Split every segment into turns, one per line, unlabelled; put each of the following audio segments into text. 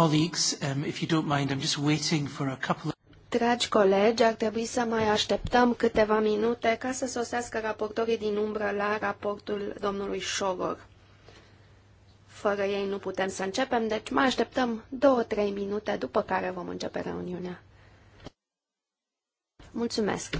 colleagues, um, if you don't mind, I'm just waiting for a couple of...
Dragi colegi, ar trebui să mai așteptăm câteva minute ca să sosească raportorii din umbră la raportul domnului Șogor. Fără ei nu putem să începem, deci mai așteptăm două-trei minute, după care vom începe reuniunea. Mulțumesc!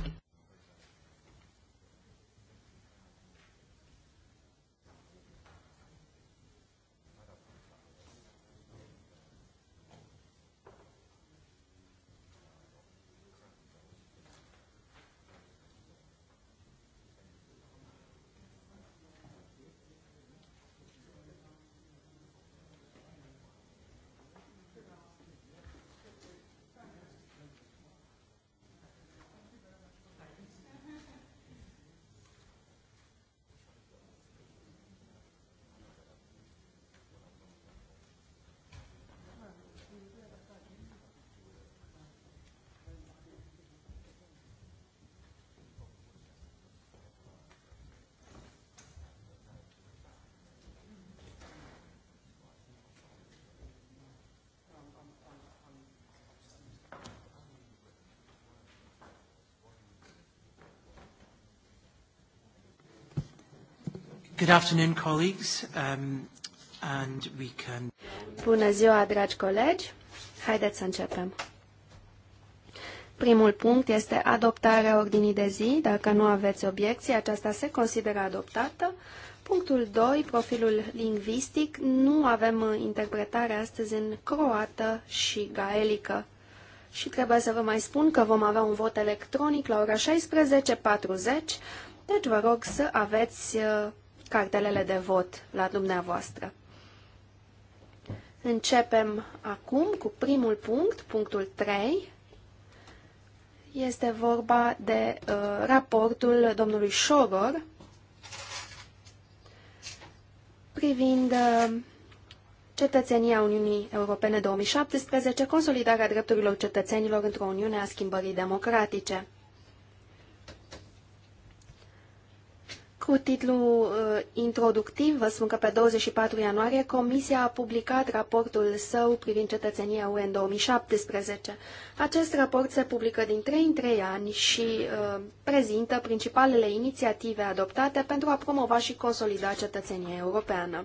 Good afternoon, colleagues. Um, and we can...
Bună ziua, dragi colegi! Haideți să începem. Primul punct este adoptarea ordinii de zi. Dacă nu aveți obiecții, aceasta se consideră adoptată. Punctul 2, profilul lingvistic. Nu avem uh, interpretare astăzi în croată și gaelică. Și trebuie să vă mai spun că vom avea un vot electronic la ora 16.40, deci vă rog să aveți uh, cartelele de vot la dumneavoastră. Începem acum cu primul punct, punctul 3. Este vorba de uh, raportul domnului Șogor privind uh, cetățenia Uniunii Europene 2017, consolidarea drepturilor cetățenilor într-o Uniune a schimbării democratice. cu titlu uh, introductiv, vă spun că pe 24 ianuarie Comisia a publicat raportul său privind cetățenia UE în 2017. Acest raport se publică din 3 în 3 ani și uh, prezintă principalele inițiative adoptate pentru a promova și consolida cetățenia europeană.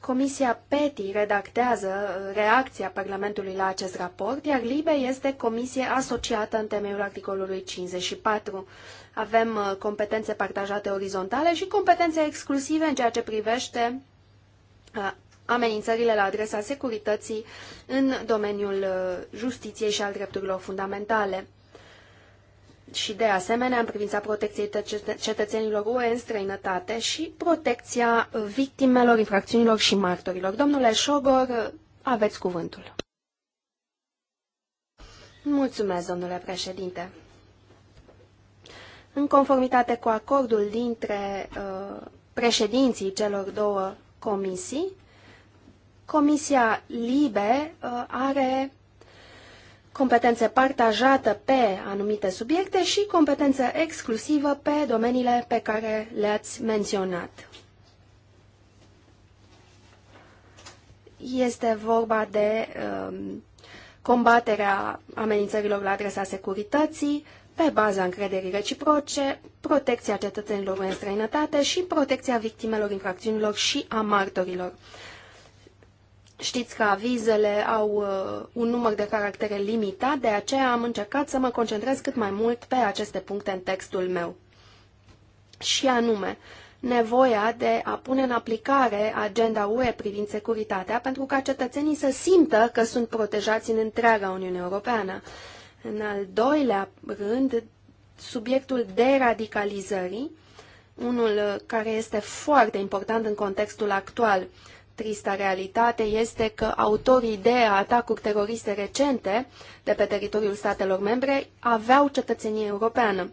Comisia PETI redactează uh, reacția Parlamentului la acest raport, iar LIBE este comisie asociată în temeiul articolului 54. Avem uh, competențe partajate orizontale și competențe exclusive în ceea ce privește uh, amenințările la adresa securității în domeniul uh, justiției și al drepturilor fundamentale. Și de asemenea în privința protecției cetățenilor UE în străinătate și protecția victimelor, infracțiunilor și martorilor. Domnule Șogor, aveți cuvântul. Mulțumesc, domnule președinte în conformitate cu acordul dintre uh, președinții celor două comisii, Comisia LIBE uh, are competențe partajată pe anumite subiecte și competență exclusivă pe domeniile pe care le-ați menționat. Este vorba de um, combaterea amenințărilor la adresa securității, pe baza încrederii reciproce, protecția cetățenilor în străinătate și protecția victimelor infracțiunilor și a martorilor. Știți că avizele au uh, un număr de caractere limitat, de aceea am încercat să mă concentrez cât mai mult pe aceste puncte în textul meu. Și anume, nevoia de a pune în aplicare agenda UE privind securitatea pentru ca cetățenii să simtă că sunt protejați în întreaga Uniune Europeană în al doilea rând, subiectul deradicalizării, unul uh, care este foarte important în contextul actual. Trista realitate este că autorii de atacuri teroriste recente de pe teritoriul statelor membre aveau cetățenie europeană.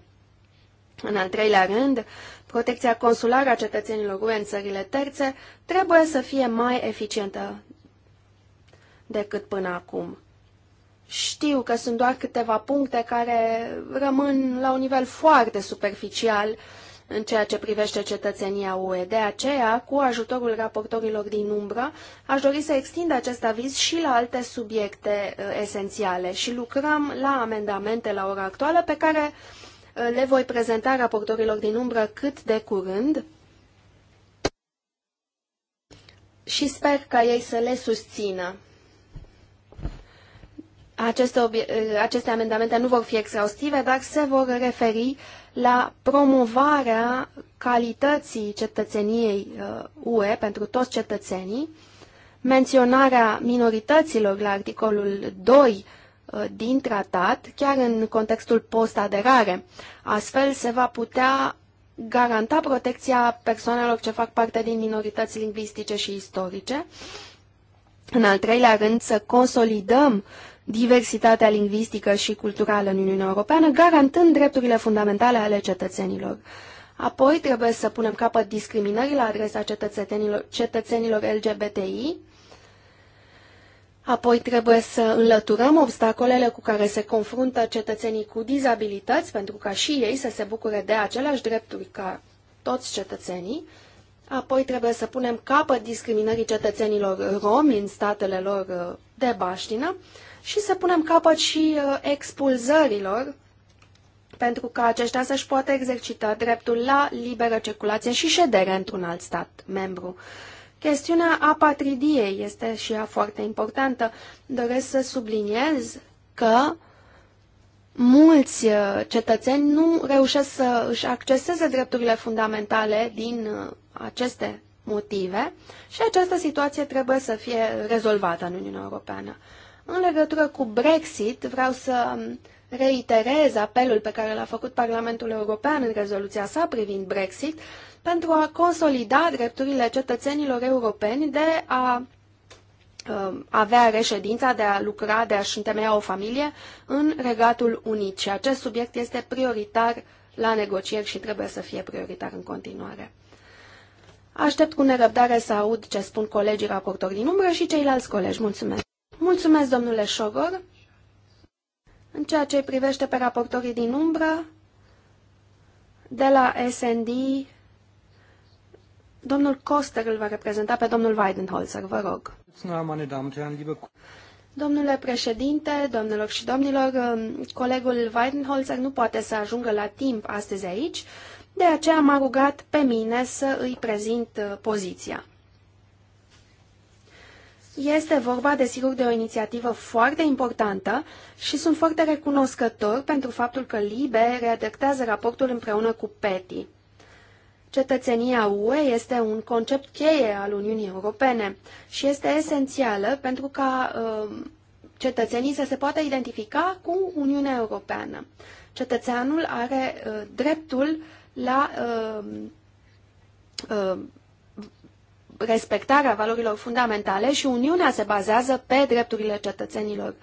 În al treilea rând, protecția consulară a cetățenilor UE în țările terțe trebuie să fie mai eficientă decât până acum. Știu că sunt doar câteva puncte care rămân la un nivel foarte superficial în ceea ce privește cetățenia UE. De aceea, cu ajutorul raportorilor din umbră, aș dori să extind acest aviz și la alte subiecte uh, esențiale și lucrăm la amendamente la ora actuală pe care uh, le voi prezenta raportorilor din umbră cât de curând și sper ca ei să le susțină. Aceste, aceste amendamente nu vor fi exhaustive, dar se vor referi la promovarea calității cetățeniei UE uh, pentru toți cetățenii, menționarea minorităților la articolul 2 uh, din tratat, chiar în contextul post-aderare. Astfel se va putea garanta protecția persoanelor ce fac parte din minorități lingvistice și istorice. În al treilea rând, să consolidăm uh, diversitatea lingvistică și culturală în Uniunea Europeană, garantând drepturile fundamentale ale cetățenilor. Apoi trebuie să punem capăt discriminării la adresa cetățenilor, cetățenilor LGBTI. Apoi trebuie să înlăturăm obstacolele cu care se confruntă cetățenii cu dizabilități, pentru ca și ei să se bucure de aceleași drepturi ca toți cetățenii. Apoi trebuie să punem capăt discriminării cetățenilor romi în statele lor uh, de baștină și să punem capăt și uh, expulzărilor pentru ca aceștia să-și poată exercita dreptul la liberă circulație și ședere într-un alt stat membru. Chestiunea apatridiei este și ea foarte importantă. Doresc să subliniez că mulți uh, cetățeni nu reușesc să își acceseze drepturile fundamentale din uh, aceste motive și această situație trebuie să fie rezolvată în Uniunea Europeană. În legătură cu Brexit, vreau să reiterez apelul pe care l-a făcut Parlamentul European în rezoluția sa privind Brexit pentru a consolida drepturile cetățenilor europeni de a um, avea reședința de a lucra, de a-și întemeia o familie în Regatul Unit. Și acest subiect este prioritar la negocieri și trebuie să fie prioritar în continuare. Aștept cu nerăbdare să aud ce spun colegii raportori din umbră și ceilalți colegi. Mulțumesc! Mulțumesc, domnule Șogor. În ceea ce privește pe raportorii din umbră, de la SND, domnul Coster îl va reprezenta pe domnul Weidenholzer, vă rog. Domnule președinte, domnilor și domnilor, colegul Weidenholzer nu poate să ajungă la timp astăzi aici, de aceea m-a rugat pe mine să îi prezint poziția. Este vorba, desigur, de o inițiativă foarte importantă și sunt foarte recunoscător pentru faptul că LIBE redactează raportul împreună cu PETI. Cetățenia UE este un concept cheie al Uniunii Europene și este esențială pentru ca uh, cetățenii să se poată identifica cu Uniunea Europeană. Cetățeanul are uh, dreptul la uh, uh respectarea valorilor fundamentale și Uniunea se bazează pe drepturile cetățenilor.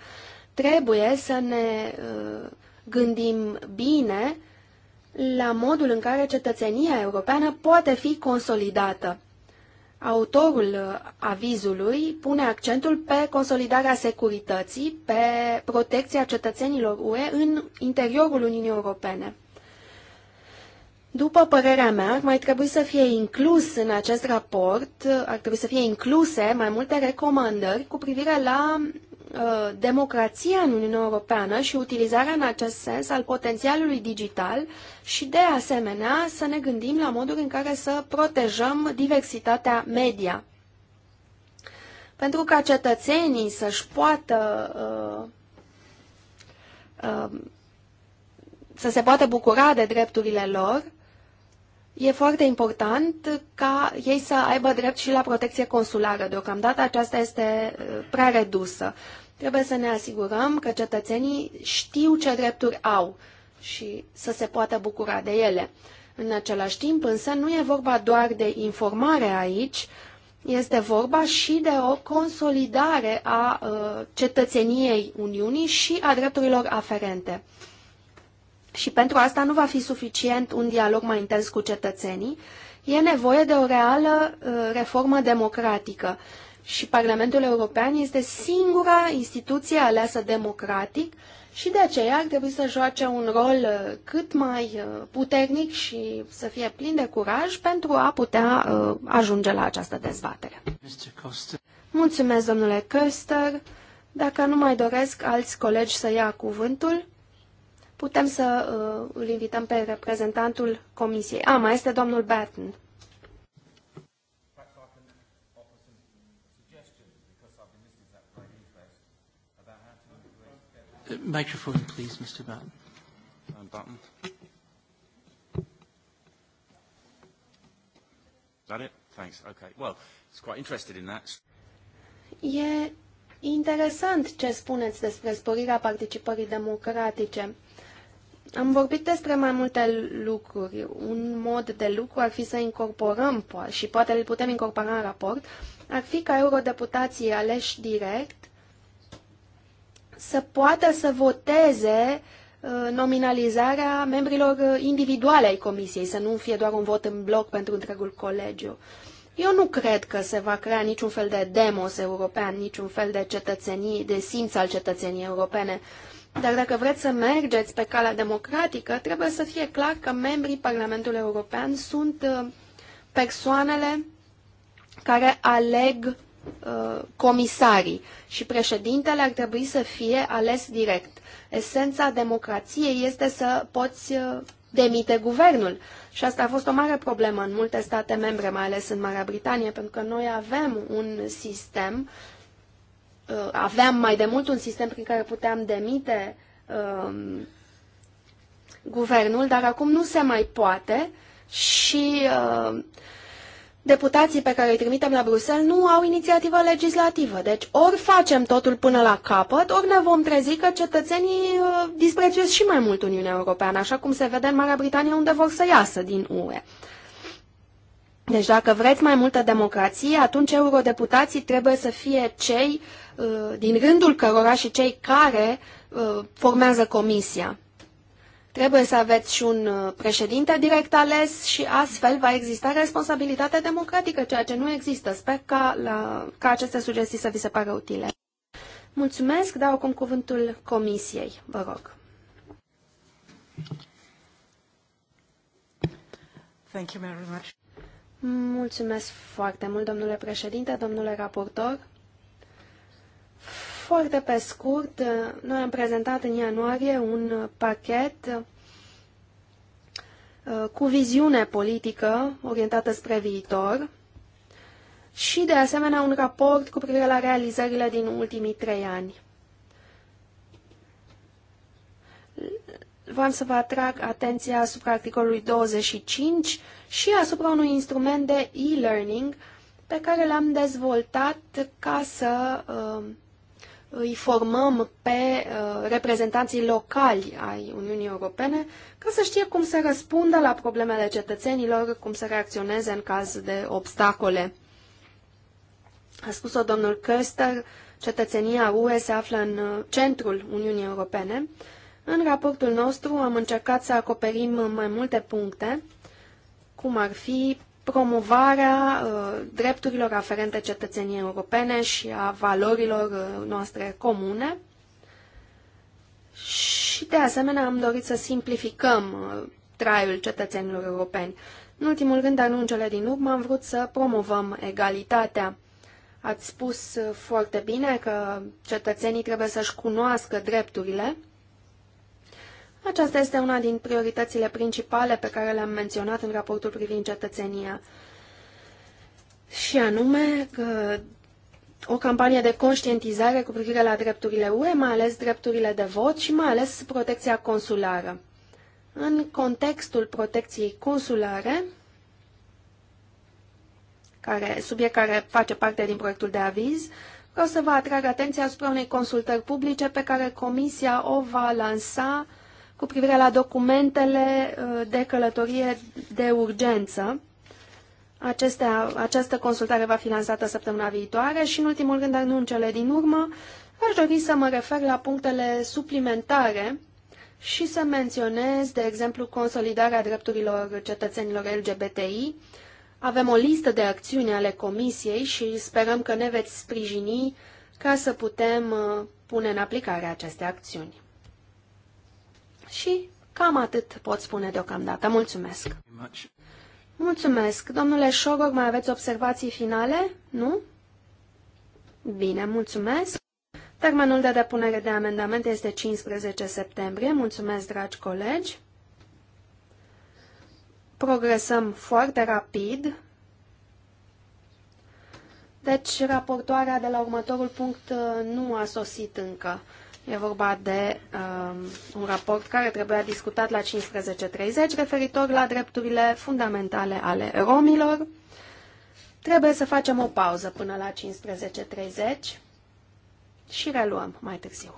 Trebuie să ne uh, gândim bine la modul în care cetățenia europeană poate fi consolidată. Autorul uh, avizului pune accentul pe consolidarea securității, pe protecția cetățenilor UE în interiorul Uniunii Europene. După părerea mea, ar mai trebui să fie inclus în acest raport, ar trebui să fie incluse mai multe recomandări cu privire la uh, democrația în Uniunea Europeană și utilizarea în acest sens al potențialului digital și, de asemenea, să ne gândim la modul în care să protejăm diversitatea media. Pentru ca cetățenii să-și poată uh, uh, să se poată bucura de drepturile lor, E foarte important ca ei să aibă drept și la protecție consulară. Deocamdată aceasta este uh, prea redusă. Trebuie să ne asigurăm că cetățenii știu ce drepturi au și să se poată bucura de ele. În același timp, însă, nu e vorba doar de informare aici, este vorba și de o consolidare a uh, cetățeniei Uniunii și a drepturilor aferente. Și pentru asta nu va fi suficient un dialog mai intens cu cetățenii, e nevoie de o reală uh, reformă democratică. Și Parlamentul European este singura instituție aleasă democratic și de aceea ar trebui să joace un rol uh, cât mai uh, puternic și să fie plin de curaj pentru a putea ajunge la această dezbatere. Mulțumesc, domnule Köster. Dacă nu mai doresc alți colegi să ia cuvântul, putem să uh, îl invităm pe reprezentantul comisiei. A, ah, mai este domnul Batten.
Microphone, please, Mr. Batten. Button. Is
that it? Thanks. Okay. Well, it's quite interested in that.
Yeah. interesant ce spuneți despre sporirea participării democratice. Am vorbit despre mai multe lucruri. Un mod de lucru ar fi să incorporăm, și poate îl putem incorpora în raport, ar fi ca eurodeputații aleși direct să poată să voteze uh, nominalizarea membrilor uh, individuale ai comisiei, să nu fie doar un vot în bloc pentru întregul colegiu. Eu nu cred că se va crea niciun fel de demos european, niciun fel de cetățenie, de simț al cetățeniei europene. Uh, dar dacă vreți să mergeți pe calea democratică, trebuie să fie clar că membrii Parlamentului European sunt uh, persoanele care aleg uh, comisarii și președintele ar trebui să fie ales direct. Esența democrației este să poți uh, demite guvernul. Și asta a fost o mare problemă în multe state membre, mai ales în Marea Britanie, pentru că noi avem un sistem Uh, aveam mai de mult un sistem prin care puteam demite uh, guvernul, dar acum nu se mai poate și uh, deputații pe care îi trimitem la Bruxelles nu au inițiativă legislativă. Deci ori facem totul până la capăt, ori ne vom trezi că cetățenii uh, disprețuiesc și mai mult Uniunea Europeană, așa cum se vede în Marea Britanie unde vor să iasă din UE. Deci dacă vreți mai multă democrație, atunci eurodeputații trebuie să fie cei uh, Uh, din rândul cărora și cei care uh, formează comisia. Trebuie să aveți și un uh, președinte direct ales și astfel va exista responsabilitate democratică, ceea ce nu există. Sper ca, la, ca aceste sugestii să vi se pară utile. Mulțumesc, dau acum cuvântul comisiei. Vă rog.
Thank you very much.
Mulțumesc foarte mult, domnule președinte, domnule raportor. Foarte pe scurt, noi am prezentat în ianuarie un pachet uh, cu viziune politică orientată spre viitor și, de asemenea, un raport cu privire la realizările din ultimii trei ani. Vreau să vă atrag atenția asupra articolului 25 și asupra unui instrument de e-learning pe care l-am dezvoltat ca să uh, îi formăm pe uh, reprezentanții locali ai Uniunii Europene ca să știe cum să răspundă la problemele cetățenilor, cum să reacționeze în caz de obstacole. A spus-o domnul Köster, cetățenia UE se află în uh, centrul Uniunii Europene. În raportul nostru am încercat să acoperim mai multe puncte, cum ar fi promovarea uh, drepturilor aferente cetățeniei europene și a valorilor uh, noastre comune. Și de asemenea am dorit să simplificăm uh, traiul cetățenilor europeni. În ultimul rând, dar nu în cele din urmă, am vrut să promovăm egalitatea. Ați spus foarte bine că cetățenii trebuie să-și cunoască drepturile aceasta este una din prioritățile principale pe care le-am menționat în raportul privind cetățenia. Și anume că o campanie de conștientizare cu privire la drepturile UE, mai ales drepturile de vot și mai ales protecția consulară. În contextul protecției consulare, care, subiect care face parte din proiectul de aviz, vreau să vă atrag atenția asupra unei consultări publice pe care Comisia o va lansa cu privire la documentele uh, de călătorie de urgență. Acestea, această consultare va fi lansată săptămâna viitoare și, în ultimul rând, dar nu în cele din urmă, aș dori să mă refer la punctele suplimentare și să menționez, de exemplu, consolidarea drepturilor cetățenilor LGBTI. Avem o listă de acțiuni ale Comisiei și sperăm că ne veți sprijini ca să putem uh, pune în aplicare aceste acțiuni. Și cam atât pot spune deocamdată. Mulțumesc! Mulțumesc! Domnule Șogog, mai aveți observații finale? Nu? Bine, mulțumesc! Termenul de depunere de amendamente este 15 septembrie. Mulțumesc, dragi colegi! Progresăm foarte rapid. Deci, raportoarea de la următorul punct uh, nu a sosit încă. E vorba de um, un raport care trebuia discutat la 15.30 referitor la drepturile fundamentale ale romilor. Trebuie să facem o pauză până la 15.30 și reluăm mai târziu.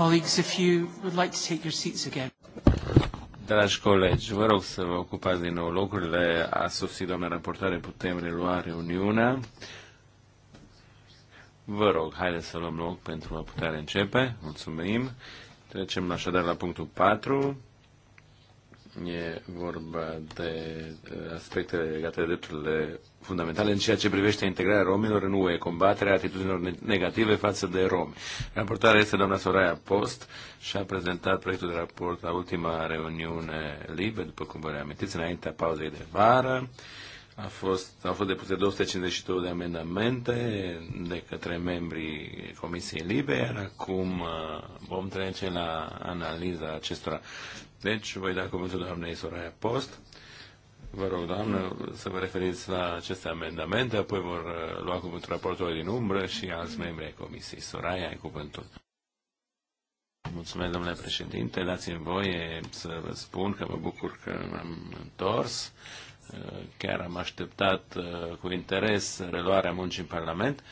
colleagues, if you would like to take your seats again.
Dragi colegi, vă rog să vă ocupați din nou locurile. A sosit doamna raportare, putem relua reuniunea. Vă rog, haideți să luăm loc pentru a putea începe. Mulțumim. Trecem așadar la punctul 4. E vorba de aspectele legate de drepturile fundamentale în ceea ce privește integrarea romilor în UE, combaterea atitudinilor negative față de romi. Raportarea este doamna Soraya Post și a prezentat proiectul de raport la ultima reuniune liberă, după cum vă reamintiți, înaintea pauzei de vară. A fost, au fost depuse 252 de amendamente de către membrii Comisiei Libe, iar acum uh, vom trece la analiza acestora. Deci voi da cuvântul doamnei Soraya Post Vă rog, doamnă, să vă referiți la aceste amendamente, apoi vor uh, lua cuvântul raportul din umbră și alți membri ai comisiei. Soraya, ai cuvântul. Mulțumesc, domnule președinte. Dați-mi voie să vă spun că mă bucur că m-am întors. Uh, chiar am așteptat uh, cu interes reluarea muncii în Parlament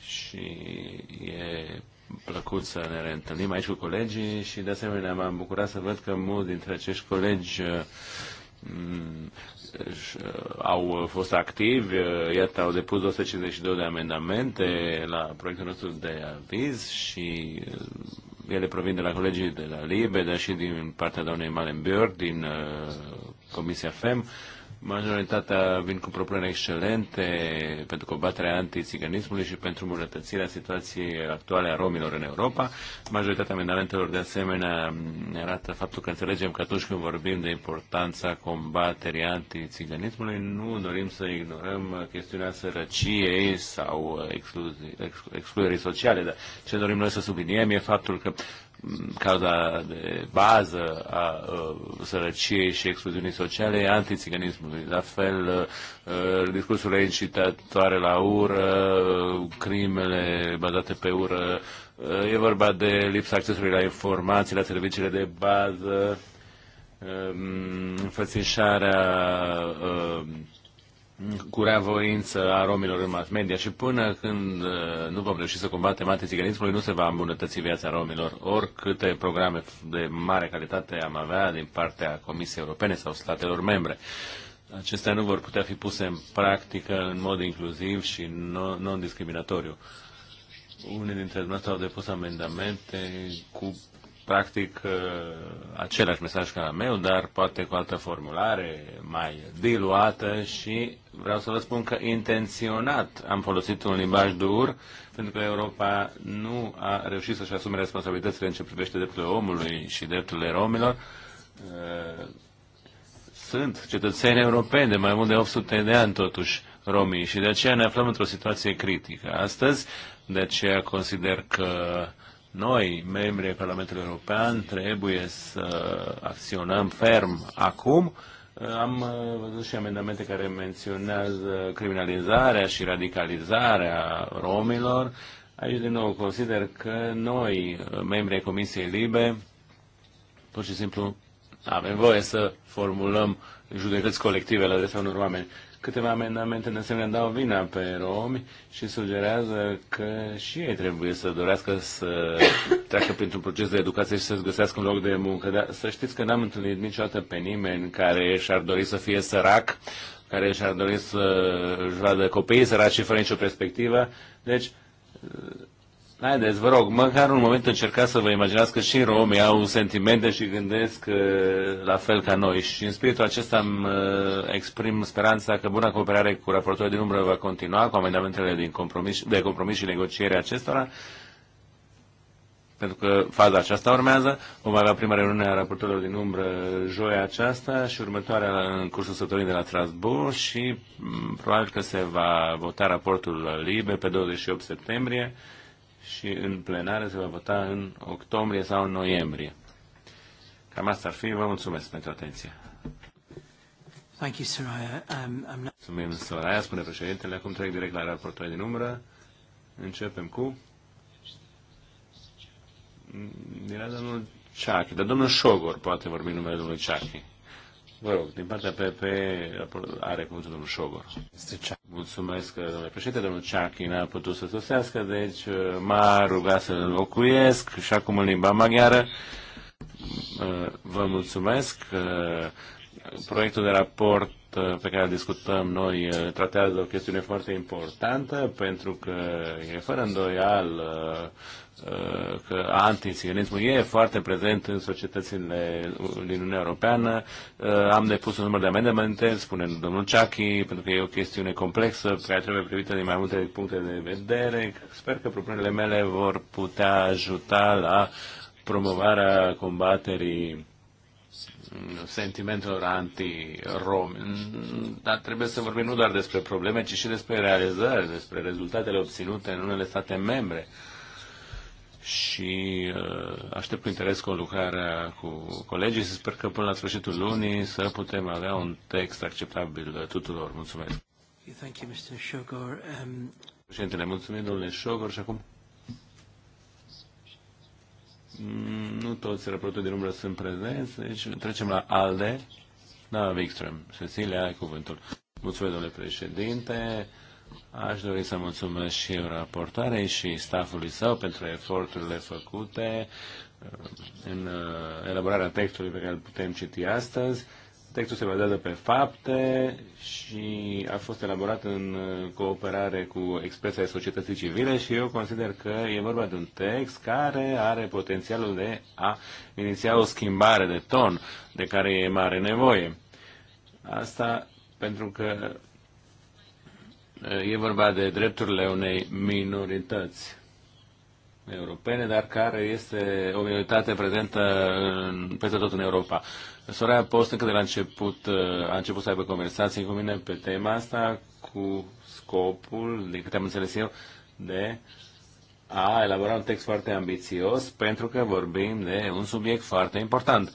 și e plăcut să ne reîntâlnim aici cu colegii și de asemenea m-am bucurat să văd că mulți dintre acești colegi Mm, au fost activi, iată, au depus 252 de amendamente la proiectul nostru de aviz și uh, ele provin de la colegii de la LIBE, dar și din partea doamnei Malen din uh, Comisia FEM Majoritatea vin cu propuneri excelente pentru combaterea antiziganismului și pentru îmbunătățirea situației actuale a romilor în Europa. Majoritatea amendamentelor de asemenea arată faptul că înțelegem că atunci când vorbim de importanța combaterii antiziganismului, nu dorim să ignorăm chestiunea sărăciei sau excluderii sociale, dar ce dorim noi să subliniem e faptul că cauza de bază a uh, sărăciei și excluziunii sociale e antițiganismul. La fel, uh, uh, discursurile incitatoare la ură, crimele bazate pe ură, e vorba de lipsa accesului la informații, la serviciile de bază, um, înfățișarea um, cu rea voință a romilor în mass media și până când uh, nu vom reuși să combatem antiziganismului, nu se va îmbunătăți viața romilor. Oricâte programe de mare calitate am avea din partea Comisiei Europene sau statelor membre, acestea nu vor putea fi puse în practică în mod inclusiv și non-discriminatoriu. Unii dintre dumneavoastră au depus amendamente cu practic uh, același mesaj ca la meu, dar poate cu altă formulare mai diluată și vreau să vă spun că intenționat am folosit un limbaj dur pentru că Europa nu a reușit să-și asume responsabilitățile în ce privește drepturile omului și drepturile romilor. Uh, sunt cetățeni europeni de mai mult de 800 de ani totuși romii și de aceea ne aflăm într-o situație critică. Astăzi, de aceea consider că noi, membrii Parlamentului European, trebuie să acționăm ferm acum. Am uh, văzut și amendamente care menționează criminalizarea și radicalizarea romilor. Aici, din nou, consider că noi, membrii Comisiei Libe, pur și simplu avem voie să formulăm judecăți colective la adresa unor oameni. Câteva amendamente de asemenea dau vina pe romi și sugerează că și ei trebuie să dorească să treacă printr-un proces de educație și să-ți găsească un loc de muncă. Dar să știți că n-am întâlnit niciodată pe nimeni care și-ar dori să fie sărac, care și-ar dori să și vadă copiii săraci și fără nicio perspectivă. Deci, Haideți, vă rog, măcar un moment încercați să vă imaginați că și romii au sentimente și gândesc uh, la fel ca noi. Și în spiritul acesta îmi uh, exprim speranța că buna cooperare cu raportorul din umbră va continua, cu amendamentele din compromis, de compromis și negociere acestora, pentru că faza aceasta urmează. Vom avea prima reuniune a raportorilor din umbră joia aceasta și următoarea în cursul săptămânii de la Strasbourg și mm, probabil că se va vota raportul LIBE pe 28 septembrie și în plenară se va vota în octombrie sau în noiembrie. Cam asta ar fi. Vă mulțumesc pentru atenție.
Thank you, Soraya. Um, I'm not...
Mulțumim, Soraya, spune președintele. Acum trec direct la raportul de numără. Începem cu... Era domnul Ceachi, dar domnul Șogor poate vorbi numele domnului Ceachi. Vă rog, din partea PP are cuvântul domnul Șogor. Mulțumesc, domnule președinte, domnul Ceachi a putut să sosească, deci uh, m-a rugat să locuiesc și acum în limba maghiară. Uh, vă mulțumesc. Uh, proiectul de raport pe care discutăm noi tratează o chestiune foarte importantă pentru că e fără îndoială Uh, că antiziganismul e foarte prezent în societățile din Uniunea Europeană. Uh, am depus un număr de amendamente, spune domnul Ciachi, pentru că e o chestiune complexă care trebuie privită din mai multe puncte de vedere. Sper că propunerile mele vor putea ajuta la promovarea combaterii sentimentelor anti-romi. Dar trebuie să vorbim nu doar despre probleme, ci și despre realizări, despre rezultatele obținute în unele state membre și uh, aștept cu interes lucrarea cu colegii și sper că până la sfârșitul lunii să putem avea un text acceptabil tuturor. Mulțumesc.
Thank you, Mr. Shogor. Um...
Președintele, mulțumim, domnule Shogor, și acum mm, nu toți raportul din umbră sunt prezenți, deci trecem la ALDE. Da, Wikström. Cecilia, ai cuvântul. Mulțumesc, domnule președinte. Aș dori să mulțumesc și raportoarei și stafului său pentru eforturile făcute uh, în uh, elaborarea textului pe care îl putem citi astăzi. Textul se bazează pe fapte și a fost elaborat în uh, cooperare cu expresia societății civile și eu consider că e vorba de un text care are potențialul de a iniția o schimbare de ton de care e mare nevoie. Asta pentru că E vorba de drepturile unei minorități europene, dar care este o minoritate prezentă în, peste tot în Europa. Soraya Post încă de la început uh, a început să aibă conversații cu mine pe tema asta cu scopul, din câte am înțeles eu, de a elabora un text foarte ambițios pentru că vorbim de un subiect foarte important.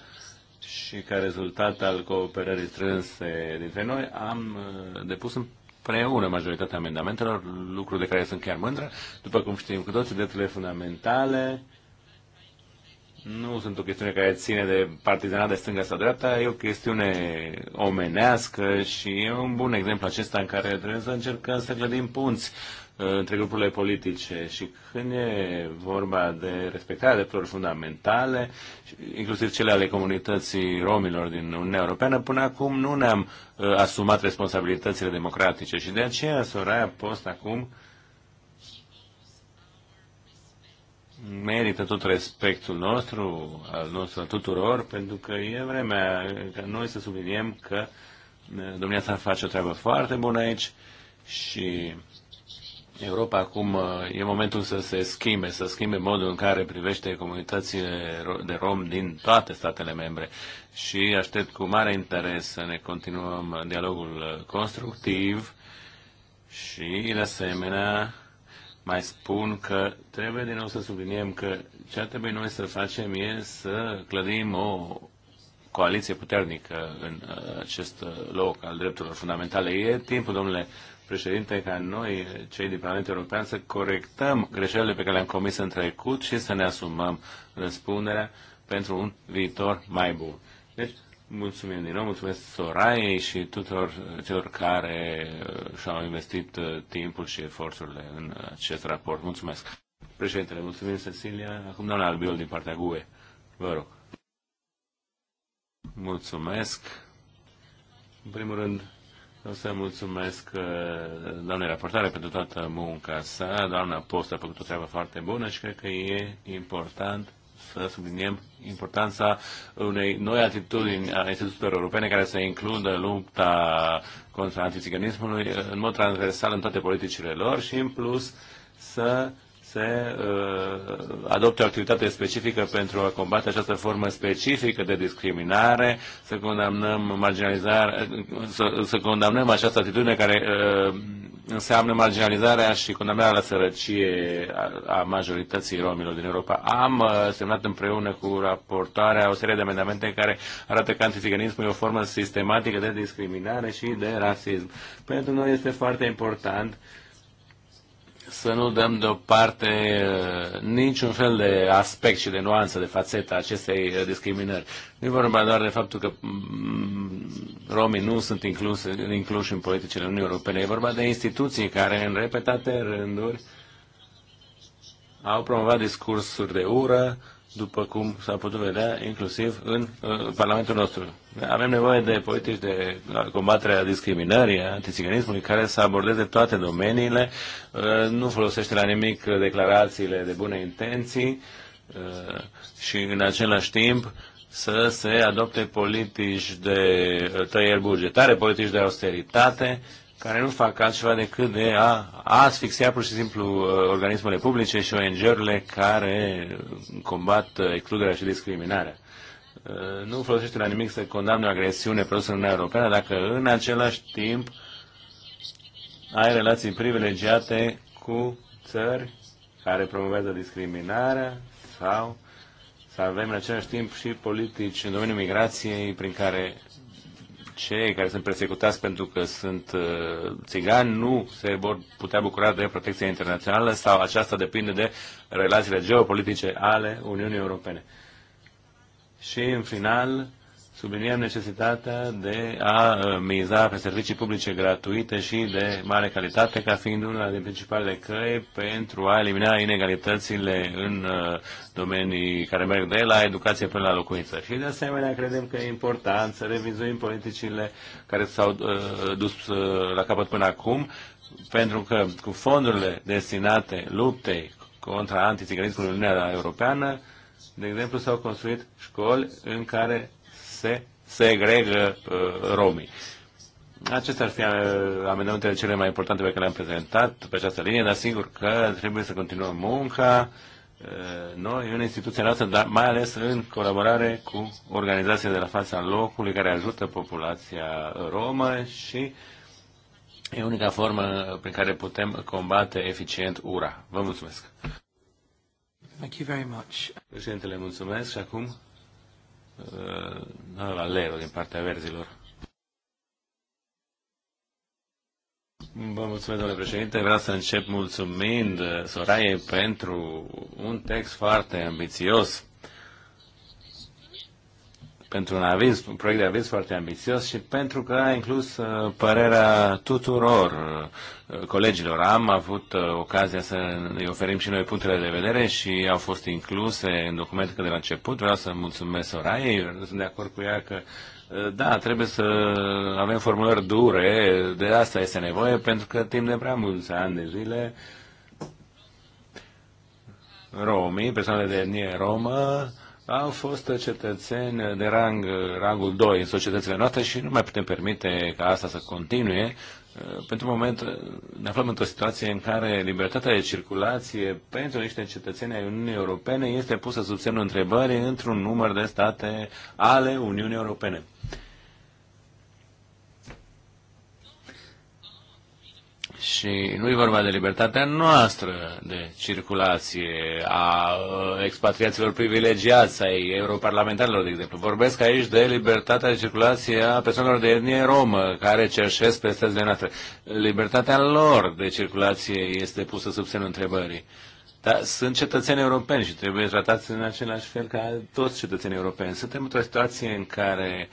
Și ca rezultat al cooperării strânse dintre noi am uh, depus preună majoritatea amendamentelor, lucruri de care sunt chiar mândră. După cum știm cu toții, drepturile fundamentale nu sunt o chestiune care ține de partizanat de stânga sau dreapta, e o chestiune omenească și e un bun exemplu acesta în care trebuie să încercăm să clădim punți Uh, între grupurile politice și când e vorba de respectarea drepturilor fundamentale, inclusiv cele ale comunității romilor din Uniunea Europeană, până acum nu ne-am uh, asumat responsabilitățile democratice și de aceea Soraya Post acum merită tot respectul nostru, al nostru al tuturor, pentru că e vremea ca noi să subliniem că uh, domnia sa face o treabă foarte bună aici și Europa acum uh, e momentul să se schimbe, să schimbe modul în care privește comunitățile de rom din toate statele membre. Și aștept cu mare interes să ne continuăm dialogul uh, constructiv și, de asemenea, mai spun că trebuie din nou să subliniem că ce ar trebui noi să facem e să clădim o coaliție puternică în uh, acest loc al drepturilor fundamentale. E timpul, domnule președinte, ca noi, cei din Parlamentul European, să corectăm greșelile pe care le-am comis în trecut și să ne asumăm răspunderea pentru un viitor mai bun. Deci, mulțumim din nou, mulțumesc Soraiei și tuturor celor care uh, și-au investit uh, timpul și eforturile în acest raport. Mulțumesc. Președintele, mulțumim, Cecilia. Acum doamna Albiol din partea GUE. Vă rog. Mulțumesc. În primul rând, Vreau să mulțumesc uh, doamnei raportare pentru toată munca sa. Doamna Post a făcut o treabă foarte bună și cred că e important să subliniem importanța unei noi atitudini a instituțiilor europene care să includă lupta contra antiziganismului uh, în mod transversal în toate politicile lor și, în plus, să se uh, adopte o activitate specifică pentru a combate această formă specifică de discriminare, să condamnăm marginalizarea, să, să condamnăm această atitudine care uh, înseamnă marginalizarea și condamnarea la sărăcie a, a majorității romilor din Europa. Am uh, semnat împreună cu raportarea o serie de amendamente care arată că antiziganismul e o formă sistematică de discriminare și de rasism. Pentru noi este foarte important uh, să nu dăm deoparte uh, niciun fel de aspect și de nuanță, de fațetă acestei uh, discriminări. Nu vorba doar de faptul că mm, romii nu sunt incluși, incluși în politicile Uniunii Europene, e vorba de instituții care în repetate rânduri au promovat discursuri de ură, după cum s-a putut vedea, inclusiv în uh, Parlamentul nostru. Avem nevoie de politici de combatere a discriminării, a antiziganismului, care să abordeze toate domeniile, uh, nu folosește la nimic declarațiile de bune intenții uh, și în același timp să se adopte politici de uh, tăieri bugetare, politici de austeritate care nu fac altceva decât de a asfixia pur și simplu uh, organismele publice și ONG-urile care combat excluderea și discriminarea. Uh, nu folosește la nimic să condamne o agresiune produsă în Uniunea Europeană dacă în același timp ai relații privilegiate cu țări care promovează discriminarea sau să avem în același timp și politici în domeniul migrației prin care cei care sunt persecutați pentru că sunt uh, țigani nu se vor putea bucura de protecție internațională sau aceasta depinde de relațiile geopolitice ale Uniunii Europene. Și în final, subliniem necesitatea de a uh, miza pe servicii publice gratuite și de mare calitate ca fiind una din principalele căi pentru a elimina inegalitățile în uh, domenii care merg de la educație până la locuință. Și de asemenea credem că e important să revizuim politicile care s-au uh, dus la capăt până acum, pentru că cu fondurile destinate luptei contra antiziganismului în Uniunea Europeană, de exemplu, s-au construit școli în care se segregă uh, romii. Acestea ar fi uh, amendamentele cele mai importante pe care le-am prezentat pe această linie, dar sigur că trebuie să continuăm munca uh, noi în instituția noastră, dar mai ales în colaborare cu organizațiile de la fața locului care ajută populația romă și e unica formă prin care putem combate eficient ura. Vă mulțumesc! Thank you very much. Președintele, mulțumesc și acum uh, la Valero din partea verzilor. Vă mulțumesc, domnule președinte. Vreau să încep mulțumind uh, Soraie pentru un text foarte ambițios pentru un aviz, un proiect de aviz foarte ambițios și pentru că a inclus uh, părerea tuturor uh, colegilor. Am avut uh, ocazia să îi oferim și noi punctele de vedere și au fost incluse în documentul de la început. Vreau să mulțumesc Soraiei, sunt de acord cu ea că da, trebuie să avem formulări dure, de asta este nevoie, pentru că timp de prea mulți ani de zile romii, persoanele de etnie romă, au fost cetățeni de rang, rangul 2 în societățile noastre și nu mai putem permite ca asta să continue. Pentru moment ne aflăm într-o situație în care libertatea de circulație pentru niște cetățeni ai Uniunii Europene este pusă sub semnul întrebării într-un număr de state ale Uniunii Europene. Și nu e vorba de libertatea noastră de circulație a expatriaților privilegiați, ai europarlamentarilor, de exemplu. Vorbesc aici de libertatea de circulație a persoanelor de etnie romă, care cerșesc pe stăzile noastre. Libertatea lor de circulație este pusă sub semnul întrebării. Dar sunt cetățeni europeni și trebuie tratați în același fel ca toți cetățenii europeni. Suntem într-o situație în care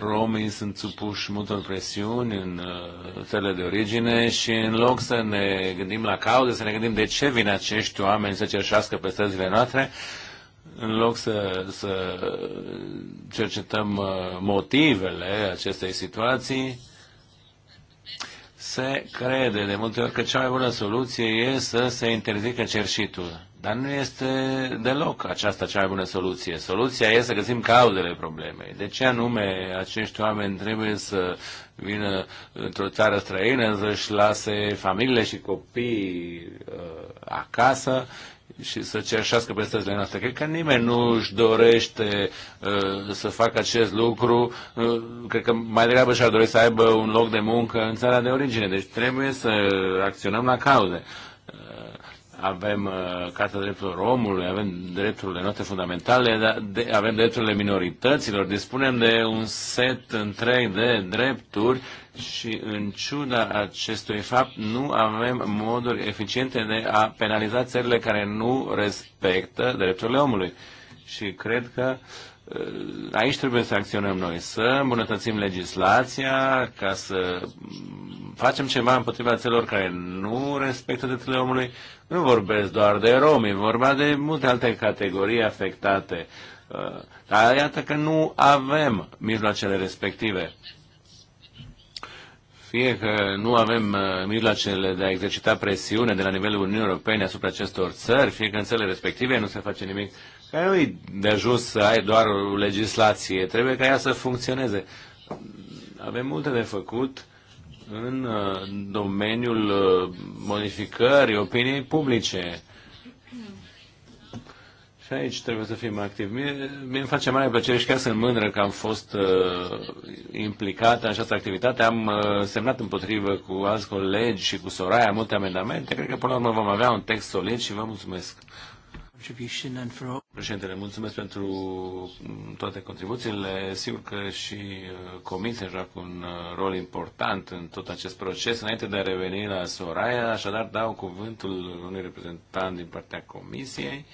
romii sunt supuși multor presiuni în uh, țările de origine și în loc să ne gândim la cauze, să ne gândim de ce vin acești oameni să cerșească pe străzile noastre, în loc să, să cercetăm uh, motivele acestei situații, se crede de multe ori că cea mai bună soluție e să se interzică cerșitul. Dar nu este deloc aceasta cea mai bună soluție. Soluția e să găsim cauzele problemei. De ce anume acești oameni trebuie să vină într-o țară străină, să-și lase familiile și copiii uh, acasă și să cerșească stăzile noastre. Cred că nimeni nu își dorește uh, să facă acest lucru. Uh, cred că mai degrabă și-ar dori să aibă un loc de muncă în țara de origine. Deci trebuie să acționăm la cauze. Uh, avem uh, Carta Drepturilor Omului, avem drepturile noastre fundamentale, dar de, avem drepturile minorităților, dispunem de un set întreg de drepturi și în ciuda acestui fapt nu avem moduri eficiente de a penaliza țările care nu respectă drepturile omului. Și cred că uh, aici trebuie să acționăm noi, să îmbunătățim legislația ca să facem ceva împotriva celor care nu respectă drepturile omului. Nu vorbesc doar de romi, vorba de multe alte categorii afectate. Uh, dar iată că nu avem mijloacele respective fie că nu avem uh, mijloacele de a exercita presiune de la nivelul Uniunii Europene asupra acestor țări, fie că în țările respective nu se face nimic, că nu e de ajuns să ai doar o legislație, trebuie ca ea să funcționeze. Avem multe de făcut în uh, domeniul uh, modificării opiniei publice și aici trebuie să fim activi. Mie, mie îmi face mare plăcere și chiar sunt mândră că am fost uh, implicat în această activitate. Am uh, semnat împotrivă cu alți colegi și cu Soraya multe amendamente. Cred că până la urmă vom avea un text solid și vă mulțumesc. Președintele, mulțumesc pentru mm, toate contribuțiile. Sigur că și uh, Comisia joacă un uh, rol important în tot acest proces. Înainte de a reveni la Soraya, așadar dau cuvântul unui reprezentant din partea Comisiei.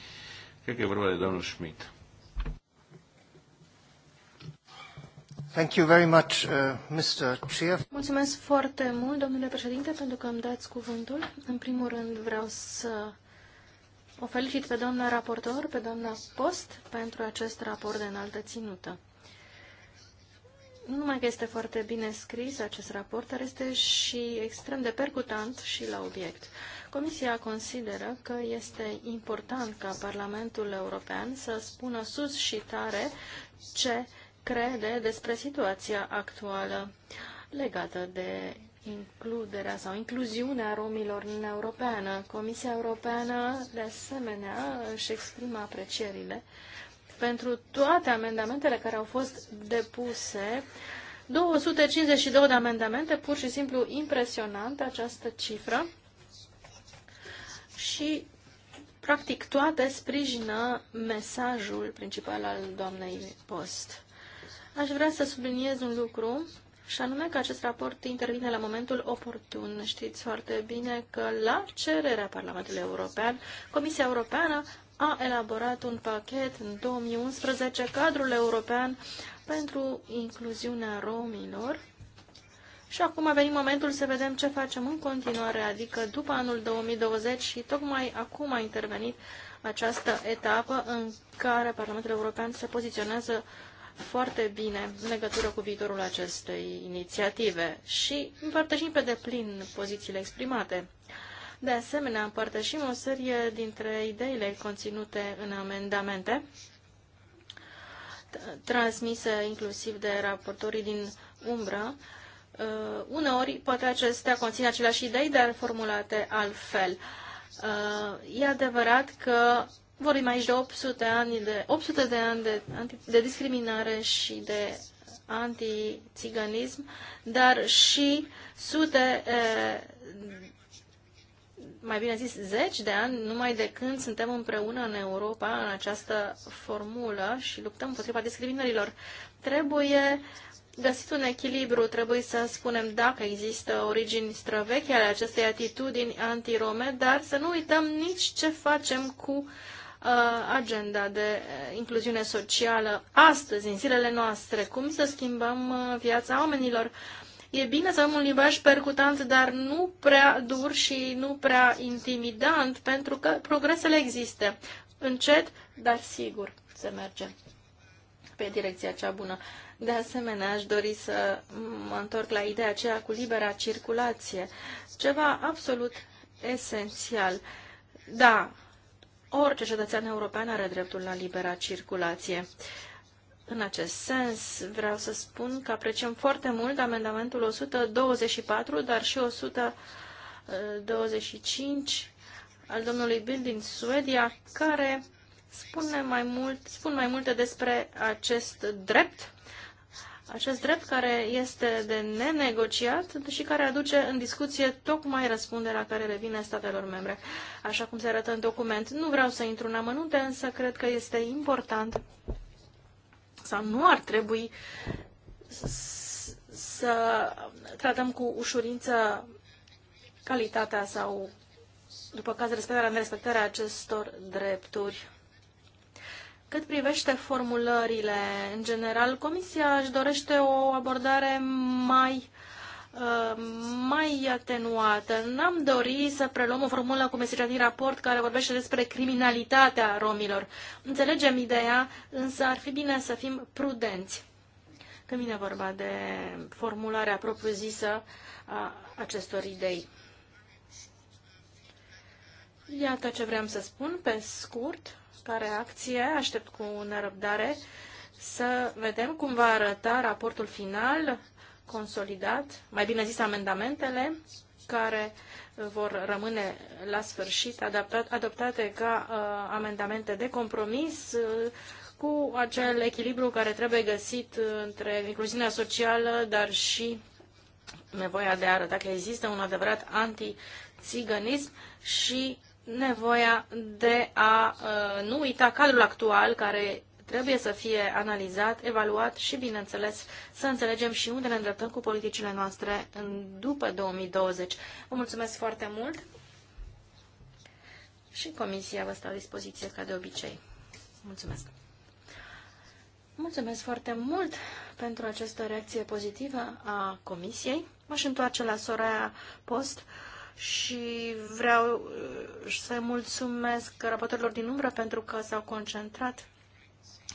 Cred că e vorba de domnul Schmidt.
Thank you very much, uh, Mr. Chair.
Mulțumesc foarte mult, domnule președinte, pentru că îmi dați cuvântul. În primul rând vreau să o felicit pe doamna raportor, pe doamna Post, pentru acest raport de înaltă ținută nu numai că este foarte bine scris acest raport, dar este și extrem de percutant și la obiect. Comisia consideră că este important ca Parlamentul European să spună sus și tare ce crede despre situația actuală legată de includerea sau incluziunea romilor în Europeană. Comisia Europeană, de asemenea, își exprimă aprecierile uh, pentru toate amendamentele care au fost depuse. 252 de amendamente, pur și simplu impresionant această cifră. Și practic toate sprijină mesajul principal al doamnei Post. Aș vrea să subliniez un lucru, și anume că acest raport intervine la momentul oportun. Știți foarte bine că la cererea Parlamentului European, Comisia Europeană a elaborat un pachet în 2011, cadrul european pentru incluziunea romilor. Și acum a venit momentul să vedem ce facem în continuare, adică după anul 2020 și tocmai acum a intervenit această etapă în care Parlamentul European se poziționează foarte bine în legătură cu viitorul acestei inițiative și împărtășim pe deplin pozițiile exprimate. De asemenea, împărtășim o serie dintre ideile conținute în amendamente transmise inclusiv de raportorii din umbră. Uh, uneori, poate acestea conțin aceleași idei, dar formulate altfel. Uh, e adevărat că vorbim aici de 800, de ani de, 800 de ani de, de discriminare și de antițiganism, dar și sute uh, mai bine zis, zeci de ani, numai de când suntem împreună în Europa, în această formulă și luptăm împotriva discriminărilor. Trebuie găsit un echilibru, trebuie să spunem dacă există origini străvechi ale acestei atitudini antirome, dar să nu uităm nici ce facem cu uh, agenda de uh, incluziune socială astăzi, în zilele noastre, cum să schimbăm uh, viața oamenilor. Uh, E bine să am un limbaj percutant, dar nu prea dur și nu prea intimidant, pentru că progresele există. Încet, dar sigur se merge pe direcția cea bună. De asemenea, aș dori să mă întorc la ideea aceea cu libera circulație. Ceva absolut esențial. Da, orice cetățean european are dreptul la libera circulație. Uh, în acest sens, vreau să spun că apreciem foarte mult amendamentul 124, dar și 125 al domnului Bill din Suedia, care spune mai mult, spun mai multe despre acest drept, acest drept care este de nenegociat și care aduce în discuție tocmai răspunderea care revine statelor membre, așa cum se arată în document. Nu vreau să intru în amănunte, însă cred că este important sau nu ar trebui să tratăm cu ușurință calitatea sau, după caz, respectarea, nerespectarea acestor drepturi. Cât privește formulările, în general, Comisia își dorește o abordare mai Uh, mai atenuată. N-am dorit să preluăm o formulă cum este din raport care vorbește despre criminalitatea romilor. Înțelegem ideea, însă ar fi bine să fim prudenți când vine vorba de formularea propriu-zisă a acestor idei. Iată ce vreau să spun pe scurt, ca reacție, aștept cu nerăbdare să vedem cum va arăta raportul final consolidat, mai bine zis amendamentele, care vor rămâne la sfârșit adaptat, adoptate ca uh, amendamente de compromis uh, cu acel echilibru care trebuie găsit uh, între incluziunea socială, dar și nevoia de a arăta că există un adevărat anti-țiganism și nevoia de a uh, nu uita cadrul actual care trebuie să fie analizat, evaluat și, bineînțeles, să înțelegem și unde ne îndreptăm cu politicile noastre în, după 2020. Vă mulțumesc foarte mult și Comisia vă stă la dispoziție ca de obicei. Mulțumesc! Mulțumesc foarte mult pentru această reacție pozitivă a Comisiei. M-aș întoarce la Soraya Post și vreau să mulțumesc raportorilor din umbră pentru că s-au concentrat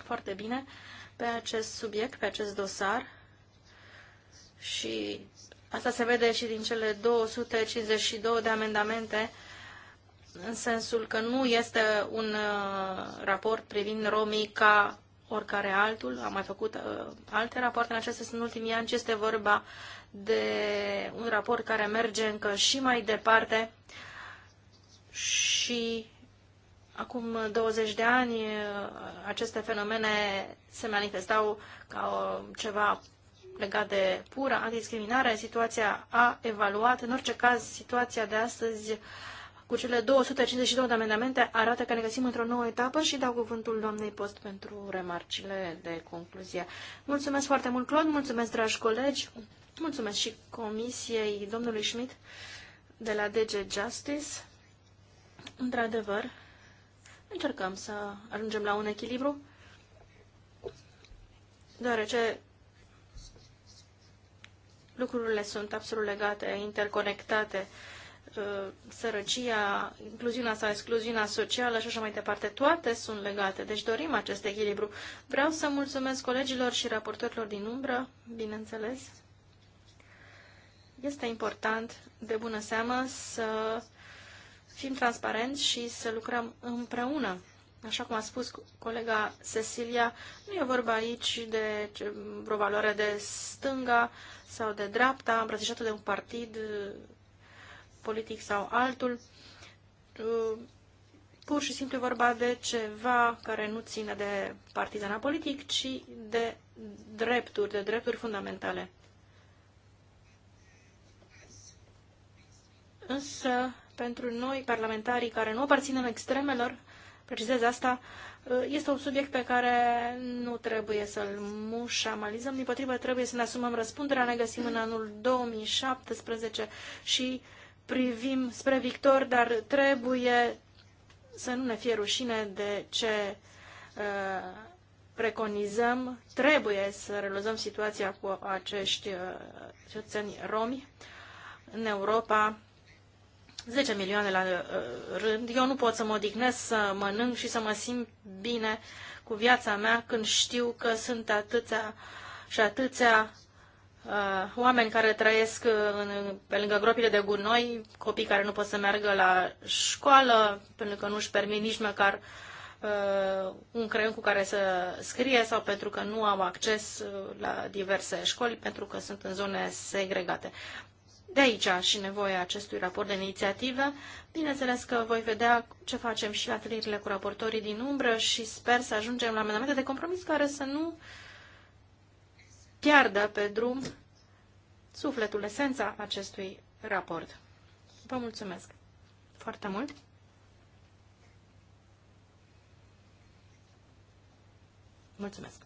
foarte bine pe acest subiect, pe acest dosar și asta se vede și din cele 252 de amendamente în sensul că nu este un uh, raport privind romii ca oricare altul, am mai făcut uh, alte rapoarte în acestea în ultimii ani, ci este vorba de un raport care merge încă și mai departe și Acum 20 de ani aceste fenomene se manifestau ca o, ceva legat de pură discriminare. Situația a evaluat. În orice caz, situația de astăzi cu cele 252 de amendamente arată că ne găsim într-o nouă etapă și dau cuvântul doamnei Post pentru remarcile de concluzie. Mulțumesc foarte mult, Claude, mulțumesc, dragi colegi, mulțumesc și comisiei domnului Schmidt de la DG Justice. Într-adevăr, Încercăm să ajungem la un echilibru, deoarece lucrurile sunt absolut legate, interconectate, uh, sărăcia, incluziunea sau excluziunea socială și așa mai departe, toate sunt legate, deci dorim acest echilibru. Vreau să mulțumesc colegilor și raportorilor din umbră, bineînțeles. Este important, de bună seamă, să fim transparenți și să lucrăm împreună. Așa cum a spus colega Cecilia, nu e vorba aici de vreo valoare de stânga sau de dreapta, îmbrățișată de un partid uh, politic sau altul. Uh, pur și simplu e vorba de ceva care nu ține de partizana politic, ci de drepturi, de drepturi fundamentale. Însă pentru noi, parlamentarii care nu aparținem extremelor, precizez asta, este un subiect pe care nu trebuie să-l mușamalizăm, din potrivă trebuie să ne asumăm răspunderea, ne găsim în anul 2017 și privim spre victor, dar trebuie să nu ne fie rușine de ce uh, preconizăm, trebuie să reluzăm situația cu acești uh, cetățeni romi în Europa 10 milioane la uh, rând. Eu nu pot să mă odihnesc să mănânc și să mă simt bine cu viața mea când știu că sunt atâția și atâția uh, oameni care trăiesc uh, în, pe lângă gropile de gunoi, copii care nu pot să meargă la școală pentru că nu își permit nici măcar uh, un creion cu care să scrie sau pentru că nu au acces uh, la diverse școli pentru că sunt în zone segregate. De aici și nevoia acestui raport de inițiativă. Bineînțeles că voi vedea ce facem și la atelierile cu raportorii din umbră și sper să ajungem la amendamente de compromis care să nu piardă pe drum sufletul, esența acestui raport. Vă mulțumesc foarte mult! Mulțumesc!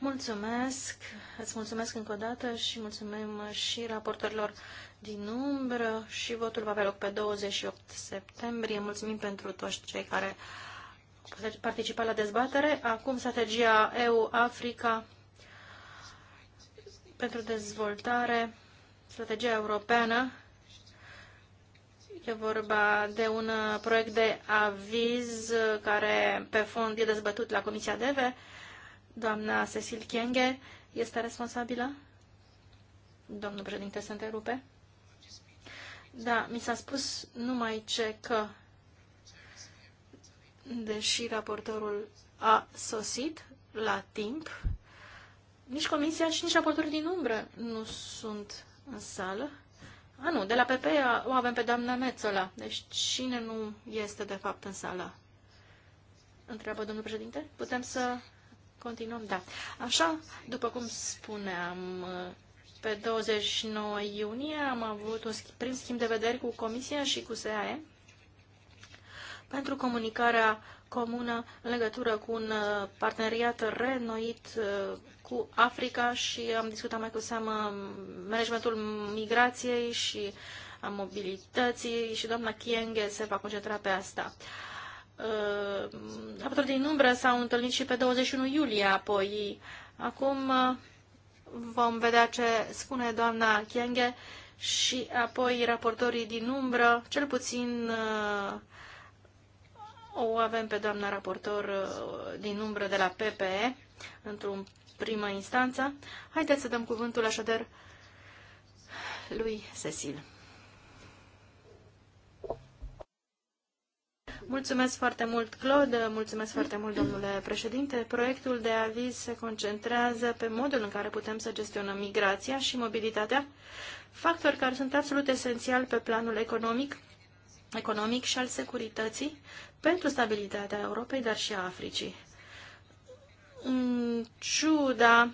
Mulțumesc, îți mulțumesc încă o dată și mulțumim și raportorilor din umbră și votul va avea loc pe 28 septembrie. Mulțumim pentru toți cei care au participat la dezbatere. Acum strategia EU-Africa pentru dezvoltare, strategia europeană. E vorba de un proiect de aviz care pe fond e dezbătut la Comisia DEVE. Doamna Cecil Kienge este responsabilă? Domnul președinte se întrerupe. Da, mi s-a spus numai ce că, deși raportorul a sosit la timp, nici comisia și nici raportorul din umbră nu sunt în sală. A, nu, de la PP o avem pe doamna Mețola. Deci cine nu este de fapt în sală? Întreabă domnul președinte. Putem să Continuăm, da. Așa, după cum spuneam, pe 29 iunie am avut un prim schimb de vederi cu Comisia și cu SAE pentru comunicarea comună în legătură cu un uh, parteneriat renoit uh, cu Africa și am discutat mai cu seamă managementul migrației și a mobilității și doamna Kienge se va concentra pe asta. Uh, Uh, raportori din umbră s-au întâlnit și pe 21 iulie apoi. Acum uh, vom vedea ce spune doamna Chienghe și apoi raportorii din umbră, cel puțin uh, o avem pe doamna raportor din umbră de la PPE, într-o primă instanță. Haideți să dăm cuvântul așadar lui Cecil. Mulțumesc foarte mult, Claude, mulțumesc foarte mult, domnule președinte. Proiectul de aviz se concentrează pe modul în care putem să gestionăm migrația și mobilitatea, factori care sunt absolut esențiali pe planul economic, economic și al securității pentru stabilitatea Europei, dar și a Africii. În ciuda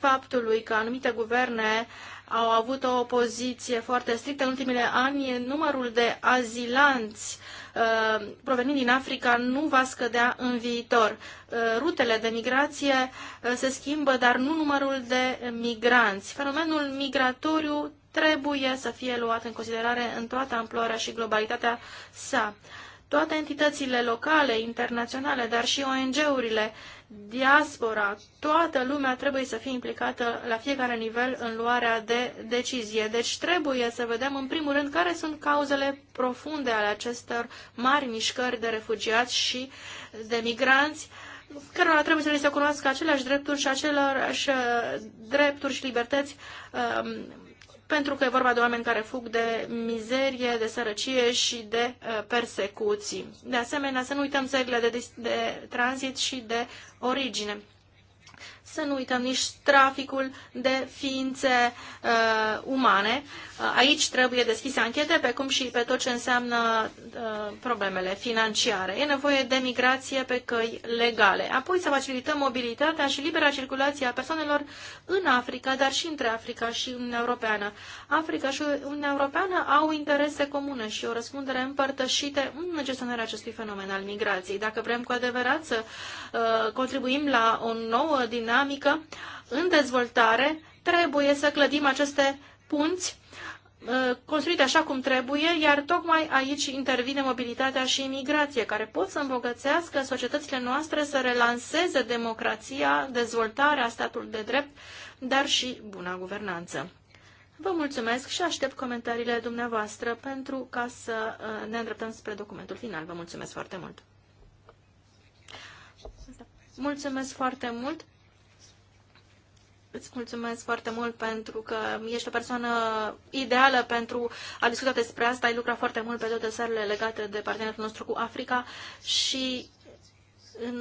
faptului că anumite guverne au avut o poziție foarte strictă în ultimele ani, numărul de azilanți uh, provenind din Africa nu va scădea în viitor. Uh, rutele de migrație uh, se schimbă, dar nu numărul de migranți. Fenomenul migratoriu trebuie să fie luat în considerare în toată amploarea și globalitatea sa. Toate entitățile locale, internaționale, dar și ONG-urile diaspora, toată lumea trebuie să fie implicată la fiecare nivel în luarea de decizie. Deci trebuie să vedem în primul rând care sunt cauzele profunde ale acestor mari mișcări de refugiați și de migranți cărora trebuie să le se cunoască aceleași drepturi și aceleași uh, drepturi și libertăți um, pentru că e vorba de oameni care fug de mizerie, de sărăcie și de uh, persecuții. De asemenea, să nu uităm țările de, de tranzit și de origine să nu uităm nici traficul de ființe uh, umane. Uh, aici trebuie deschise anchete, pe cum și pe tot ce înseamnă uh, problemele financiare. E nevoie de migrație pe căi legale. Apoi să facilităm mobilitatea și libera circulație a persoanelor în Africa, dar și între Africa și Uniunea Europeană. Africa și Uniunea Europeană au interese comune și o răspundere împărtășite în gestionarea acestui fenomen al migrației. Dacă vrem cu adevărat să uh, contribuim la o nouă dinamică, dinamică, în dezvoltare, trebuie să clădim aceste punți uh, construite așa cum trebuie, iar tocmai aici intervine mobilitatea și imigrație, care pot să îmbogățească societățile noastre să relanseze democrația, dezvoltarea statul de drept, dar și buna guvernanță. Vă mulțumesc și aștept comentariile dumneavoastră pentru ca să uh, ne îndreptăm spre documentul final. Vă mulțumesc foarte mult! Mulțumesc foarte mult! Îți mulțumesc foarte mult pentru că ești o persoană ideală pentru a discuta despre asta. Ai lucrat foarte mult pe toate dosarele legate de parteneriatul nostru cu Africa și în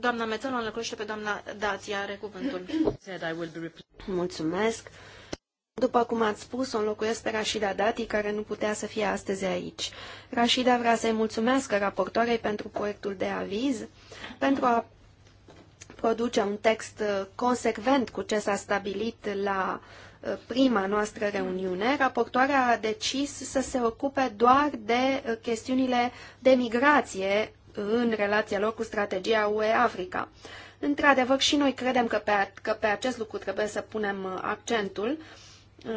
doamna Mețelu înlocuiește pe doamna Dația, are cuvântul. Mulțumesc.
După cum ați spus, o înlocuiesc pe Rashida Dati, care nu putea să fie astăzi aici. Rashida vrea să-i mulțumească raportoarei pentru proiectul de aviz, pentru a produce un text uh, consecvent cu ce s-a stabilit la uh, prima noastră reuniune. Raportoarea a decis să se ocupe doar de uh, chestiunile de migrație în relația lor cu strategia UE-Africa. Într-adevăr, și noi credem că pe, că pe acest lucru trebuie să punem accentul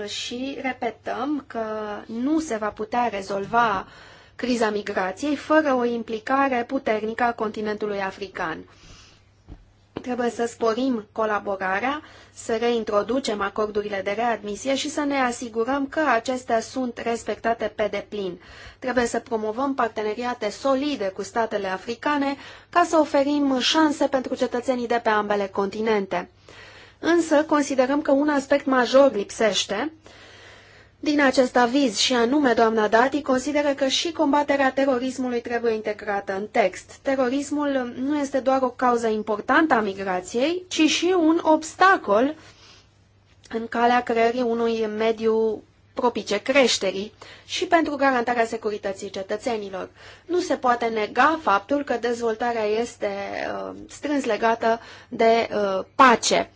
și repetăm că nu se va putea rezolva criza migrației fără o implicare puternică a continentului african. Trebuie să sporim colaborarea, să reintroducem acordurile de readmisie și să ne asigurăm că acestea sunt respectate pe deplin. Trebuie să promovăm parteneriate solide cu statele africane ca să oferim șanse pentru cetățenii de pe ambele continente. Însă, considerăm că un aspect major lipsește, din acest aviz și anume doamna Dati consideră că și combaterea terorismului trebuie integrată în text. Terorismul nu este doar o cauză importantă a migrației, ci și un obstacol în calea creării unui mediu propice creșterii și pentru garantarea securității cetățenilor. Nu se poate nega faptul că dezvoltarea este uh, strâns legată de uh, pace.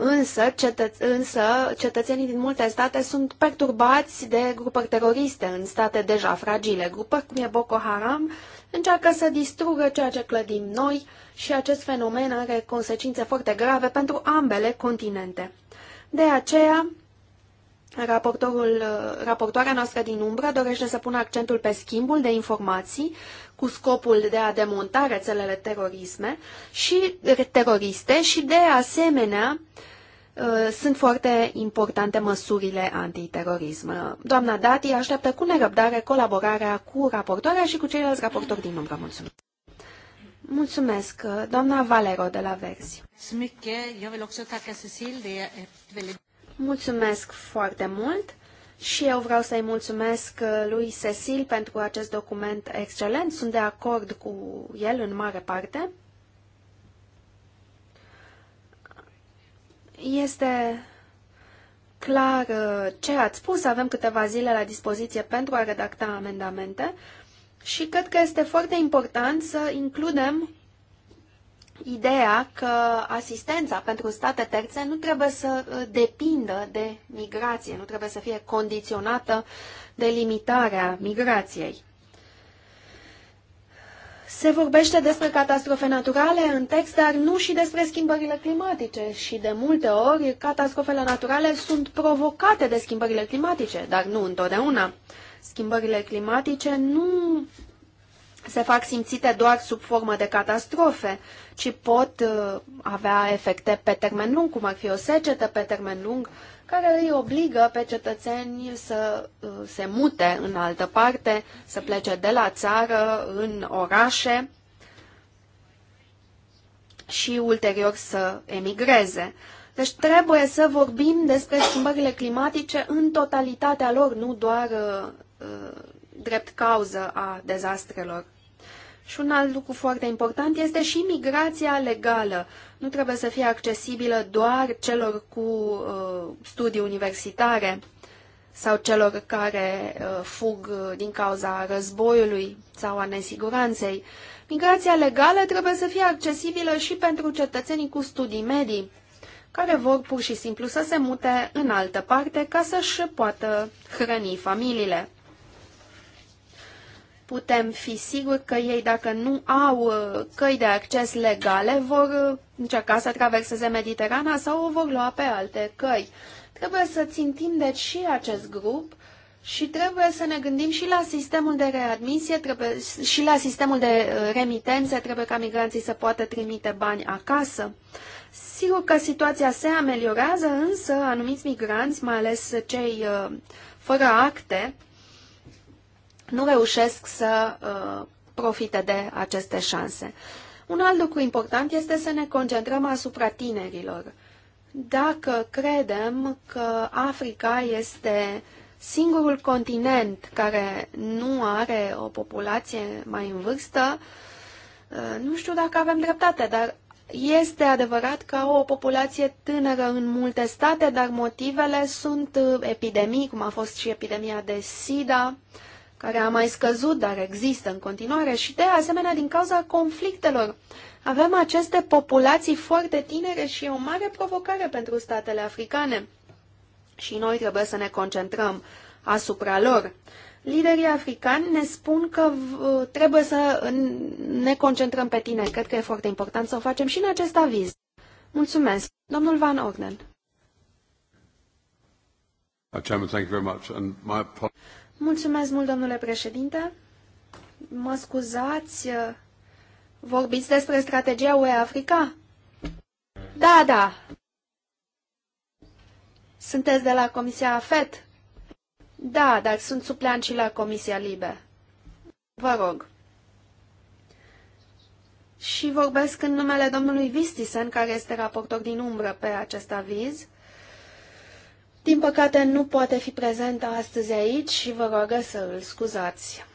Însă, cetăț- însă, cetățenii din multe state sunt perturbați de grupări teroriste în state deja fragile. Grupări cum e Boko Haram încearcă să distrugă ceea ce clădim noi și acest fenomen are consecințe foarte grave pentru ambele continente. De aceea, Raportorul, raportoarea noastră din umbră dorește să pună accentul pe schimbul de informații cu scopul de a demonta rețelele terorisme și teroriste și de asemenea uh, sunt foarte importante măsurile antiterorism. Doamna Dati așteaptă cu nerăbdare colaborarea cu raportoarea și cu ceilalți raportori din umbră. Mulțumesc! Mulțumesc, uh, doamna Valero de la Verzi. Mulțumesc foarte mult și eu vreau să-i mulțumesc uh, lui Cecil pentru acest document excelent. Sunt de acord cu el în mare parte. Este clar uh, ce ați spus. Avem câteva zile la dispoziție pentru a redacta amendamente și cred că este foarte important să includem ideea că asistența pentru state terțe nu trebuie să uh, depindă de migrație, nu trebuie să fie condiționată de limitarea migrației. Se vorbește despre catastrofe naturale în text, dar nu și despre schimbările climatice. Și de multe ori, catastrofele naturale sunt provocate de schimbările climatice, dar nu întotdeauna. Schimbările climatice nu se fac simțite doar sub formă de catastrofe, ci pot uh, avea efecte pe termen lung, cum ar fi o secetă pe termen lung, care îi obligă pe cetățeni să uh, se mute în altă parte, să plece de la țară în orașe și ulterior să emigreze. Deci trebuie să vorbim despre schimbările climatice în totalitatea lor, nu doar uh, uh drept cauză a dezastrelor. Și un alt lucru foarte important este și migrația legală. Nu trebuie să fie accesibilă doar celor cu uh, studii universitare sau celor care uh, fug uh, din cauza războiului sau a nesiguranței. Migrația legală trebuie să fie accesibilă și pentru cetățenii cu studii medii, care vor pur și simplu să se mute în altă parte ca să-și poată hrăni familiile putem fi siguri că ei, dacă nu au uh, căi de acces legale, vor uh, încerca să traverseze Mediterana sau o vor lua pe alte căi. Trebuie să țintim deci și acest grup și trebuie să ne gândim și la sistemul de readmisie trebuie, și la sistemul de uh, remitențe, trebuie ca migranții să poată trimite bani acasă. Sigur că situația se ameliorează, însă anumiți migranți, mai ales cei fără acte, nu reușesc să uh, profite de aceste șanse. Un alt lucru important este să ne concentrăm asupra tinerilor. Dacă credem că Africa este singurul continent care nu are o populație mai în vârstă, uh, nu știu dacă avem dreptate, dar este adevărat că au o populație tânără în multe state, dar motivele sunt uh, epidemii, cum a fost și epidemia de SIDA, uh, care a mai scăzut, dar există în continuare, și de asemenea din cauza conflictelor. Avem aceste populații foarte tinere și e o mare provocare pentru statele africane. Și noi trebuie să ne concentrăm asupra lor. Liderii africani ne spun că uh, trebuie să ne concentrăm pe tine. Cred că e foarte important să o facem și în acest aviz. Mulțumesc. Domnul Van Orden.
Uh,
Mulțumesc mult, domnule președinte. Mă scuzați, uh, vorbiți despre strategia UE Africa? Da, da. Sunteți de la Comisia AFET? Da, dar sunt suplean și la Comisia LIBE. Vă rog. Și vorbesc în numele domnului Vistisen, care este raportor din umbră pe acest aviz. Din păcate, nu poate fi prezent astăzi aici și vă rog să îl scuzați.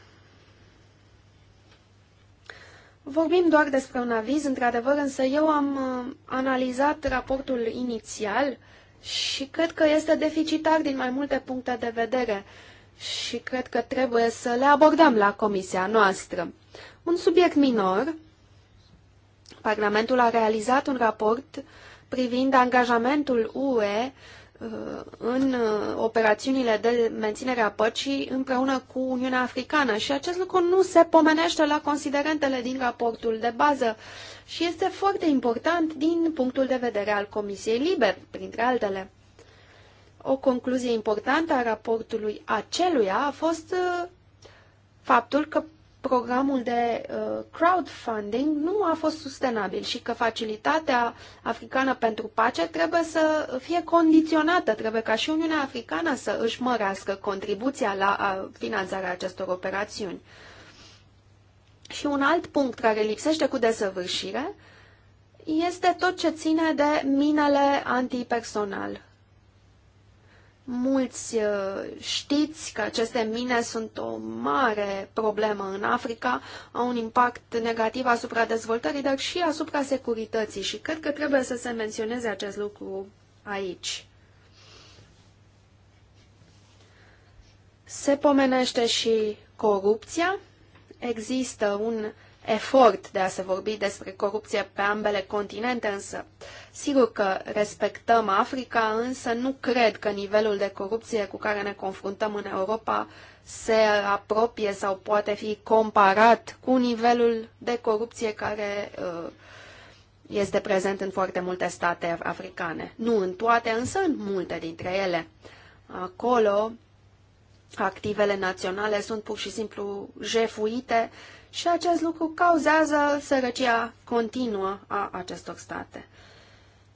Vorbim doar despre un aviz, într-adevăr, însă eu am uh, analizat raportul inițial și cred că este deficitar din mai multe puncte de vedere și cred că trebuie să le abordăm la comisia noastră. Un subiect minor, Parlamentul a realizat un raport privind angajamentul UE Uh, în uh, operațiunile de menținere a păcii împreună cu Uniunea Africană și acest lucru nu se pomenește la considerentele din raportul de bază și este foarte important din punctul de vedere al Comisiei Libe, printre altele. O concluzie importantă a raportului aceluia a fost uh, faptul că programul de uh, crowdfunding nu a fost sustenabil și că facilitatea africană pentru pace trebuie să fie condiționată, trebuie ca și Uniunea Africană să își mărească contribuția la uh, finanțarea acestor operațiuni. Și un alt punct care lipsește cu desăvârșire este tot ce ține de minele antipersonal Mulți uh, știți că aceste mine sunt o mare problemă în Africa, au un impact negativ asupra dezvoltării, dar și asupra securității și cred că trebuie să se menționeze acest lucru aici. Se pomenește și corupția. Există un efort de a se vorbi despre corupție pe ambele continente, însă sigur că respectăm Africa, însă nu cred că nivelul de corupție cu care ne confruntăm în Europa se apropie sau poate fi comparat cu nivelul de corupție care uh, este prezent în foarte multe state africane. Nu în toate, însă în multe dintre ele. Acolo, activele naționale sunt pur și simplu jefuite și acest lucru cauzează sărăcia continuă a acestor state.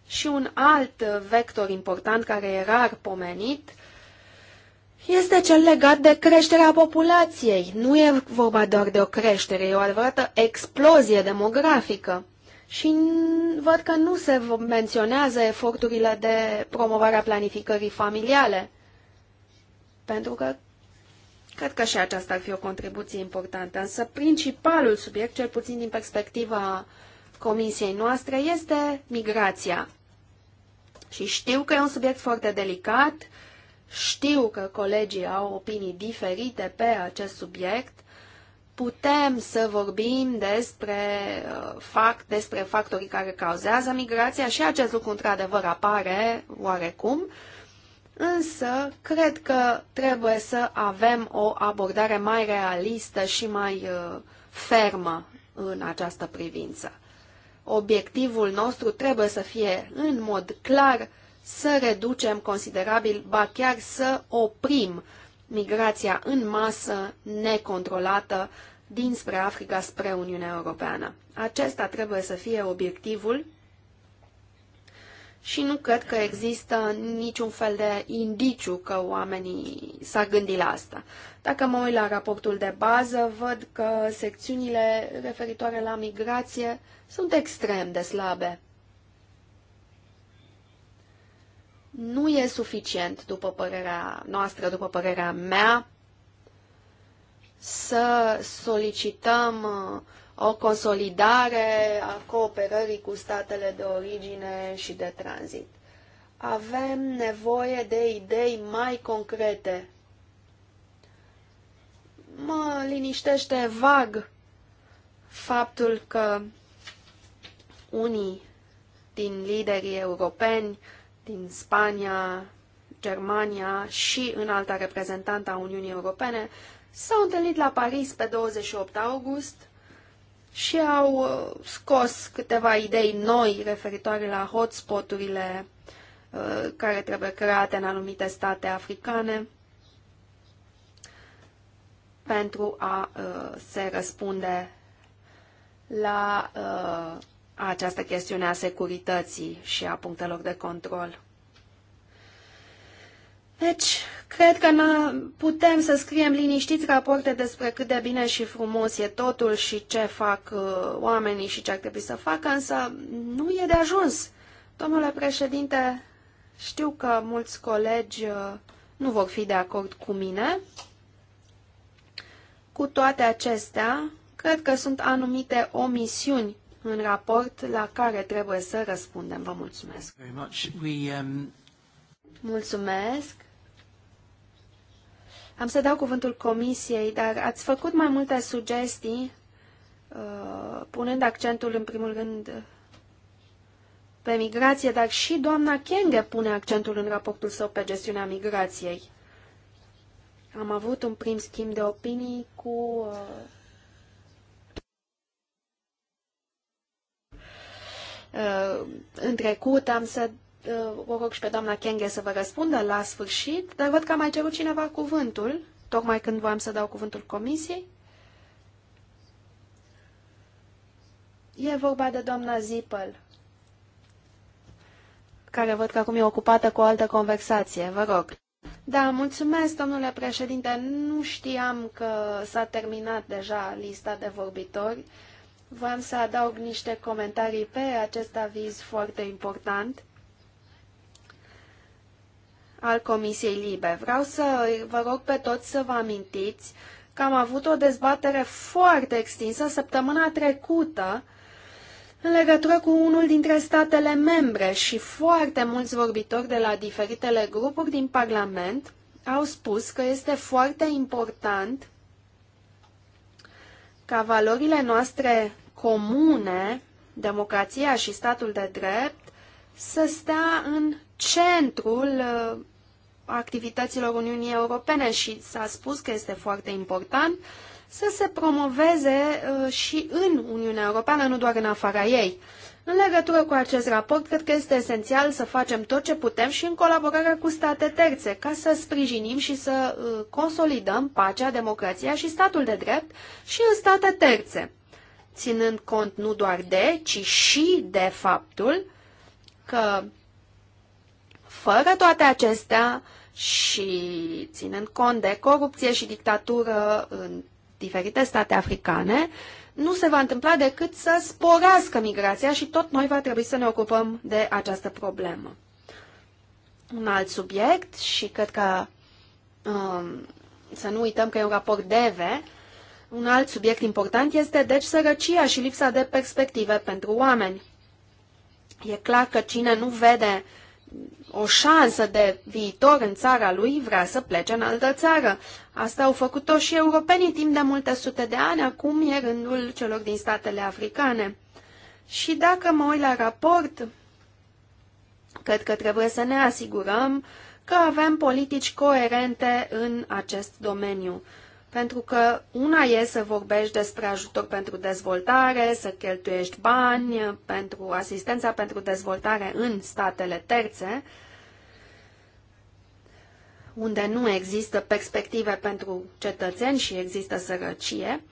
Și un alt vector important care e rar pomenit este cel legat de creșterea populației. Nu e vorba doar de o creștere, e o adevărată explozie demografică. Și văd că nu se menționează eforturile de promovare a planificării familiale. Pentru că Cred că și aceasta ar fi o contribuție importantă, însă principalul subiect, cel puțin din perspectiva comisiei noastre, este migrația. Și știu că e un subiect foarte delicat, știu că colegii au opinii diferite pe acest subiect, putem să vorbim despre, uh, fac, despre factorii care cauzează migrația și acest lucru într-adevăr apare oarecum, uh, Însă, cred că trebuie să avem o abordare mai realistă și mai uh, fermă în această privință. Obiectivul nostru trebuie să fie, în mod clar, să reducem considerabil, ba chiar să oprim migrația în masă necontrolată dinspre Africa spre Uniunea Europeană. Acesta trebuie să fie obiectivul și nu cred că există niciun fel de indiciu că oamenii s-ar gândit la asta. Dacă mă uit la raportul de bază, văd că secțiunile referitoare la migrație sunt extrem de slabe. Nu e suficient, după părerea noastră, după părerea mea, să solicităm uh, o consolidare a cooperării cu statele de origine și de tranzit. Avem nevoie de idei mai concrete. Mă liniștește vag faptul că unii din liderii europeni din Spania, Germania și în alta reprezentantă a Uniunii Europene s-au întâlnit la Paris pe 28 august și au uh, scos câteva idei noi referitoare la hotspoturile uh, care trebuie create în anumite state africane pentru a uh, se răspunde la această chestiune a securității și a punctelor de control. Deci, cred că putem să scriem liniștiți rapoarte despre cât de bine și frumos e totul și ce fac uh, oamenii și ce ar trebui să facă, însă nu e de ajuns. Domnule președinte, știu că mulți colegi uh, nu vor fi de acord cu mine. Cu toate acestea, cred că sunt anumite omisiuni în raport la care trebuie să răspundem. Vă mulțumesc.
Um,
mulțumesc. Am să dau cuvântul comisiei, dar ați făcut mai multe sugestii, uh, punând accentul în primul rând pe migrație, dar și doamna Kenge pune accentul în raportul său pe gestiunea migrației. Am avut un prim schimb de opinii cu uh, uh, în trecut am să o rog și pe doamna Kenge să vă răspundă la sfârșit, dar văd că a mai cerut cineva cuvântul, tocmai când voiam să dau cuvântul comisiei. E vorba de doamna Zipel, care văd că acum e ocupată cu o altă conversație. Vă rog. Da, mulțumesc, domnule președinte. Nu știam că s-a terminat deja lista de vorbitori. Vreau să adaug niște comentarii pe acest aviz foarte important al Comisiei Libe. Vreau să vă rog pe toți să vă amintiți că am avut o dezbatere foarte extinsă săptămâna trecută în legătură cu unul dintre statele membre și foarte mulți vorbitori de la diferitele grupuri din Parlament au spus că este foarte important ca valorile noastre comune, democrația și statul de drept, să stea în centrul uh, activităților Uniunii Europene și s-a spus că este foarte important să se promoveze uh, și în Uniunea Europeană, nu doar în afara ei. În legătură cu acest raport, cred că este esențial să facem tot ce putem și în colaborarea cu state terțe, ca să sprijinim și să uh, consolidăm pacea, democrația și statul de drept și în state terțe, ținând cont nu doar de, ci și de faptul că fără toate acestea și ținând cont de corupție și dictatură în diferite state africane, nu se va întâmpla decât să sporească migrația și tot noi va trebui să ne ocupăm de această problemă. Un alt subiect și cred că um, să nu uităm că e un raport DEVE, un alt subiect important este deci sărăcia și lipsa de perspective pentru oameni. E clar că cine nu vede uh, o șansă de viitor în țara lui, vrea să plece în altă țară. Asta au făcut-o și europenii timp de multe sute de ani, acum e rândul celor din statele africane. Și dacă mă uit la raport, cred că trebuie să ne asigurăm că avem politici coerente în acest domeniu. Pentru că una e să vorbești despre ajutor pentru dezvoltare, să cheltuiești bani pentru asistența pentru dezvoltare în statele terțe, unde nu există perspective pentru cetățeni și există sărăcie,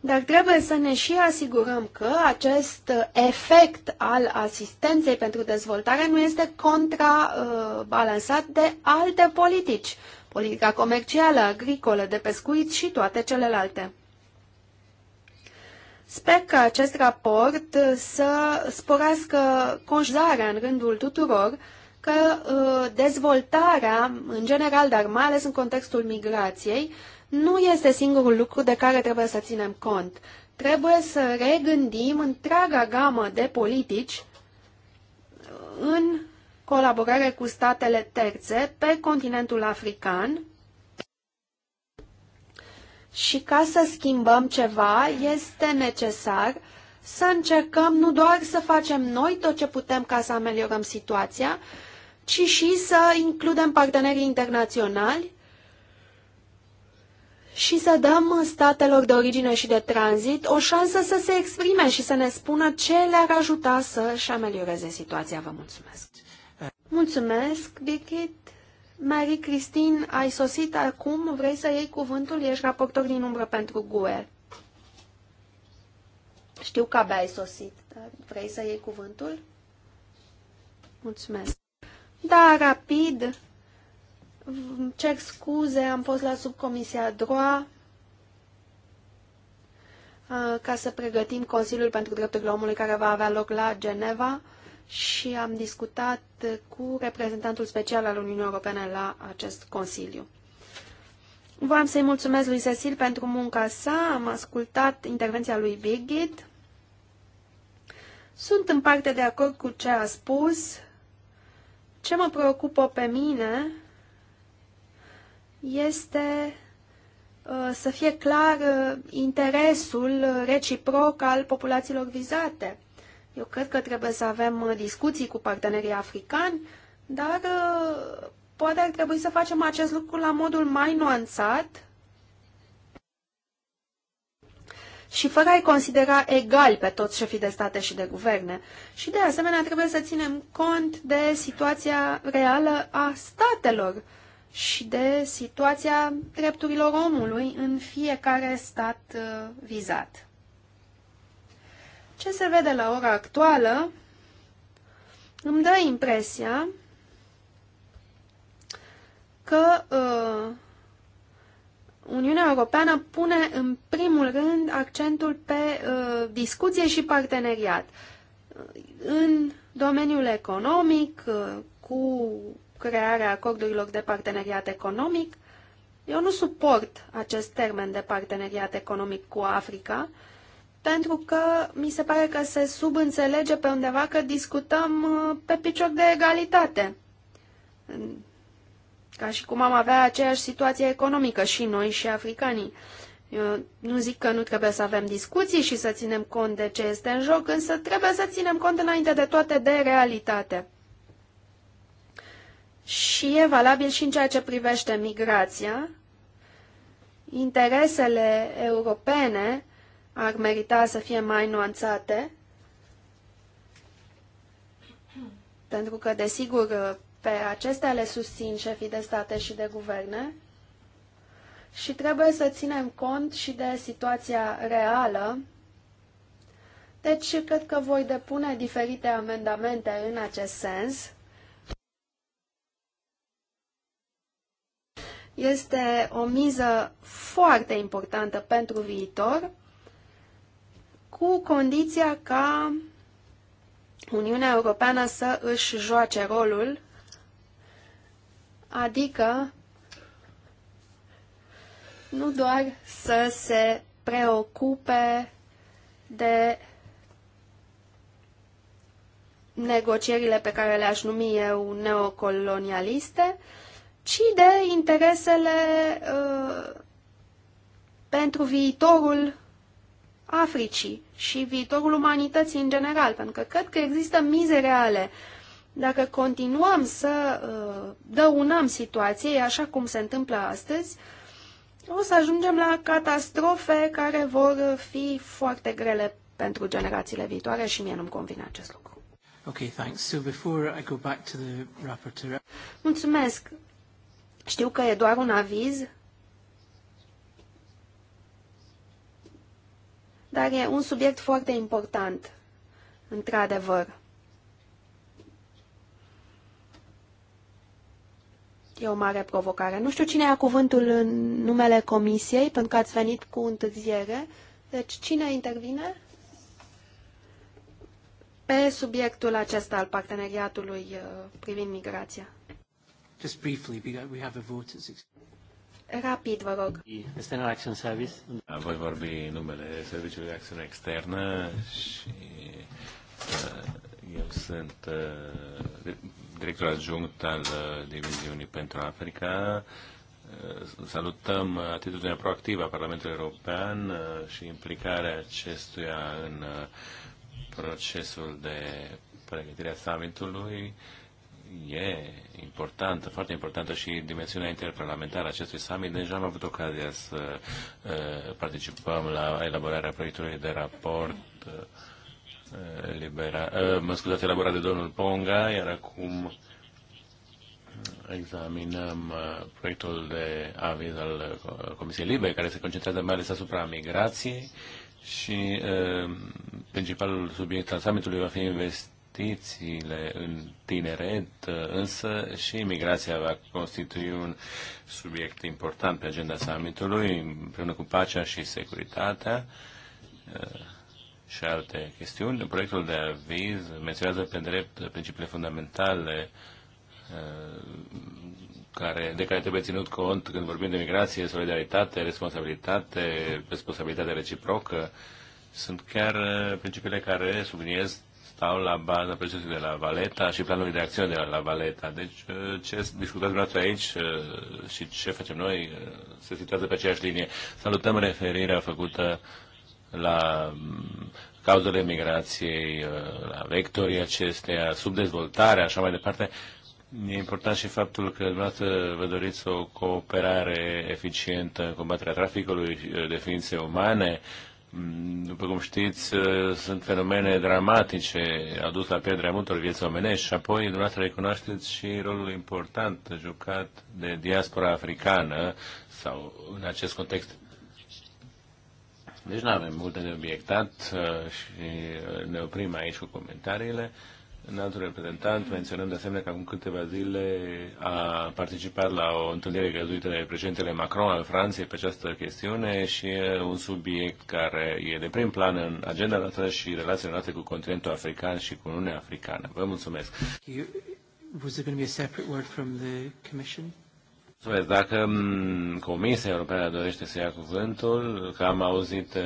dar trebuie să ne și asigurăm că acest efect al asistenței pentru dezvoltare nu este contrabalansat de alte politici, politica comercială, agricolă, de pescuit și toate celelalte. Sper că acest raport uh, să sporească conștarea în rândul tuturor că uh, dezvoltarea, în general, dar mai ales în contextul migrației, nu este singurul lucru de care trebuie să ținem cont. Trebuie să regândim întreaga gamă de politici uh, în colaborare cu statele terțe pe continentul african și ca să schimbăm ceva, este necesar să încercăm nu doar să facem noi tot ce putem ca să ameliorăm situația, ci și să includem partenerii internaționali și să dăm statelor de origine și de tranzit o șansă să se exprime și să ne spună ce le-ar ajuta să-și amelioreze situația. Vă mulțumesc! Mulțumesc, Birgit. Marie Cristin, ai sosit acum, vrei să iei cuvântul? Ești raportor din umbră pentru GUE. Știu că abia ai sosit, dar vrei să iei cuvântul? Mulțumesc. Da, rapid. cer scuze, am fost la subcomisia DROA ca să pregătim Consiliul pentru Drepturile Omului care va avea loc la Geneva și am discutat cu reprezentantul special al Uniunii Europene la acest Consiliu. Vreau să-i mulțumesc lui Cecil pentru munca sa, am ascultat intervenția lui Birgit. Sunt în parte de acord cu ce a spus. Ce mă preocupă pe mine este uh, să fie clar uh, interesul reciproc al populațiilor vizate. Eu cred că trebuie să avem uh, discuții cu partenerii africani, dar uh, poate ar trebui să facem acest lucru la modul mai nuanțat și fără a-i considera egal pe toți șefii de state și de guverne. Și de asemenea trebuie să ținem cont de situația reală a statelor și de situația drepturilor omului în fiecare stat uh, vizat. Ce se vede la ora actuală îmi dă impresia că uh, Uniunea Europeană pune în primul rând accentul pe uh, discuție și parteneriat în domeniul economic, uh, cu crearea acordurilor de parteneriat economic. Eu nu suport acest termen de parteneriat economic cu Africa, uh, pentru că mi se pare că se subînțelege pe undeva că discutăm uh, pe picior de egalitate. Ca și cum am avea aceeași situație economică și noi și africanii. Eu nu zic că nu trebuie să avem discuții și să ținem cont de ce este în joc, însă trebuie să ținem cont înainte de toate de realitate. Și e valabil și în ceea ce privește migrația. Interesele europene ar merita să fie mai nuanțate, pentru că, desigur, pe acestea le susțin șefii de state și de guverne și trebuie să ținem cont și de situația reală. Deci, cred că voi depune diferite amendamente în acest sens. Este o miză foarte importantă pentru viitor cu condiția ca Uniunea Europeană să își joace rolul, adică nu doar să se preocupe de negocierile pe care le-aș numi eu neocolonialiste, ci de interesele uh, pentru viitorul Africii și viitorul umanității în general, pentru că cred că există mize reale. Dacă continuăm să uh, dăunăm situației așa cum se întâmplă astăzi, o să ajungem la catastrofe care vor fi foarte grele pentru generațiile viitoare și mie nu-mi convine acest lucru.
Okay, thanks. So before I go back to the rapporteur... Mulțumesc. Știu că e doar un aviz,
dar e un subiect foarte important, într-adevăr. E o mare provocare. Nu știu cine ia cuvântul în numele comisiei, pentru că ați venit cu întârziere. Deci cine intervine? Pe subiectul acesta al parteneriatului uh, privind migrația.
Just briefly, we have a vote at
Rapid, vă rog.
Este în Action Service. Da, voi vorbi numele Serviciului de Acțiune Externă și uh, eu sunt uh, director adjunct al uh, Diviziunii pentru Africa. Salutăm atitudinea proactivă a Parlamentului European și implicarea acestuia în procesul de pregătire a summitului e importantă, foarte importantă și dimensiunea interparlamentară a acestui summit. Deja am avut ocazia să uh, participăm la elaborarea proiectului de raport elibera, uh, uh, mă scuzați, elaborat de domnul Ponga, iar acum examinăm proiectul de aviz al Comisiei Libe, care se concentrează mai ales asupra migrației și principalul subiect al summitului va fi invest investițiile în tineret, însă și imigrația va constitui un subiect important pe agenda summitului, împreună cu pacea și securitatea eh, și alte chestiuni. Proiectul de aviz menționează pe drept principiile fundamentale eh, care, de care trebuie ținut cont când vorbim de migrație, solidaritate, responsabilitate, responsabilitate reciprocă, sunt chiar eh, principiile care subliniez stau la baza procesului de la Valeta și planului de acțiune de la Valeta. Deci uh, ce discutați dumneavoastră aici uh, și ce facem noi uh, se situează pe aceeași linie. Salutăm referirea făcută la mm, cauzele migrației, la vectorii acesteia, subdezvoltarea, așa mai departe. E important și faptul că dumneavoastră vă doriți o cooperare eficientă în combaterea traficului de ființe umane, Mm, după cum știți, uh, sunt fenomene dramatice, aduse la pierderea multor vieți omenești și apoi dumneavoastră recunoașteți și rolul important jucat de diaspora africană sau în acest context. Deci nu avem multe de obiectat uh, și uh, ne oprim aici cu comentariile înaltul reprezentant, menționăm de asemenea că acum câteva zile a participat la o întâlnire gratuită de președintele Macron al Franței pe această chestiune și e un subiect care e de prim plan în agenda noastră și relațiile noastre cu continentul african și cu Uniunea Africană. Vă mulțumesc!
You, was there going to be a separate word from the Commission?
Vezi, dacă mm, Comisia Europeană dorește să ia cuvântul, că am auzit eh,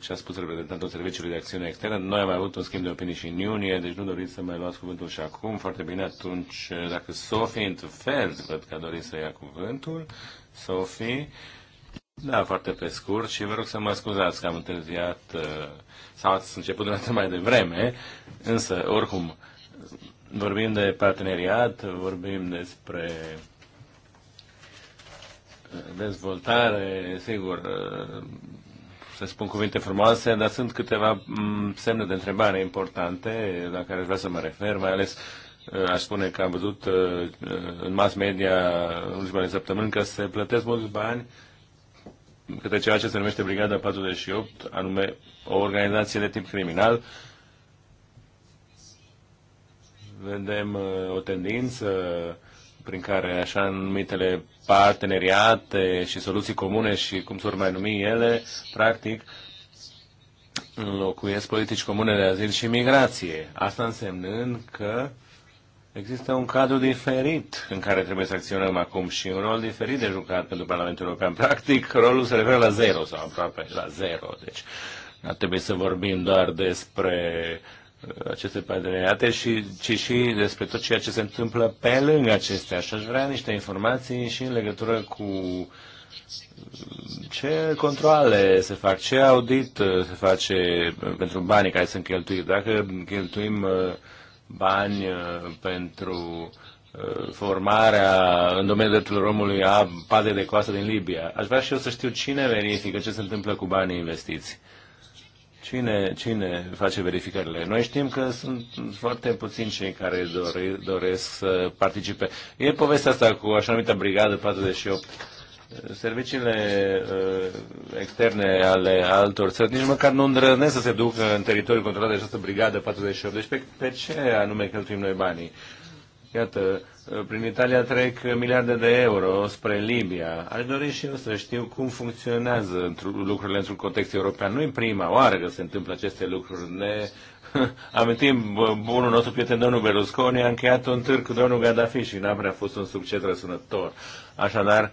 ce a spus reprezentantul Serviciului de Acțiune Externă, noi am avut un schimb de opinii și în iunie, deci nu doriți să mai luați cuvântul și acum, foarte bine, atunci eh, dacă Sofie Intfeld văd că a dorit să ia cuvântul, Sofie, da, foarte pe scurt și vă rog să mă scuzați că am întârziat eh, sau ați început o dată mai devreme, însă, oricum, vorbim de parteneriat, vorbim despre dezvoltare, sigur, să spun cuvinte frumoase, dar sunt câteva mm, semne de întrebare importante la care vreau să mă refer, mai ales eh, aș spune că am văzut eh, în mass media în ultimele săptămâni că se plătesc mulți bani către ceea ce se numește Brigada 48, anume o organizație de tip criminal. Vedem eh, o tendință uh, prin care așa numitele parteneriate și soluții comune și cum s-or mai numi ele, practic, înlocuiesc politici comune de azil și migrație. Asta însemnând că există un cadru diferit în care trebuie să acționăm acum și un rol diferit de jucat pentru Parlamentul European. Practic, rolul se referă la zero sau aproape la zero. Deci, ar trebui să vorbim doar despre aceste parteneriate, și, ci și despre tot ceea ce se întâmplă pe lângă acestea. Și aș vrea niște informații și în legătură cu ce controle se fac, ce audit se face pentru banii care sunt cheltuiți. Dacă cheltuim uh, bani uh, pentru uh, formarea în domeniul drepturilor omului a padei de coastă din Libia. Aș vrea și eu să știu cine verifică ce se întâmplă cu banii investiți. Cine, cine face verificările? Noi știm că sunt foarte puțini cei care dore, doresc să participe. E povestea asta cu așa numită Brigadă 48. Serviciile uh, externe ale altor țări nici măcar nu îndrăznesc să se ducă în teritoriul controlat de această brigadă 48. Deci pe, pe ce anume cheltuim noi banii? Uh, Iată, prin Italia trec miliarde de euro spre Libia. Aș dori și eu să știu cum funcționează lucrurile într-un context european. Nu-i prima oară că se întâmplă aceste lucruri. Ne amintim, bunul nostru prieten domnul Berlusconi a încheiat un târg cu domnul Gaddafi și n-a prea fost un succes răsunător. Așadar,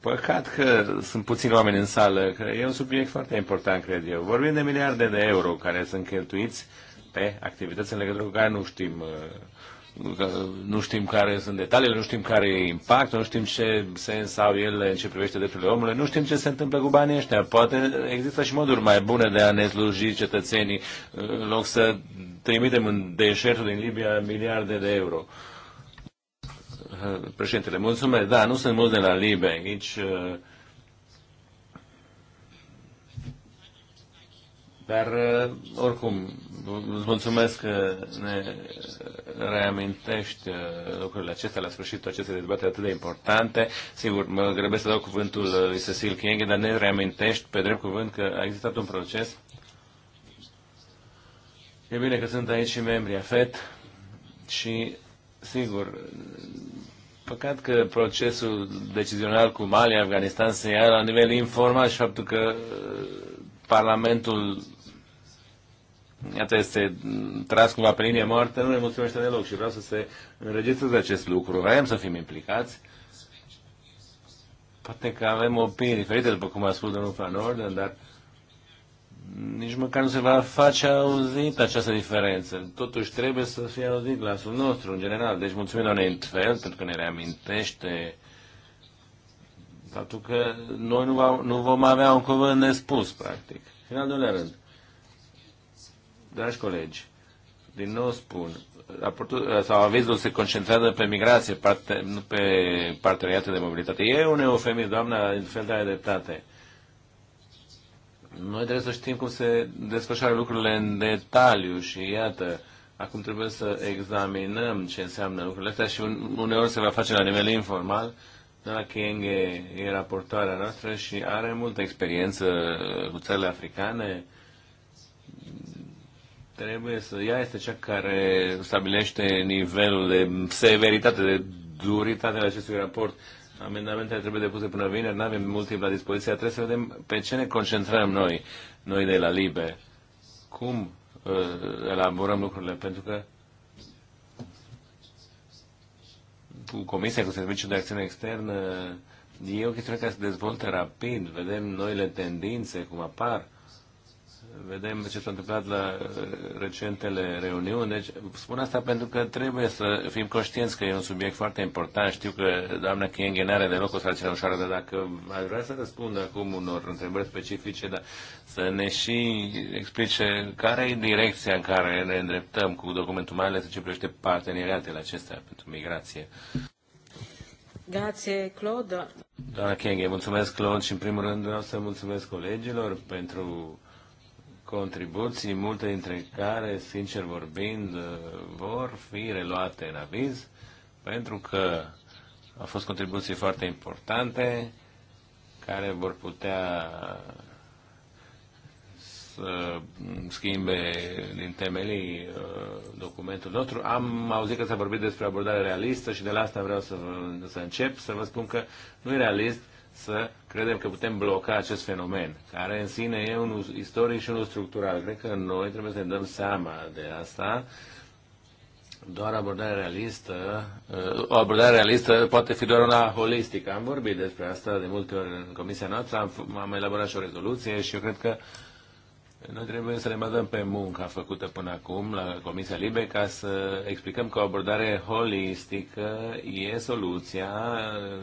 Păcat că sunt puțini oameni în sală, că e un subiect foarte important, cred eu. Vorbim de miliarde de euro care sunt cheltuiți uh, alte activități în legătură cu care nu știm uh, nu știm care sunt detaliile, nu știm care e impactul, nu știm ce sens au ele în ce privește drepturile omului, nu știm ce se întâmplă cu banii ăștia. Poate există și moduri mai bune de a ne sluji cetățenii în loc să trimitem în deșertul din Libia miliarde de euro. Uh, președintele, mulțumesc. Da, nu sunt mulți de la Libia, nici uh, Dar, uh, oricum, îți mulțumesc că ne reamintești uh, lucrurile acestea la sfârșitul acestei dezbateri atât de importante. Sigur, mă grăbesc să dau cuvântul uh, lui Cecil Kienge, dar ne reamintești pe drept cuvânt că a existat un proces. E bine că sunt aici și membrii AFET și, sigur, Păcat că procesul decizional cu Mali, Afganistan se ia la nivel informal și faptul că Parlamentul iată, este tras cumva pe linie moarte, nu ne mulțumește deloc și vreau să se înregistreze acest lucru. Vrem să fim implicați. Poate că avem opinii diferite, după cum a spus domnul Van Orden, dar nici măcar nu se va face auzit această diferență. Totuși trebuie să fie auzit glasul nostru, în general. Deci mulțumim doamne Intfel, pentru că ne reamintește faptul că noi nu, vom avea un cuvânt nespus, practic. Final în doilea rând, Dragi colegi, din nou spun, raportul sau avizul se concentrează pe migrație, parte, nu pe parteneriate de mobilitate. E un eufemism, doamna, în fel de dreptate. Noi trebuie să știm cum se desfășoară lucrurile în detaliu și iată, acum trebuie să examinăm ce înseamnă lucrurile astea și uneori se va face la nivel informal. Doamna Kenge e raportoarea noastră și are multă experiență cu țările africane, trebuie să, ea este cea care stabilește nivelul de severitate, de duritate al acestui raport. Amendamentele trebuie depuse până vineri, nu avem mult timp la dispoziție, trebuie să vedem pe ce ne concentrăm noi, noi de la LIBE, cum uh, elaborăm lucrurile, pentru că cu Comisia, cu Serviciul de Acțiune Externă, e o chestiune care se dezvoltă rapid, vedem noile tendințe, cum apar, vedem ce s-a întâmplat la uh, recentele reuniuni. Deci, spun asta pentru că trebuie să fim conștienți că e un subiect foarte important. Știu că doamna Chienghe nu are deloc o sarcină ușoară, dar dacă aș vrea să răspund acum unor întrebări specifice, dar să ne și explice care e direcția în care ne îndreptăm cu documentul, mai ales ce privește parteneriatele acestea pentru migrație.
Grazie, Claude.
Doamna Chienghe, mulțumesc, Claude, și în primul rând vreau să mulțumesc colegilor pentru contribuții, multe dintre care, sincer vorbind, vor fi reluate în aviz, pentru că au fost contribuții foarte importante care vor putea să schimbe din temelii uh, documentul nostru. Am auzit că s-a vorbit despre abordare realistă și de la asta vreau să, să încep, să vă spun că nu e realist să credem că putem bloca acest fenomen, care în sine e unul istoric și unul structural. Cred că noi trebuie să ne dăm seama de asta. Doar abordare realistă, uh, o abordare realistă poate fi doar una holistică. Am vorbit despre asta de multe ori în comisia noastră, am, am elaborat și o rezoluție și eu cred că uh, noi trebuie să ne bazăm pe munca făcută până acum la Comisia Libe ca să explicăm că o abordare holistică e soluția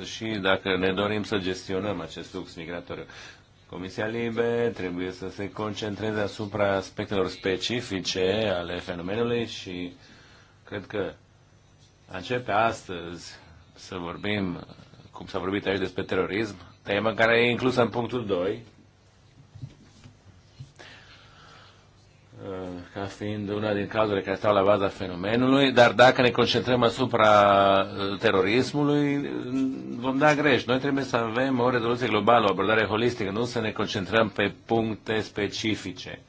și dacă ne dorim să gestionăm acest flux migratoriu. Comisia Libe trebuie să se concentreze asupra aspectelor specifice ale fenomenului și cred că începe astăzi să vorbim, cum s-a vorbit aici despre terorism, temă care e inclusă în punctul 2, Eh, ca fiind una din cazurile care stau la baza fenomenului, dar dacă ne concentrăm asupra eh, terorismului, mm, vom da greș. Noi trebuie să avem o rezoluție globală, o abordare holistică, nu să ne concentrăm pe puncte specifice.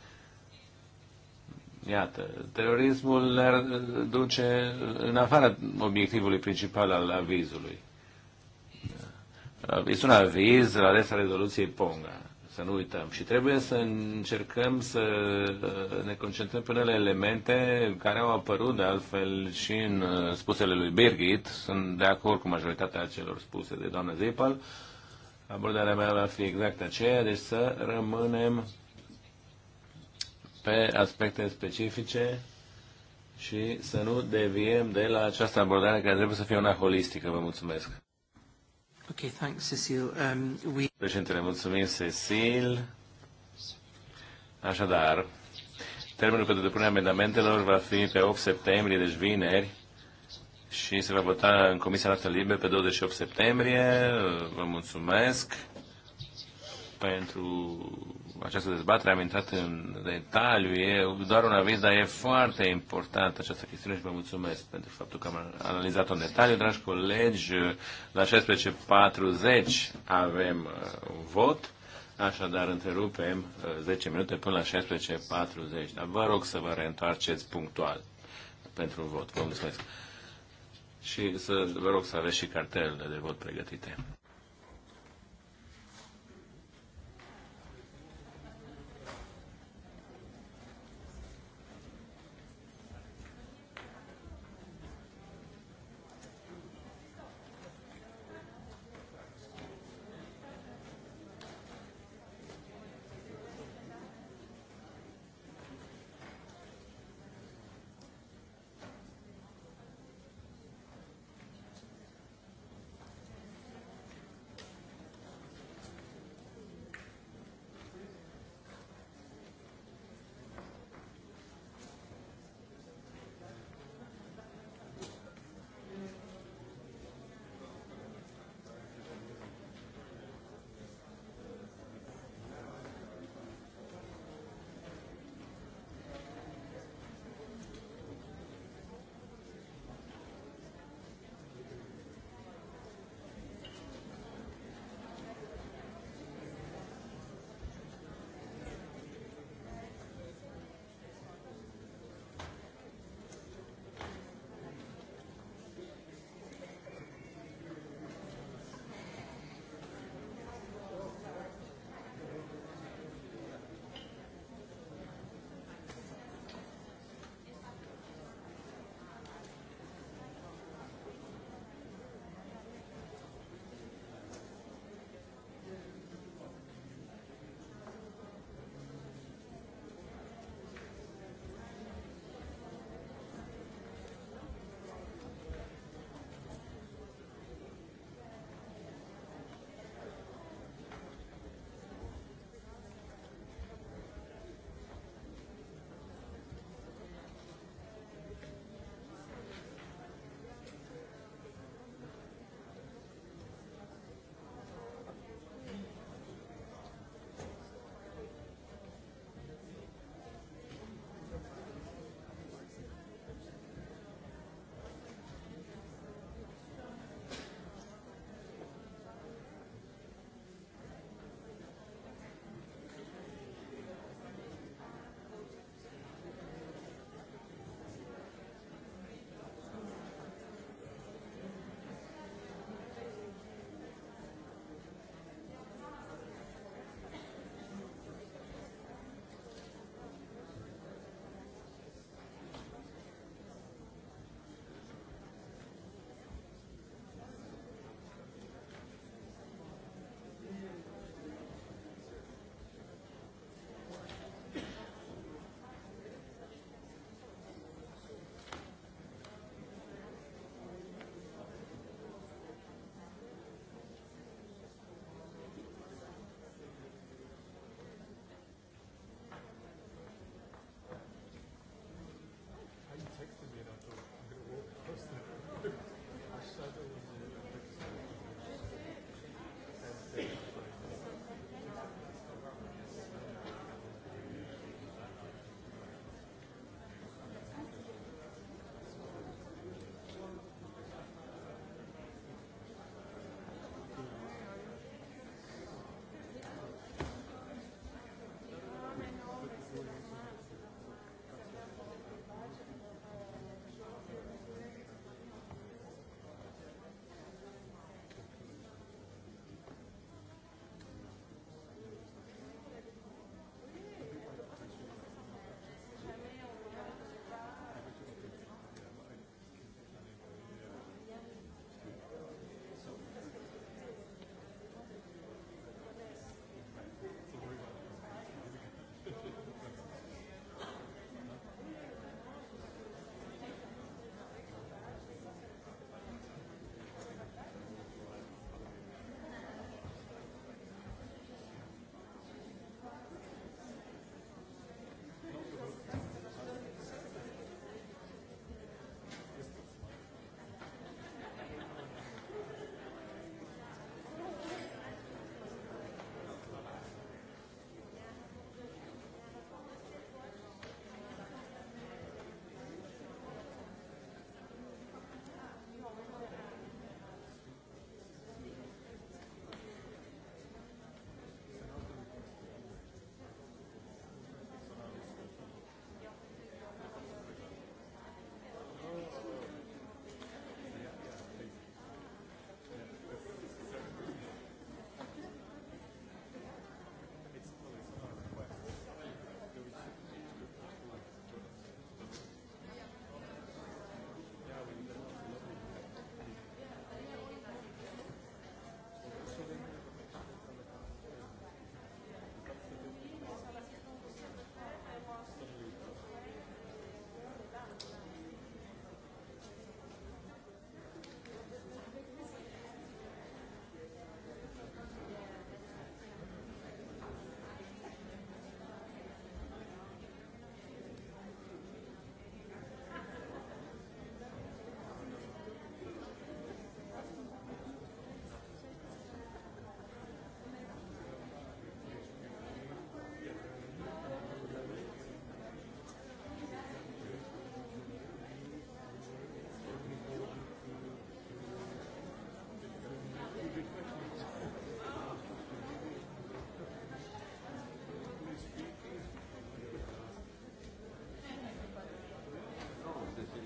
Iată, terorismul ne eh, duce în afara obiectivului principal al avizului. Este un aviz la adresa rezoluției Ponga să nu uităm. Și trebuie să încercăm să uh, ne concentrăm pe unele elemente care au apărut de altfel și în uh, spusele lui Birgit. Sunt de acord cu majoritatea celor spuse de doamna Zipal. Abordarea mea va fi exact aceea, deci să rămânem pe aspecte specifice și să nu deviem de la această abordare care trebuie să fie una holistică. Vă mulțumesc!
Okay, thanks, Cecil. Um, we...
Președintele, mulțumim, Cecil. Așadar, termenul pentru depunerea amendamentelor va fi pe 8 septembrie, deci vineri, și se va vota în Comisia Noastră Liberă pe 28 septembrie. Vă mulțumesc pentru această dezbatere, am intrat în detaliu, e doar un aviz, dar e foarte importantă această chestiune și vă mulțumesc pentru faptul că am analizat-o în detaliu. Dragi colegi, la 16.40 avem uh, un vot, așadar întrerupem 10 uh, minute până la 16.40, dar vă rog să vă reîntoarceți punctual pentru vot. Vă mulțumesc. Și să vă rog să aveți și cartelele de vot pregătite.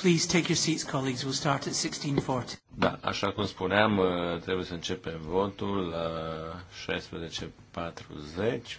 Please take your seats, colleagues. We'll start at 16.40.
Da, așa cum spuneam, uh, trebuie să începem votul la 16.40.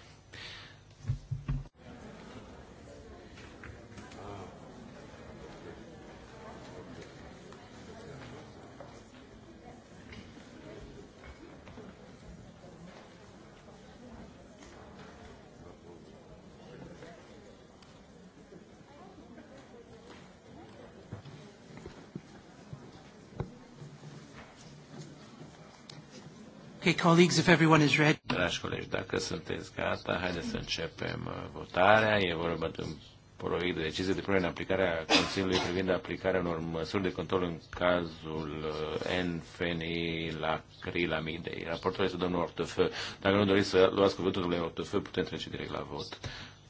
Okay,
colleagues, if everyone is ready.
Dragi colegi, dacă sunteți gata, haideți să începem uh, votarea. E vorba de un proiect de decizie de în aplicare a Consiliului privind aplicarea unor măsuri de control în cazul uh, nfni Crilamidei. Raportul este domnul Ortof. Dacă nu doriți să luați cuvântul domnului Ortof, putem trece direct la vot.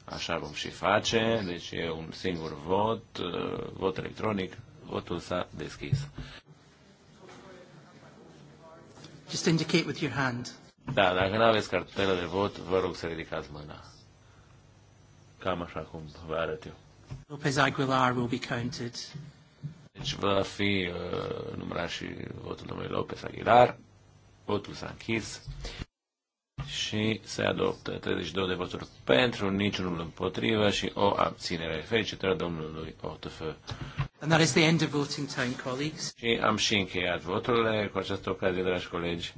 Așa vom și face. Deci e un singur vot, uh, vot electronic. Votul s-a deschis.
Just indicate with your hand.
Da, dacă nu aveți cartelă de vot, vă rog să ridicați mâna. Cam așa cum vă arăt eu.
Lopez Aguilar will be counted.
Deci va fi uh, numărat și votul domnului Lopez Aguilar. Votul s-a închis și se adoptă 32 de voturi pentru, niciunul împotrivă și o abținere. Felicitări domnului Otofă. And that is the end of voting time, colleagues. Și am și încheiat voturile cu această ocazie, dragi colegi.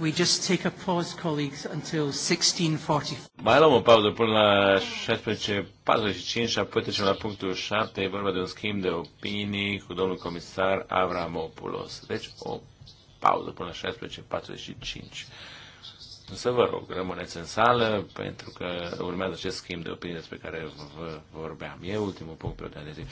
We just take a pause, colleagues, until 16.40.
Mai luăm o pauză până la 16.45 și apoi trecem la punctul 7. E vorba de un schimb de opinii cu domnul comisar Avramopoulos. Deci o pauză până la 16.45. Însă vă rog, rămâneți în sală pentru că urmează acest schimb de opinie despre care vă vorbeam. E ultimul punct pe o de zi.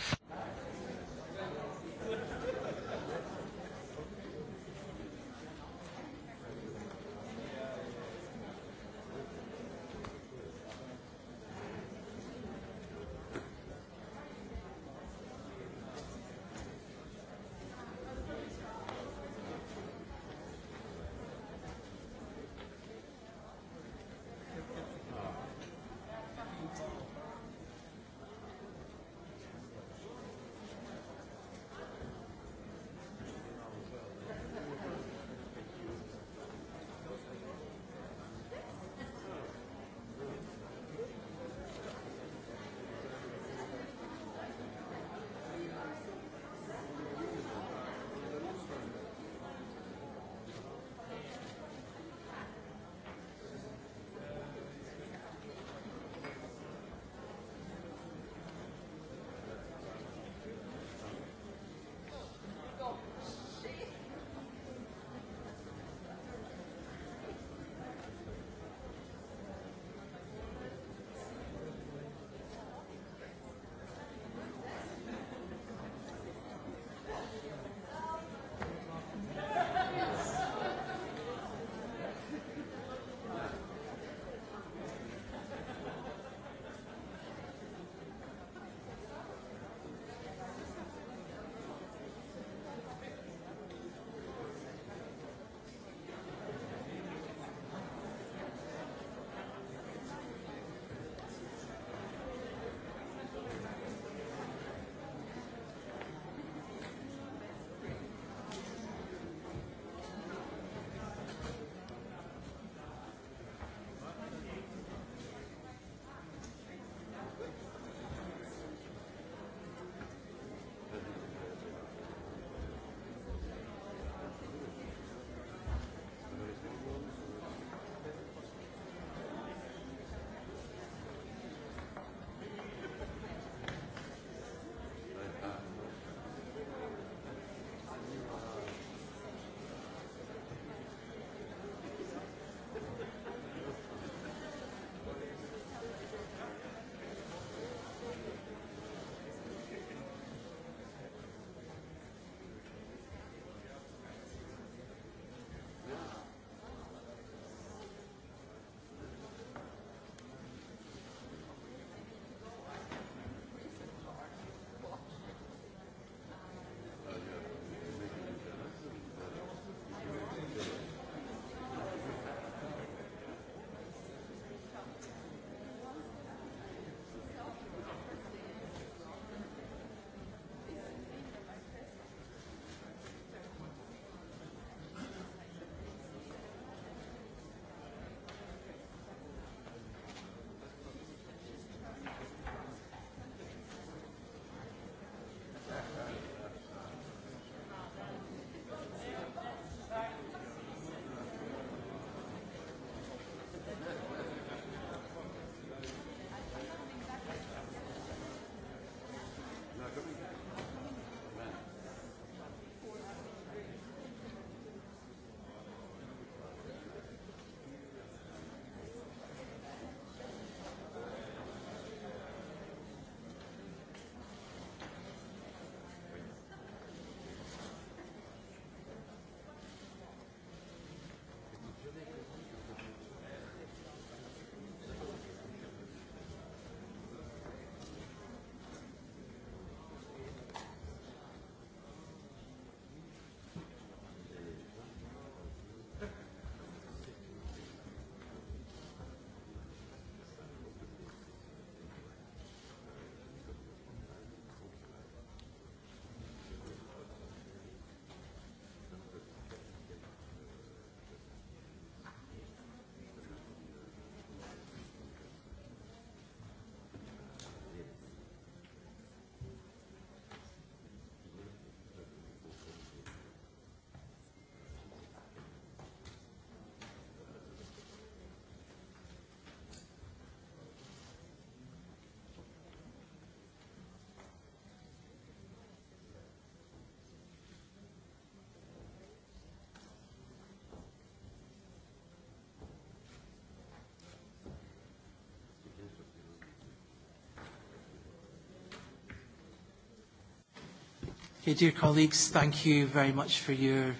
Okay, dear colleagues, thank you very much for your...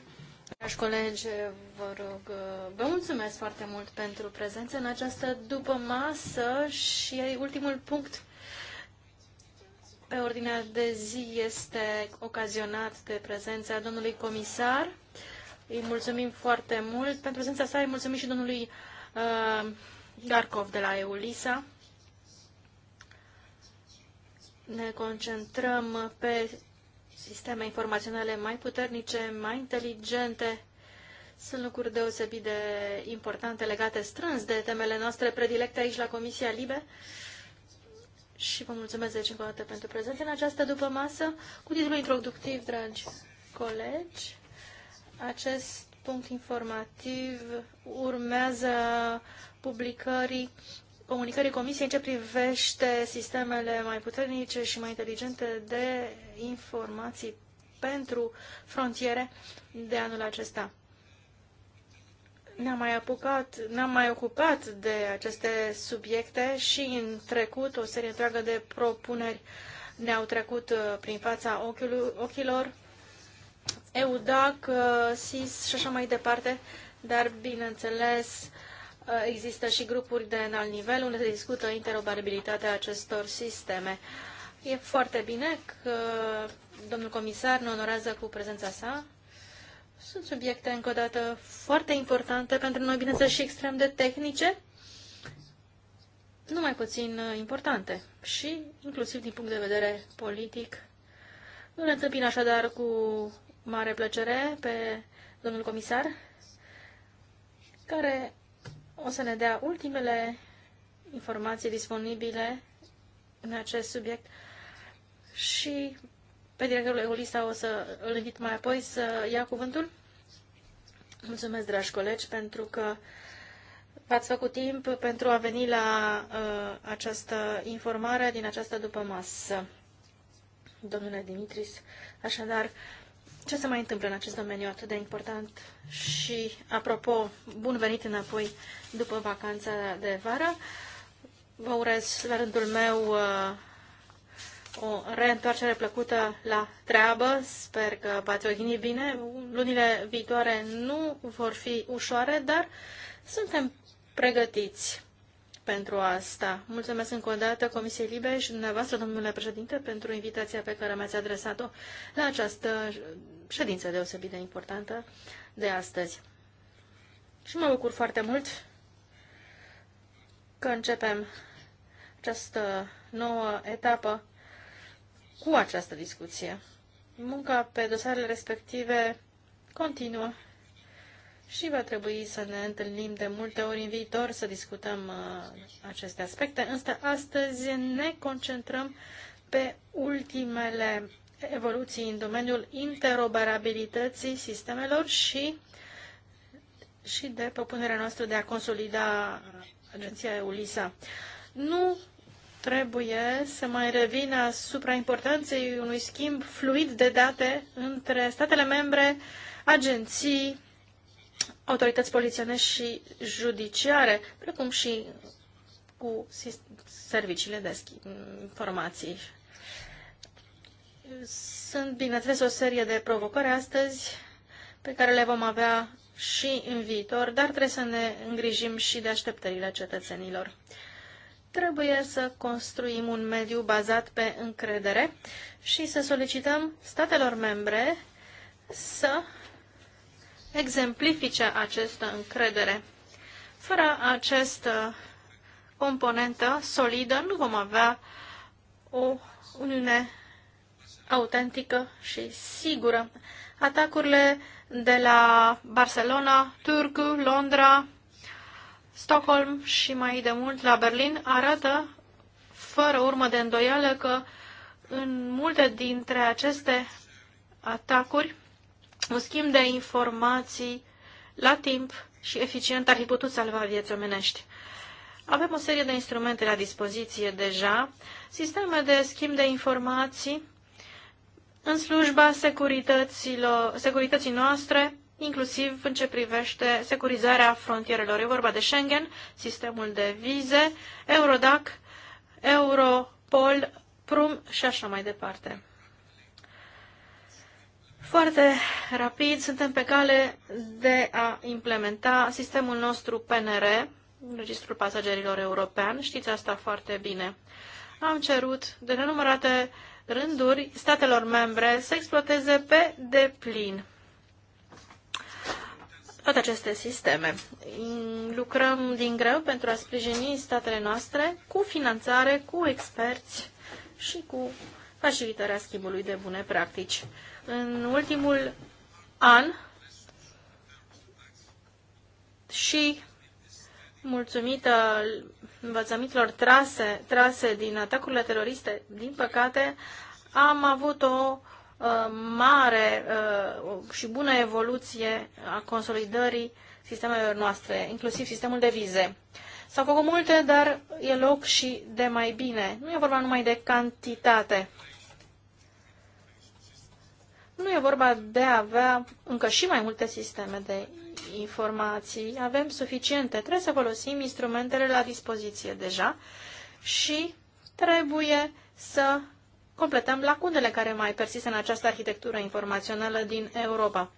Dragi colegi, vă rog, vă mulțumesc foarte mult pentru prezență în această după masă și ultimul punct pe ordinea de zi este ocazionat de prezența domnului comisar. Îi mulțumim foarte mult. Pentru prezența sa îi mulțumim și domnului uh, Garkov de la EULISA. Ne concentrăm pe sisteme informaționale mai puternice, mai inteligente, sunt lucruri deosebit de importante, legate strâns de temele noastre predilecte aici la Comisia Libe. Și vă mulțumesc deci încă o dată pentru prezență în această după masă cu titlul introductiv, dragi colegi. Acest punct informativ urmează publicării comunicării Comisiei în ce privește sistemele mai puternice și mai inteligente de informații pentru frontiere de anul acesta. Ne-am mai, apucat, ne-am mai ocupat de aceste subiecte și în trecut o serie întreagă de propuneri ne-au trecut uh, prin fața ochilor, EUDAC, uh, SIS și așa mai departe, dar bineînțeles Uh, există și grupuri de înalt nivel unde se discută interoperabilitatea acestor sisteme. E foarte bine că domnul comisar ne onorează cu prezența sa. Sunt subiecte, încă o dată, foarte importante pentru noi, bineînțeles, și extrem de tehnice, nu mai puțin uh, importante și, inclusiv din punct de vedere politic, îl întâmpin așadar cu mare plăcere pe domnul comisar, care o să ne dea ultimele informații disponibile în acest subiect și pe directorul Eulisa o să îl invit mai apoi să ia cuvântul. Mulțumesc, dragi colegi, pentru că v-ați făcut timp pentru a veni la uh, această informare din această dupămasă. Domnule Dimitris, așadar, ce se mai întâmplă în acest domeniu atât de important și, apropo, bun venit înapoi după vacanța de vară. Vă urez la rândul meu uh, o reîntoarcere plăcută la treabă. Sper că v-ați odihnit bine. Lunile viitoare nu vor fi ușoare, dar suntem pregătiți pentru asta. Mulțumesc încă o dată Comisiei Libe și dumneavoastră, domnule președinte, pentru invitația pe care mi-ați adresat-o la această ședință deosebit de importantă de astăzi. Și mă bucur foarte mult că începem această nouă etapă cu această discuție. Munca pe dosarele respective continuă și va trebui să ne întâlnim de multe ori în viitor să discutăm uh, aceste aspecte, însă astăzi ne concentrăm pe ultimele evoluții în domeniul interoperabilității sistemelor și, și de propunerea noastră de a consolida agenția EULISA. Nu trebuie să mai revin asupra importanței unui schimb fluid de date între statele membre, agenții, autorități polițienești și judiciare, precum și cu serviciile de informații. Sunt, bineînțeles, o serie de provocări astăzi pe care le vom avea și în viitor, dar trebuie să ne îngrijim și de așteptările cetățenilor. Trebuie să construim un mediu bazat pe încredere și să solicităm statelor membre să exemplifice această încredere. Fără această componentă solidă nu vom avea o uniune autentică și sigură. Atacurile de la Barcelona, Turcu, Londra, Stockholm și mai de mult la Berlin arată fără urmă de îndoială că în multe dintre aceste atacuri un schimb de informații la timp și eficient ar fi putut salva vieți omenești. Avem o serie de instrumente la dispoziție deja, sisteme de schimb de informații în slujba securității noastre, inclusiv în ce privește securizarea frontierelor. E vorba de Schengen, sistemul de vize, Eurodac, Europol, Prum și așa mai departe. Foarte rapid suntem pe cale de a implementa sistemul nostru PNR, Registrul Pasagerilor European. Știți asta foarte bine. Am cerut de nenumărate rânduri statelor membre să exploateze pe deplin toate aceste sisteme. Lucrăm din greu pentru a sprijini statele noastre cu finanțare, cu experți și cu facilitarea schimbului de bune practici în ultimul an și mulțumită învățămintelor trase, trase din atacurile teroriste, din păcate, am avut o uh, mare uh, și bună evoluție a consolidării sistemelor noastre, inclusiv sistemul de vize. S-au făcut multe, dar e loc și de mai bine. Nu e vorba numai de cantitate. Nu e vorba de a avea încă și mai multe sisteme de informații. Avem suficiente. Trebuie să folosim instrumentele la dispoziție deja și trebuie să completăm lacunele care mai persistă în această arhitectură informațională din Europa.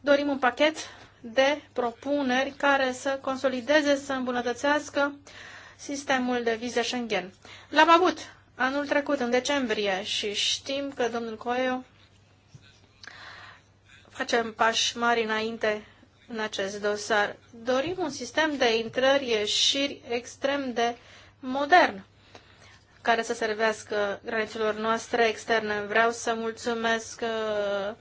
Dorim un pachet de propuneri care să consolideze, să îmbunătățească sistemul de vize Schengen. L-am avut anul trecut, în decembrie, și știm că domnul Coelho facem pași mari înainte în acest dosar. Dorim un sistem de intrări-ieșiri extrem de modern care să servească granițelor noastre externe. Vreau să mulțumesc uh,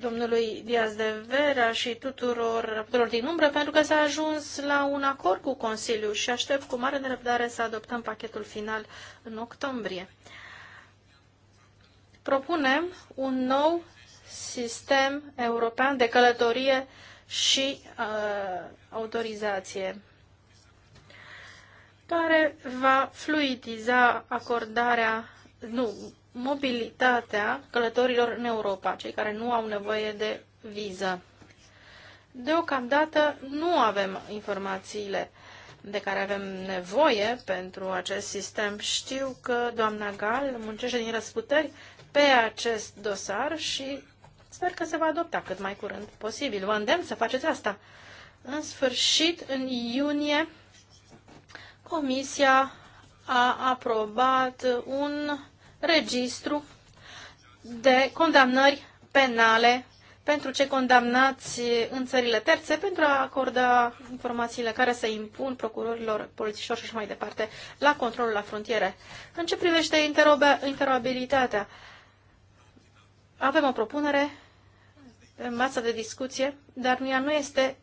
domnului Diaz de Vera și tuturor raportorilor din umbră, pentru că s-a ajuns la un acord cu Consiliul și aștept cu mare nerăbdare să adoptăm pachetul final în octombrie. Propunem un nou sistem european de călătorie și uh, autorizație care va fluidiza acordarea, nu, mobilitatea călătorilor în Europa, cei care nu au nevoie de viză. Deocamdată nu avem informațiile de care avem nevoie pentru acest sistem. Știu că doamna Gal muncește din răsputeri pe acest dosar și sper că se va adopta cât mai curând posibil. Vă îndemn să faceți asta. În sfârșit, în iunie, Comisia a aprobat un registru de condamnări penale pentru ce condamnați în țările terțe pentru a acorda informațiile care se impun procurorilor, polițișor și așa mai departe la controlul la frontiere. În ce privește interoperabilitatea, avem o propunere în masa de discuție, dar ea nu este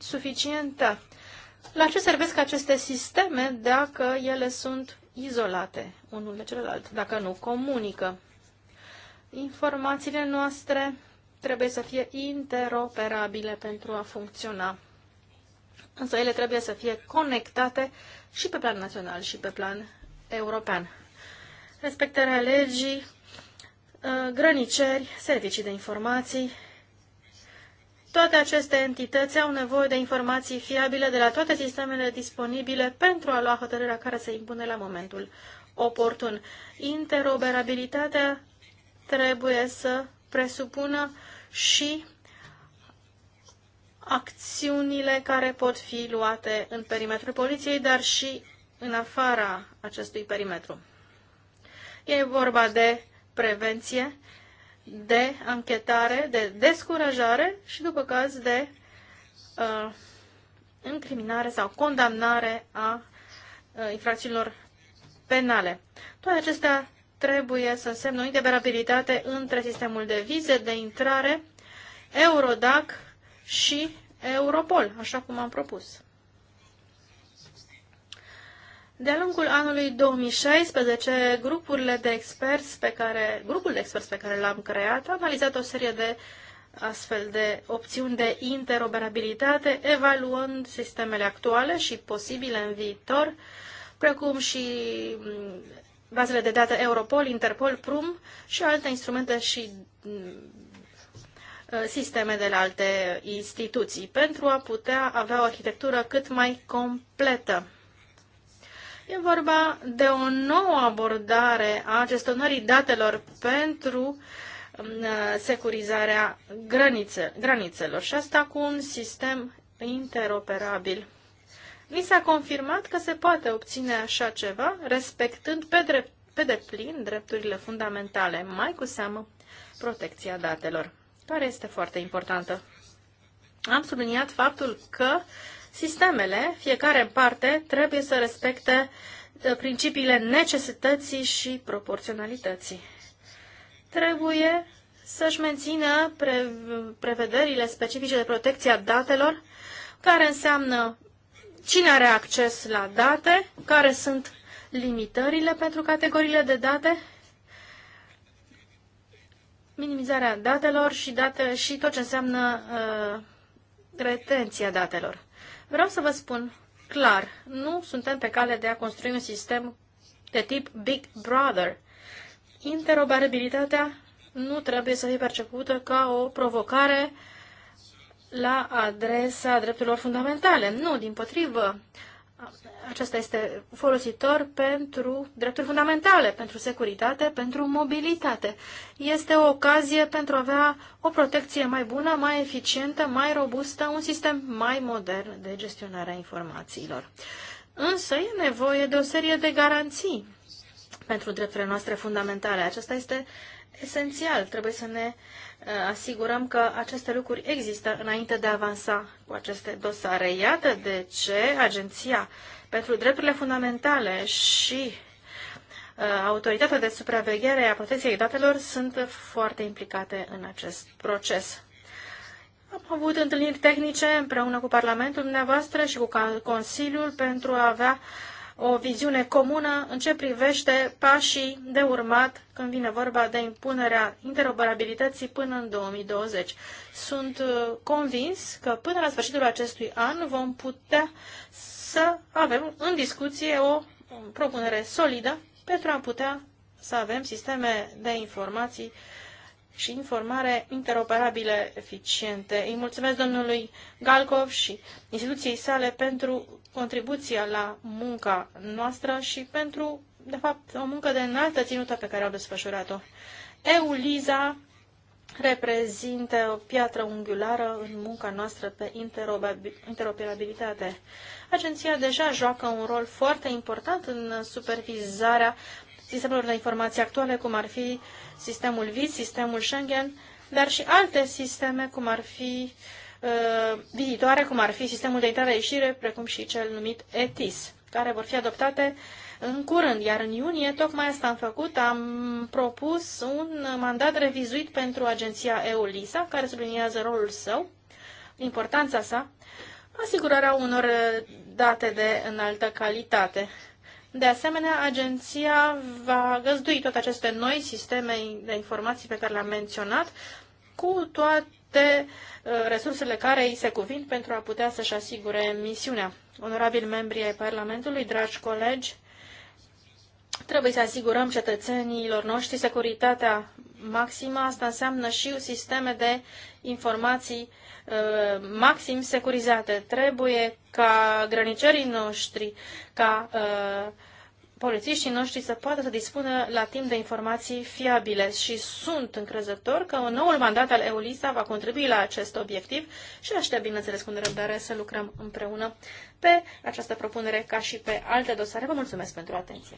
suficientă. La ce servesc aceste sisteme dacă ele sunt izolate unul de celălalt, dacă nu comunică. Informațiile noastre trebuie să fie interoperabile pentru a funcționa. Însă ele trebuie să fie conectate și pe plan național și pe plan european. Respectarea legii, ă, grăniceri, servicii de informații toate aceste entități au nevoie de informații fiabile de la toate sistemele disponibile pentru a lua hotărârea care se impune la momentul oportun. Interoperabilitatea trebuie să presupună și acțiunile care pot fi luate în perimetrul poliției, dar și în afara acestui perimetru. E vorba de prevenție, de anchetare, de descurajare și, după caz, de uh, incriminare sau condamnare a uh, infracțiunilor penale. Toate acestea trebuie să însemne o interoperabilitate între sistemul de vize de intrare, Eurodac și Europol, așa cum am propus. De-a lungul anului 2016, grupurile de experți pe care, grupul de experți pe care l-am creat a analizat o serie de astfel de opțiuni de interoperabilitate, evaluând sistemele actuale și posibile în viitor, precum și mm, bazele de date Europol, Interpol, Prum și alte instrumente și mm, uh, sisteme de la alte instituții, pentru a putea avea o arhitectură cât mai completă. E vorba de o nouă abordare a gestionării datelor pentru um, securizarea granițe, granițelor și asta cu un sistem interoperabil. Mi s-a confirmat că se poate obține așa ceva respectând pe, drept, pe deplin drepturile fundamentale, mai cu seamă protecția datelor, care este foarte importantă. Am subliniat faptul că uh, Sistemele, fiecare în parte, trebuie să respecte uh, principiile necesității și proporționalității. Trebuie să-și mențină pre prevederile specifice de protecție a datelor, care înseamnă cine are acces la date, care sunt limitările pentru categoriile de date, minimizarea datelor și, date, și tot ce înseamnă uh, retenția datelor. Vreau să vă spun clar, nu suntem pe cale de a construi un sistem de tip Big Brother. Interoperabilitatea nu trebuie să fie percepută ca o provocare la adresa drepturilor fundamentale. Nu, din potrivă, acesta este folositor pentru drepturi fundamentale, pentru securitate, pentru mobilitate. Este o ocazie pentru a avea o protecție mai bună, mai eficientă, mai robustă, un sistem mai modern de gestionare a informațiilor. Însă e nevoie de o serie de garanții pentru drepturile noastre fundamentale. Acesta este uh, esențial. Trebuie să ne uh, asigurăm că aceste lucruri există înainte de a avansa cu aceste dosare. Iată de ce Agenția pentru Drepturile Fundamentale și uh, Autoritatea de Supraveghere a Protecției Datelor sunt foarte implicate în acest proces. Am avut întâlniri tehnice împreună cu Parlamentul dumneavoastră și cu Consiliul pentru a avea uh, o viziune comună în ce privește pașii de urmat când vine vorba de impunerea interoperabilității până în 2020. Sunt uh, convins că până la sfârșitul acestui an vom putea să avem în discuție o propunere solidă pentru a putea să avem sisteme de informații și informare interoperabile eficiente. Îi mulțumesc domnului Galkov și instituției sale pentru contribuția la munca noastră și pentru, de fapt, o muncă de înaltă ținută pe care au desfășurat-o. EULIZA reprezintă o piatră unghiulară în munca noastră pe interoperabilitate. Agenția deja joacă un rol foarte important în supervizarea sistemelor de informații actuale, cum ar fi sistemul VIS, sistemul Schengen, dar și alte sisteme, cum ar fi uh, Uh, viitoare, cum ar fi sistemul de intrare-ieșire, precum și cel numit ETIS, care vor fi adoptate în curând, iar în iunie, tocmai asta am făcut, am propus un mandat revizuit pentru agenția EULISA, care subliniază rolul său, importanța sa, asigurarea unor date de înaltă calitate. De asemenea, agenția va găzdui toate aceste noi sisteme de informații pe care le-am menționat, cu toate de uh, resursele care îi se cuvin pentru a putea să-și asigure misiunea. Onorabil membri ai Parlamentului, dragi colegi, trebuie să asigurăm cetățenilor noștri securitatea maximă. Asta înseamnă și sisteme de informații uh, maxim securizate. Trebuie ca grănicerii noștri, ca uh, polițiștii noștri să poată să dispună la timp de informații fiabile și sunt încrezător că un noul mandat al EULISA va contribui la acest obiectiv și aștept, bineînțeles, cu nerăbdare să lucrăm împreună pe această propunere ca și pe alte dosare. Vă mulțumesc pentru atenție.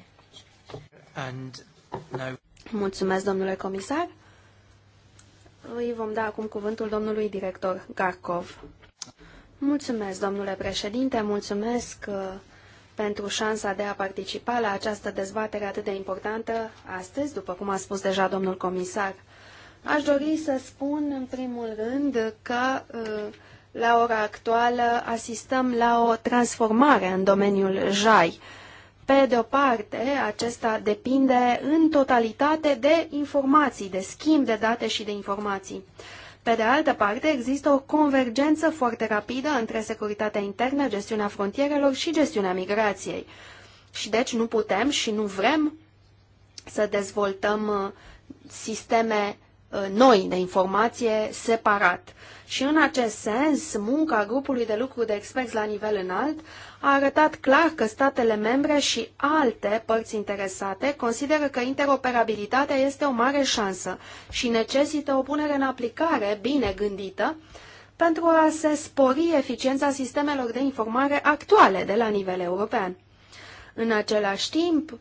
And now...
Mulțumesc, domnule comisar. Îi vom da acum cuvântul domnului director Garkov. Mulțumesc, domnule președinte, mulțumesc uh, pentru șansa de a participa la această dezbatere atât de importantă astăzi, după cum a spus deja domnul comisar. Aș dori să spun în primul rând că uh, la ora actuală asistăm la o transformare în domeniul JAI. Pe de o parte, acesta depinde în totalitate de informații, de schimb de date și de informații. Pe de altă parte, există o convergență foarte rapidă între securitatea internă, gestiunea frontierelor și gestiunea migrației. Și deci nu putem și nu vrem să dezvoltăm uh, sisteme Uh, noi de informație separat. Și în acest sens, munca grupului de lucru de experți la nivel înalt a arătat clar că statele membre și alte părți interesate consideră că interoperabilitatea este o mare șansă și necesită o punere în aplicare bine gândită pentru a se spori eficiența sistemelor de informare actuale de la nivel european. În același timp,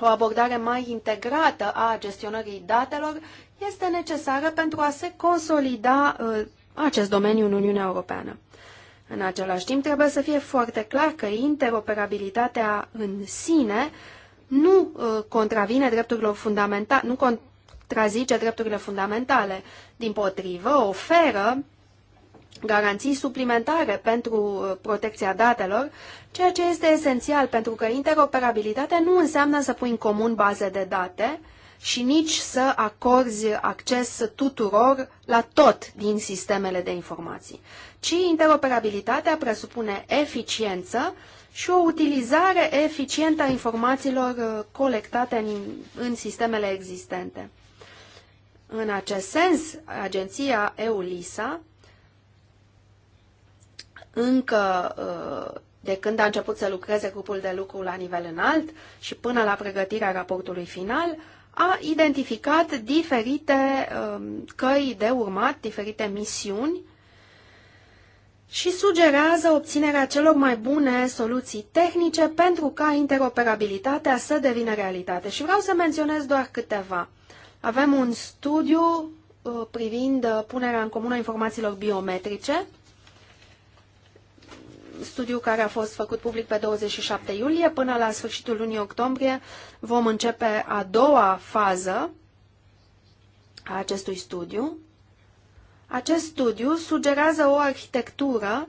o abordare mai integrată a gestionării datelor este necesară pentru a se consolida uh, acest domeniu în Uniunea Europeană. În același timp, trebuie să fie foarte clar că interoperabilitatea în sine nu uh, contravine drepturilor fundamentale, nu contrazice drepturile fundamentale. Din potrivă, oferă garanții suplimentare pentru uh, protecția datelor, ceea ce este esențial pentru că interoperabilitatea nu înseamnă să pui în comun baze de date, și nici să acorzi acces tuturor la tot din sistemele de informații, ci interoperabilitatea presupune eficiență și o utilizare eficientă a informațiilor uh, colectate în, în sistemele existente. În acest sens, agenția EULISA, încă uh, de când a început să lucreze grupul de lucru la nivel înalt și până la pregătirea raportului final, a identificat diferite um, căi de urmat, diferite misiuni și sugerează obținerea celor mai bune soluții tehnice pentru ca interoperabilitatea să devină realitate. Și vreau să menționez doar câteva. Avem un studiu uh, privind uh, punerea în comună informațiilor biometrice, studiu care a fost făcut public pe 27 iulie. Până la sfârșitul lunii octombrie vom începe a doua fază a acestui studiu. Acest studiu sugerează o arhitectură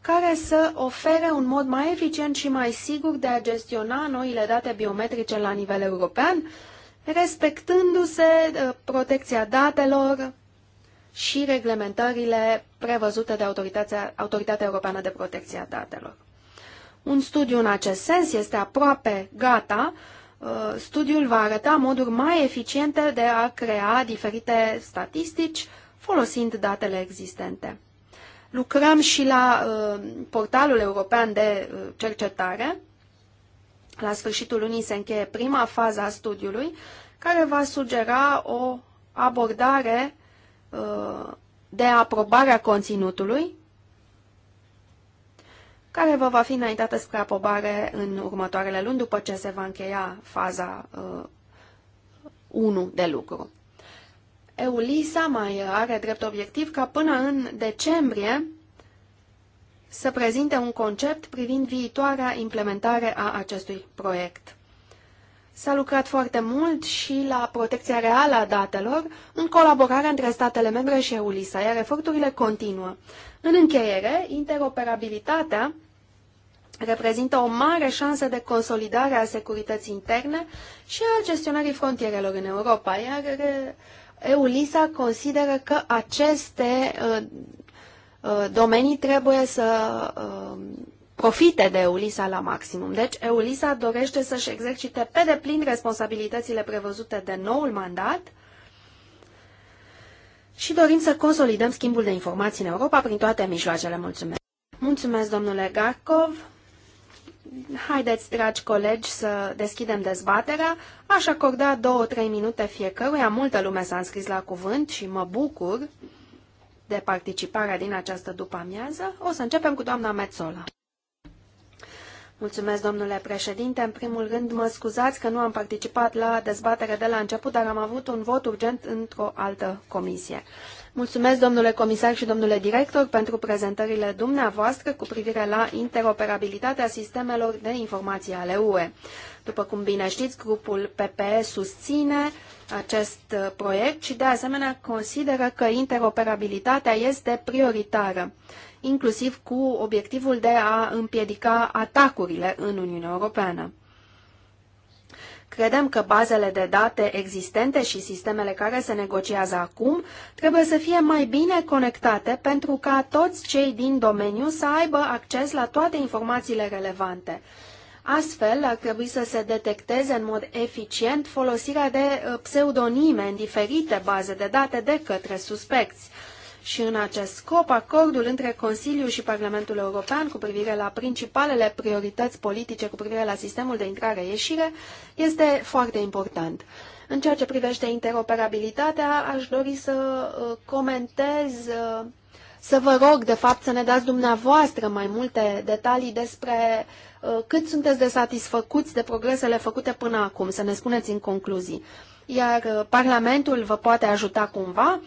care să ofere un mod mai eficient și mai sigur de a gestiona noile date biometrice la nivel european, respectându-se uh, protecția datelor, și reglementările prevăzute de Autoritatea, Autoritatea Europeană de Protecție a Datelor. Un studiu în acest sens este aproape gata. Uh, studiul va arăta moduri mai eficiente de a crea diferite statistici folosind datele existente. Lucrăm și la uh, portalul european de uh, cercetare. La sfârșitul lunii se încheie prima fază a studiului, care va sugera o abordare de aprobarea conținutului, care vă va fi înaintată spre aprobare în următoarele luni, după ce se va încheia faza uh, 1 de lucru. EULISA mai are drept obiectiv ca până în decembrie să prezinte un concept privind viitoarea implementare a acestui proiect. S-a lucrat foarte mult și la protecția reală a datelor, în colaborare între statele membre și EULISA, iar eforturile continuă. În încheiere, interoperabilitatea reprezintă o mare șansă de consolidare a securității interne și a gestionării frontierelor în Europa, iar EULISA consideră că aceste uh, uh, domenii trebuie să uh, profite de EULISA la maximum. Deci EULISA dorește să-și exercite pe deplin responsabilitățile prevăzute de noul mandat și dorim să consolidăm schimbul de informații în Europa prin toate mijloacele. Mulțumesc! Mulțumesc, domnule Garkov! Haideți, dragi colegi, să deschidem dezbaterea. Aș acorda două-trei minute fiecăruia. Multă lume s-a înscris la cuvânt și mă bucur de participarea din această după-amiază. O să începem cu doamna Metzola. Mulțumesc, domnule președinte. În primul rând, mă scuzați că nu am participat la dezbatere de la început, dar am avut un vot urgent într-o altă comisie. Mulțumesc, domnule comisar și domnule director, pentru prezentările dumneavoastră cu privire la interoperabilitatea sistemelor de informații ale UE. După cum bine știți, grupul PPE susține acest proiect și, de asemenea, consideră că interoperabilitatea este prioritară inclusiv cu obiectivul de a împiedica atacurile în Uniunea Europeană. Credem că bazele de date existente și sistemele care se negociază acum trebuie să fie mai bine conectate pentru ca toți cei din domeniu să aibă acces la toate informațiile relevante. Astfel, ar trebui să se detecteze în mod eficient folosirea de uh, pseudonime în diferite baze de date de către suspecți. Și în acest scop, acordul între Consiliu și Parlamentul European cu privire la principalele priorități politice cu privire la sistemul de intrare-ieșire este foarte important. În ceea ce privește interoperabilitatea, aș dori să uh, comentez, uh, să vă rog, de fapt, să ne dați dumneavoastră mai multe detalii despre uh, cât sunteți de satisfăcuți de progresele făcute până acum, să ne spuneți în concluzii. Iar Parlamentul vă poate ajuta cumva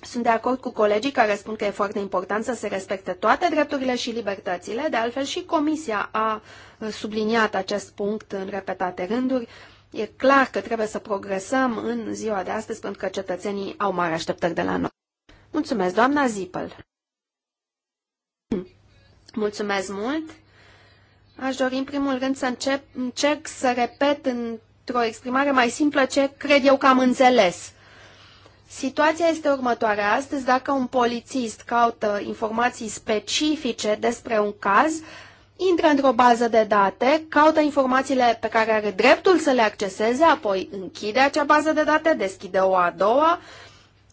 sunt de acord cu colegii care spun că e foarte important să se respecte toate drepturile și libertățile, de altfel și Comisia a uh, subliniat acest punct în repetate rânduri. E clar că trebuie să progresăm în ziua de astăzi pentru că cetățenii au mari așteptări de la noi. Mulțumesc, doamna Zipăl. Mulțumesc mult. Aș dori în primul rând să încep, încerc să repet într-o exprimare mai simplă ce cred eu că am înțeles Situația este următoarea. Astăzi, dacă un polițist caută informații specifice despre un caz, intră într-o bază de date, caută informațiile pe care are dreptul să le acceseze, apoi închide acea bază de date, deschide o a doua,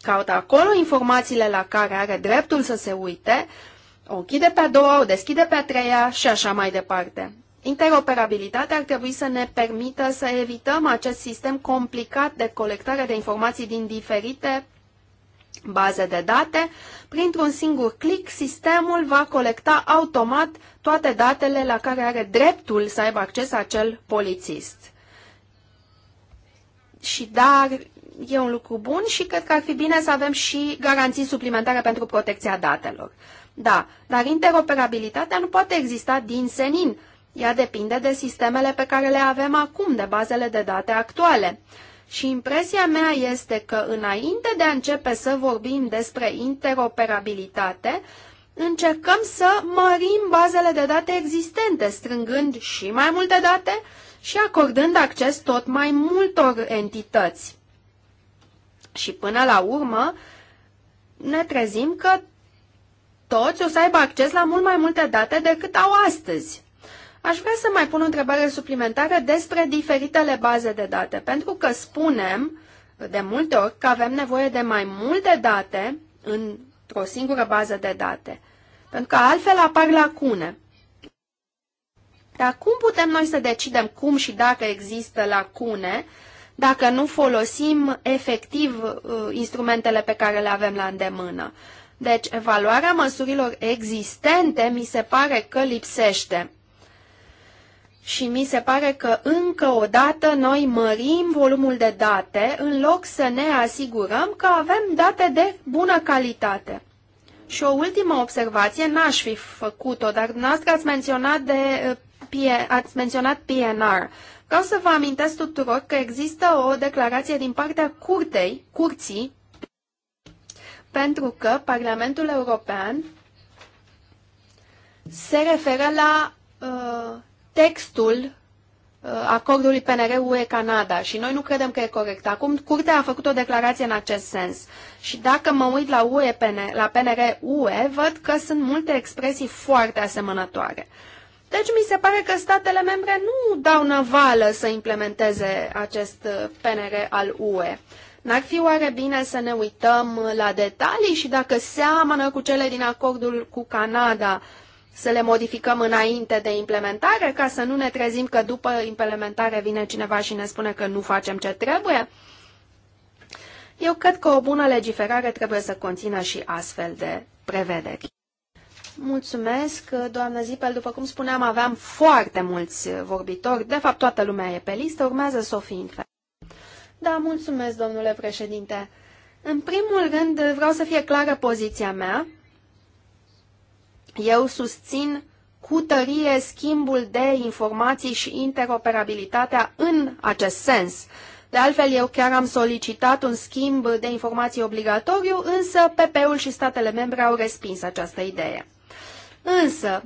caută acolo informațiile la care are dreptul să se uite, o închide pe a doua, o deschide pe a treia și așa mai departe. Interoperabilitatea ar trebui să ne permită să evităm acest sistem complicat de colectare de informații din diferite baze de date. Printr-un singur click, sistemul va colecta automat toate datele la care are dreptul să aibă acces acel polițist. Și dar e un lucru bun și cred că ar fi bine să avem și garanții suplimentare pentru protecția datelor. Da, dar interoperabilitatea nu poate exista din senin ea depinde de sistemele pe care le avem acum, de bazele de date actuale. Și impresia mea este că înainte de a începe să vorbim despre interoperabilitate, încercăm să mărim bazele de date existente, strângând și mai multe date și acordând acces tot mai multor entități. Și până la urmă ne trezim că toți o să aibă acces la mult mai multe date decât au astăzi. Aș vrea să mai pun o întrebare suplimentară despre diferitele baze de date, pentru că spunem de multe ori că avem nevoie de mai multe date într-o singură bază de date, pentru că altfel apar lacune. Dar cum putem noi să decidem cum și dacă există lacune dacă nu folosim efectiv uh, instrumentele pe care le avem la îndemână? Deci, evaluarea măsurilor existente mi se pare că lipsește și mi se pare că încă o dată noi mărim volumul de date în loc să ne asigurăm că avem date de bună calitate. Și o ultimă observație, n-aș fi făcut-o, dar dumneavoastră ați menționat, de, ați menționat PNR. Vreau să vă amintesc tuturor că există o declarație din partea curtei, curții, pentru că Parlamentul European se referă la uh, textul uh, acordului PNR-UE-Canada și noi nu credem că e corect. Acum, Curtea a făcut o declarație în acest sens și dacă mă uit la, UE, PN, la PNR-UE, văd că sunt multe expresii foarte asemănătoare. Deci mi se pare că statele membre nu dau navală să implementeze acest uh, PNR al UE. N-ar fi oare bine să ne uităm la detalii și dacă seamănă cu cele din acordul cu Canada, să le modificăm înainte de implementare, ca să nu ne trezim că după implementare vine cineva și ne spune că nu facem ce trebuie? Eu cred că o bună legiferare trebuie să conțină și astfel de prevederi. Mulțumesc, doamnă Zipel. După cum spuneam, aveam foarte mulți vorbitori. De fapt, toată lumea e pe listă. Urmează Sofie Infel. Da, mulțumesc, domnule președinte. În primul rând, vreau să fie clară poziția mea. Eu susțin cu tărie schimbul de informații și interoperabilitatea în acest sens. De altfel, eu chiar am solicitat un schimb de informații obligatoriu, însă PP-ul și statele membre au respins această idee. Însă,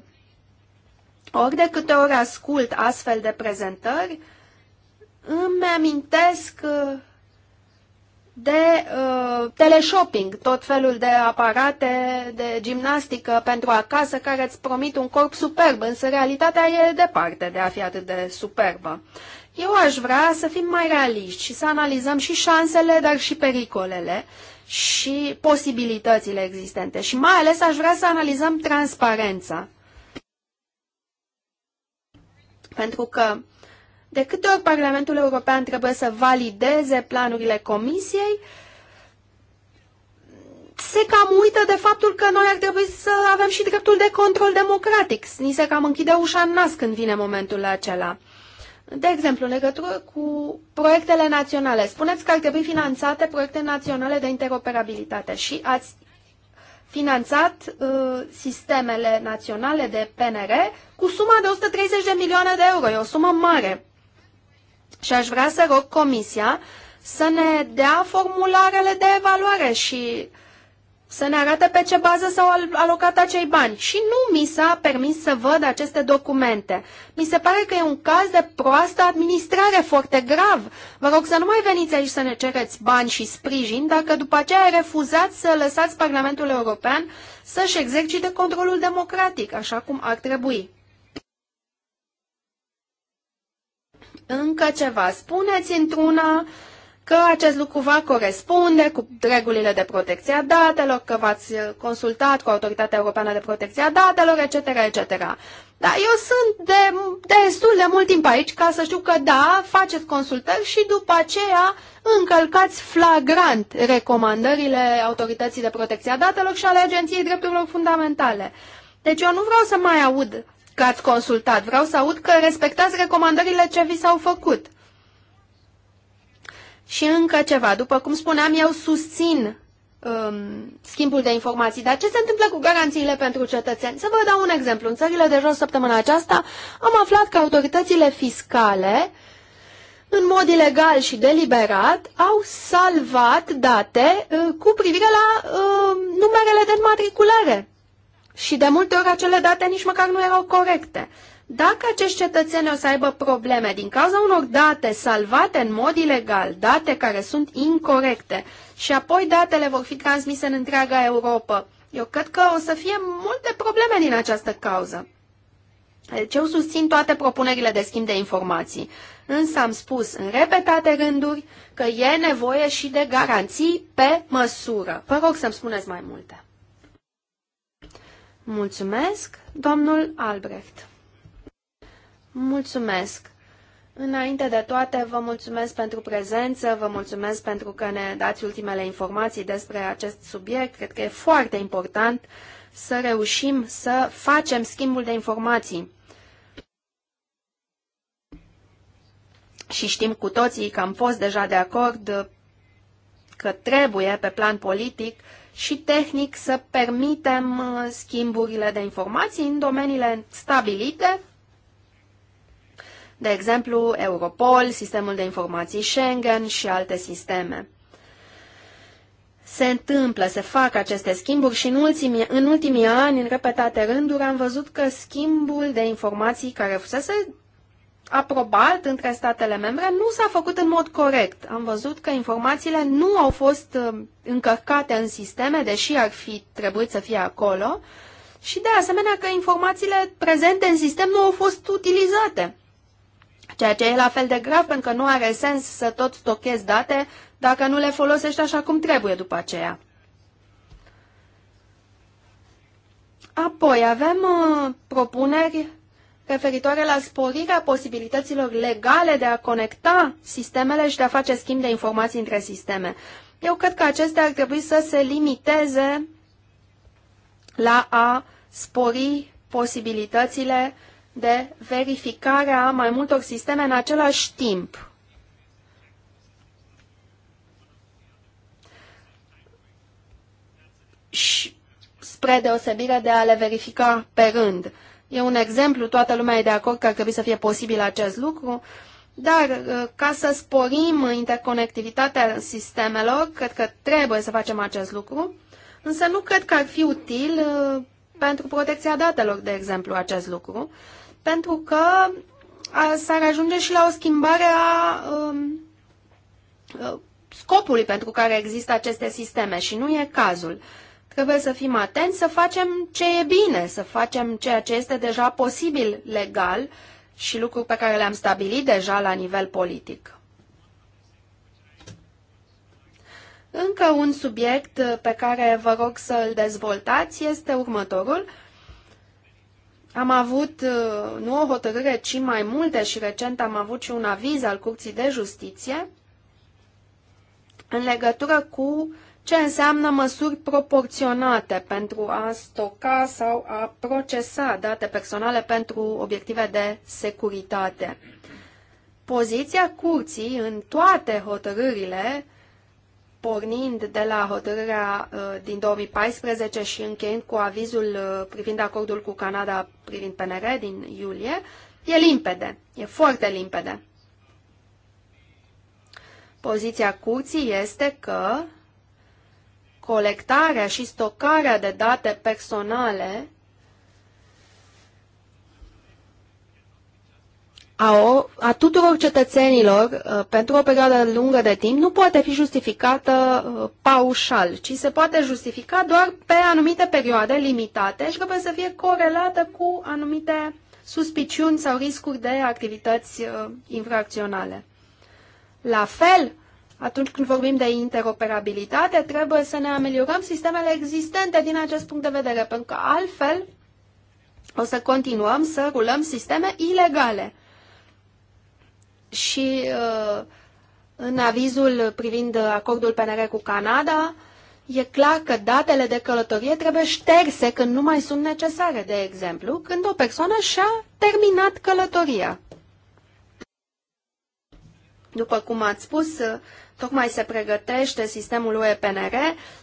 ori de câte ori ascult astfel de prezentări, îmi amintesc uh, de uh, teleshopping, tot felul de aparate de gimnastică pentru acasă care îți promit un corp superb, însă realitatea e departe de a fi atât de superbă. Eu aș vrea să fim mai realiști și să analizăm și șansele, dar și pericolele și posibilitățile existente. Și mai ales aș vrea să analizăm transparența. Pentru că de câte ori Parlamentul European trebuie să valideze planurile Comisiei, se cam uită de faptul că noi ar trebui să avem și dreptul de control democratic. Ni se cam închide ușa în nas când vine momentul acela. De exemplu, în legătură cu proiectele naționale, spuneți că ar trebui finanțate proiecte naționale de interoperabilitate și ați finanțat uh, sistemele naționale de PNR cu suma de 130 de milioane de euro. E o sumă mare. Și aș vrea să rog Comisia să ne dea formularele de evaluare și să ne arate pe ce bază s-au alocat acei bani. Și nu mi s-a permis să văd aceste documente. Mi se pare că e un caz de proastă administrare foarte grav. Vă rog să nu mai veniți aici să ne cereți bani și sprijin dacă după aceea refuzați să lăsați Parlamentul European să-și exercite controlul democratic, așa cum ar trebui. încă ceva. Spuneți într-una că acest lucru va corespunde cu regulile de protecție a datelor, că v-ați consultat cu Autoritatea Europeană de Protecție a Datelor, etc., etc. Da, eu sunt de, destul de mult timp aici ca să știu că, da, faceți consultări și după aceea încălcați flagrant recomandările Autorității de Protecție a Datelor și ale Agenției Drepturilor Fundamentale. Deci eu nu vreau să mai aud că ați consultat. Vreau să aud că respectați recomandările ce vi s-au făcut. Și încă ceva. După cum spuneam, eu susțin um, schimbul de informații. Dar ce se întâmplă cu garanțiile pentru cetățeni? Să vă dau un exemplu. În țările de jos săptămâna aceasta am aflat că autoritățile fiscale în mod ilegal și deliberat, au salvat date uh, cu privire la uh, numerele de înmatriculare și de multe ori acele date nici măcar nu erau corecte. Dacă acești cetățeni o să aibă probleme din cauza unor date salvate în mod ilegal, date care sunt incorrecte, și apoi datele vor fi transmise în întreaga Europa, eu cred că o să fie multe probleme din această cauză. Deci eu susțin toate propunerile de schimb de informații, însă am spus în repetate rânduri că e nevoie și de garanții pe măsură. Vă rog să-mi spuneți mai multe. Mulțumesc, domnul Albrecht. Mulțumesc. Înainte de toate, vă mulțumesc pentru prezență, vă mulțumesc pentru că ne dați ultimele informații despre acest subiect. Cred că e foarte important să reușim să facem schimbul de informații. Și știm cu toții că am fost deja de acord că trebuie, pe plan politic, și tehnic să permitem uh, schimburile de informații în domeniile stabilite, de exemplu Europol, sistemul de informații Schengen și alte sisteme. Se întâmplă, se fac aceste schimburi și în ultimii, în ultimii ani, în repetate rânduri, am văzut că schimbul de informații care fusese aprobat între statele membre nu s-a făcut în mod corect. Am văzut că informațiile nu au fost uh, încărcate în sisteme, deși ar fi trebuit să fie acolo, și de asemenea că informațiile prezente în sistem nu au fost utilizate. Ceea ce e la fel de grav, pentru că nu are sens să tot stochezi date dacă nu le folosești așa cum trebuie după aceea. Apoi avem uh, propuneri referitoare la sporirea posibilităților legale de a conecta sistemele și de a face schimb de informații între sisteme. Eu cred că acestea ar trebui să se limiteze la a spori posibilitățile de verificare a mai multor sisteme în același timp. Și spre deosebire de a le verifica pe rând. E un exemplu, toată lumea e de acord că ar trebui să fie posibil acest lucru, dar uh, ca să sporim interconectivitatea sistemelor, cred că trebuie să facem acest lucru, însă nu cred că ar fi util uh, pentru protecția datelor, de exemplu, acest lucru, pentru că s-ar ajunge și la o schimbare a um, uh, scopului pentru care există aceste sisteme și nu e cazul. Trebuie să fim atenți să facem ce e bine, să facem ceea ce este deja posibil legal și lucruri pe care le-am stabilit deja la nivel politic. Încă un subiect pe care vă rog să îl dezvoltați este următorul. Am avut nu o hotărâre, ci mai multe și recent am avut și un aviz al Curții de Justiție în legătură cu ce înseamnă măsuri proporționate pentru a stoca sau a procesa date personale pentru obiective de securitate. Poziția curții în toate hotărârile, pornind de la hotărârea uh, din 2014 și încheind cu avizul uh, privind acordul cu Canada privind PNR din iulie, e limpede, e foarte limpede. Poziția curții este că colectarea și stocarea de date personale a, o, a tuturor cetățenilor uh, pentru o perioadă lungă de timp nu poate fi justificată uh, paușal, ci se poate justifica doar pe anumite perioade limitate și trebuie să fie corelată cu anumite suspiciuni sau riscuri de activități uh, infracționale. La fel, atunci când vorbim de interoperabilitate, trebuie să ne ameliorăm sistemele existente din acest punct de vedere, pentru că altfel o să continuăm să rulăm sisteme ilegale. Și uh, în avizul privind acordul PNR cu Canada, e clar că datele de călătorie trebuie șterse când nu mai sunt necesare, de exemplu, când o persoană și-a terminat călătoria. După cum ați spus, Tocmai se pregătește sistemul UEPNR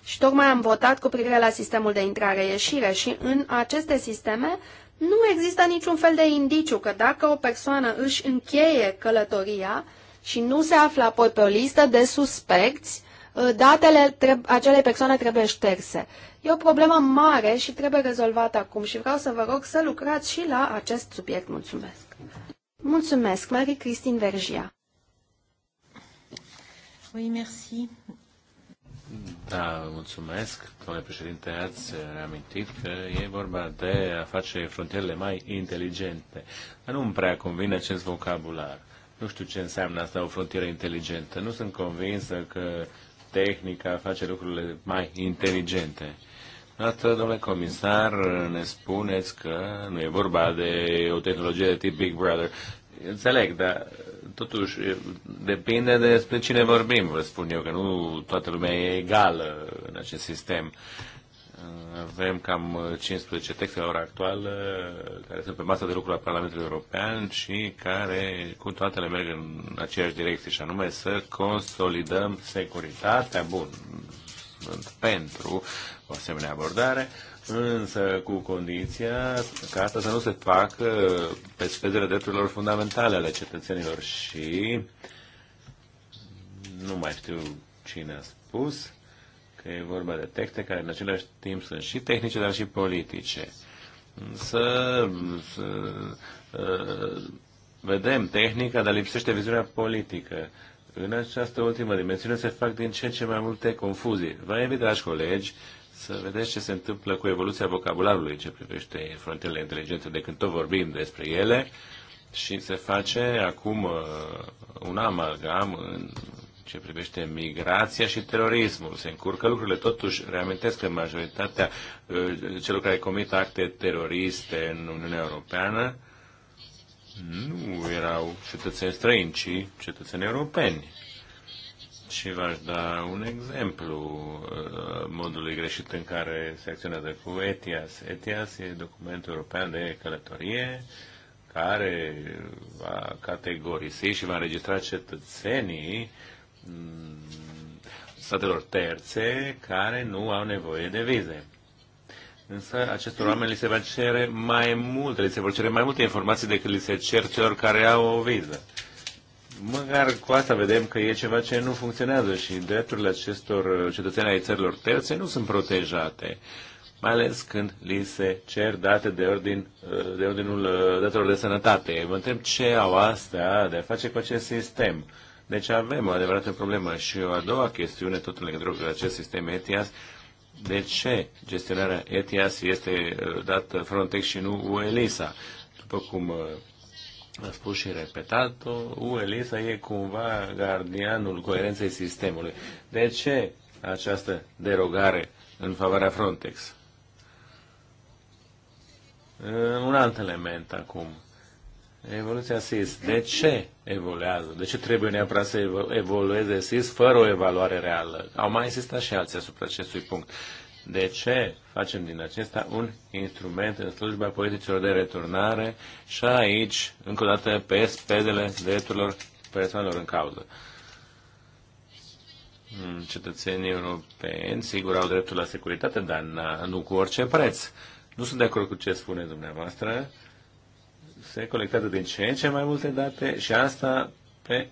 și tocmai am votat cu privire la sistemul de intrare-ieșire și în aceste sisteme nu există niciun fel de indiciu că dacă o persoană își încheie călătoria și nu se află apoi pe o listă de suspecți, ă, datele acelei persoane trebuie șterse. E o problemă mare și trebuie rezolvată acum și vreau să vă rog să lucrați și la acest subiect. Mulțumesc! Mulțumesc,
Marie Cristin Vergia. Oui, merci.
Da, mulțumesc, domnule președinte, ați reamintit că e vorba de a face frontierele mai inteligente. Dar nu-mi prea convine acest vocabular. Nu știu ce înseamnă asta o frontieră inteligentă. Nu sunt convinsă că tehnica face lucrurile mai inteligente. Asta, domnule comisar, ne spuneți că nu e vorba de o tehnologie de tip Big Brother. Înțeleg, dar totuși depinde despre cine vorbim, vă spun eu, că nu toată lumea e egală în acest sistem. Avem cam 15 texte la ora actuală care sunt pe masa de lucru la Parlamentul European și care cu toate le merg în aceeași direcție și anume să consolidăm securitatea. Bun, sunt pentru o asemenea abordare. Uh, însă cu condiția ca asta să nu se facă pe scăderea drepturilor fundamentale ale cetățenilor și nu mai știu cine a spus că e vorba de texte care în același timp sunt și tehnice, dar și politice. Să, să vedem tehnica, dar lipsește viziunea politică. În această ultimă dimensiune se fac din ce în ce mai multe confuzii. Vă invit, dragi colegi, să vedeți ce se întâmplă cu evoluția vocabularului ce privește frontierele inteligente de când tot vorbim despre ele și se face acum uh, un amalgam în ce privește migrația și terorismul. Se încurcă lucrurile. Totuși, reamintesc că majoritatea uh, celor care comit acte teroriste în Uniunea Europeană nu erau cetățeni străini, ci cetățeni europeni. Și v-aș da un exemplu uh, modului greșit în care se acționează cu ETIAS. ETIAS e documentul european de călătorie care va categorisi și va înregistra cetățenii mm, statelor terțe care nu au nevoie de vize. Însă acestor oameni li se va cere mai multe, li se vor cere mai multe informații decât li se cer celor care au o viză măcar cu asta vedem că e ceva ce nu funcționează și drepturile acestor cetățeni ai țărilor terțe nu sunt protejate, mai ales când li se cer date de, ordin, de ordinul uh, datelor de sănătate. Vă întreb ce au astea de a face cu acest sistem. Deci avem o adevărată problemă. Și o a doua chestiune, tot în legătură cu acest sistem ETIAS, de ce gestionarea ETIAS este uh, dată Frontex și nu UELISA? După cum uh, a spus și repetat-o, UELISA e cumva gardianul coerenței sistemului. De ce această derogare în favoarea Frontex? Un alt element acum. Evoluția SIS. De ce evoluează? De ce trebuie neapărat să evolueze SIS fără o evaluare reală? Au mai insistat și alții asupra acestui punct. De ce facem din acesta un instrument în slujba politicilor de returnare și aici, încă o dată, pe spedele drepturilor persoanelor în cauză? Hmm, cetățenii europeni, sigur, au dreptul la securitate, dar nu cu orice preț. Nu sunt de acord cu ce spune dumneavoastră. Se colectează din ce în ce mai multe date și asta pe,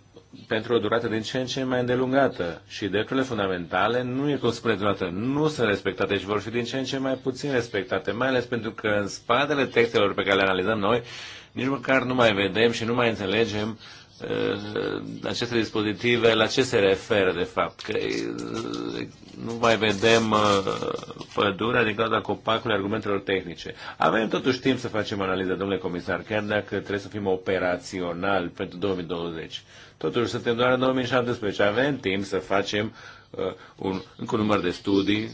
pentru o durată din ce în ce mai îndelungată și drepturile fundamentale nu e cum spuneți dumneavoastră, nu sunt respectate și vor fi din ce în ce mai puțin respectate, mai ales pentru că în spatele textelor pe care le analizăm noi, nici măcar nu mai vedem și nu mai înțelegem Uh, aceste dispozitive, la ce se referă de fapt? Că uh, nu mai vedem uh, pădurea din cauza copacului argumentelor tehnice. Avem totuși timp să facem analiză, domnule comisar, chiar dacă trebuie să fim operaționali pentru 2020. Totuși suntem doar în 2017, avem timp să facem un, încă un număr de studii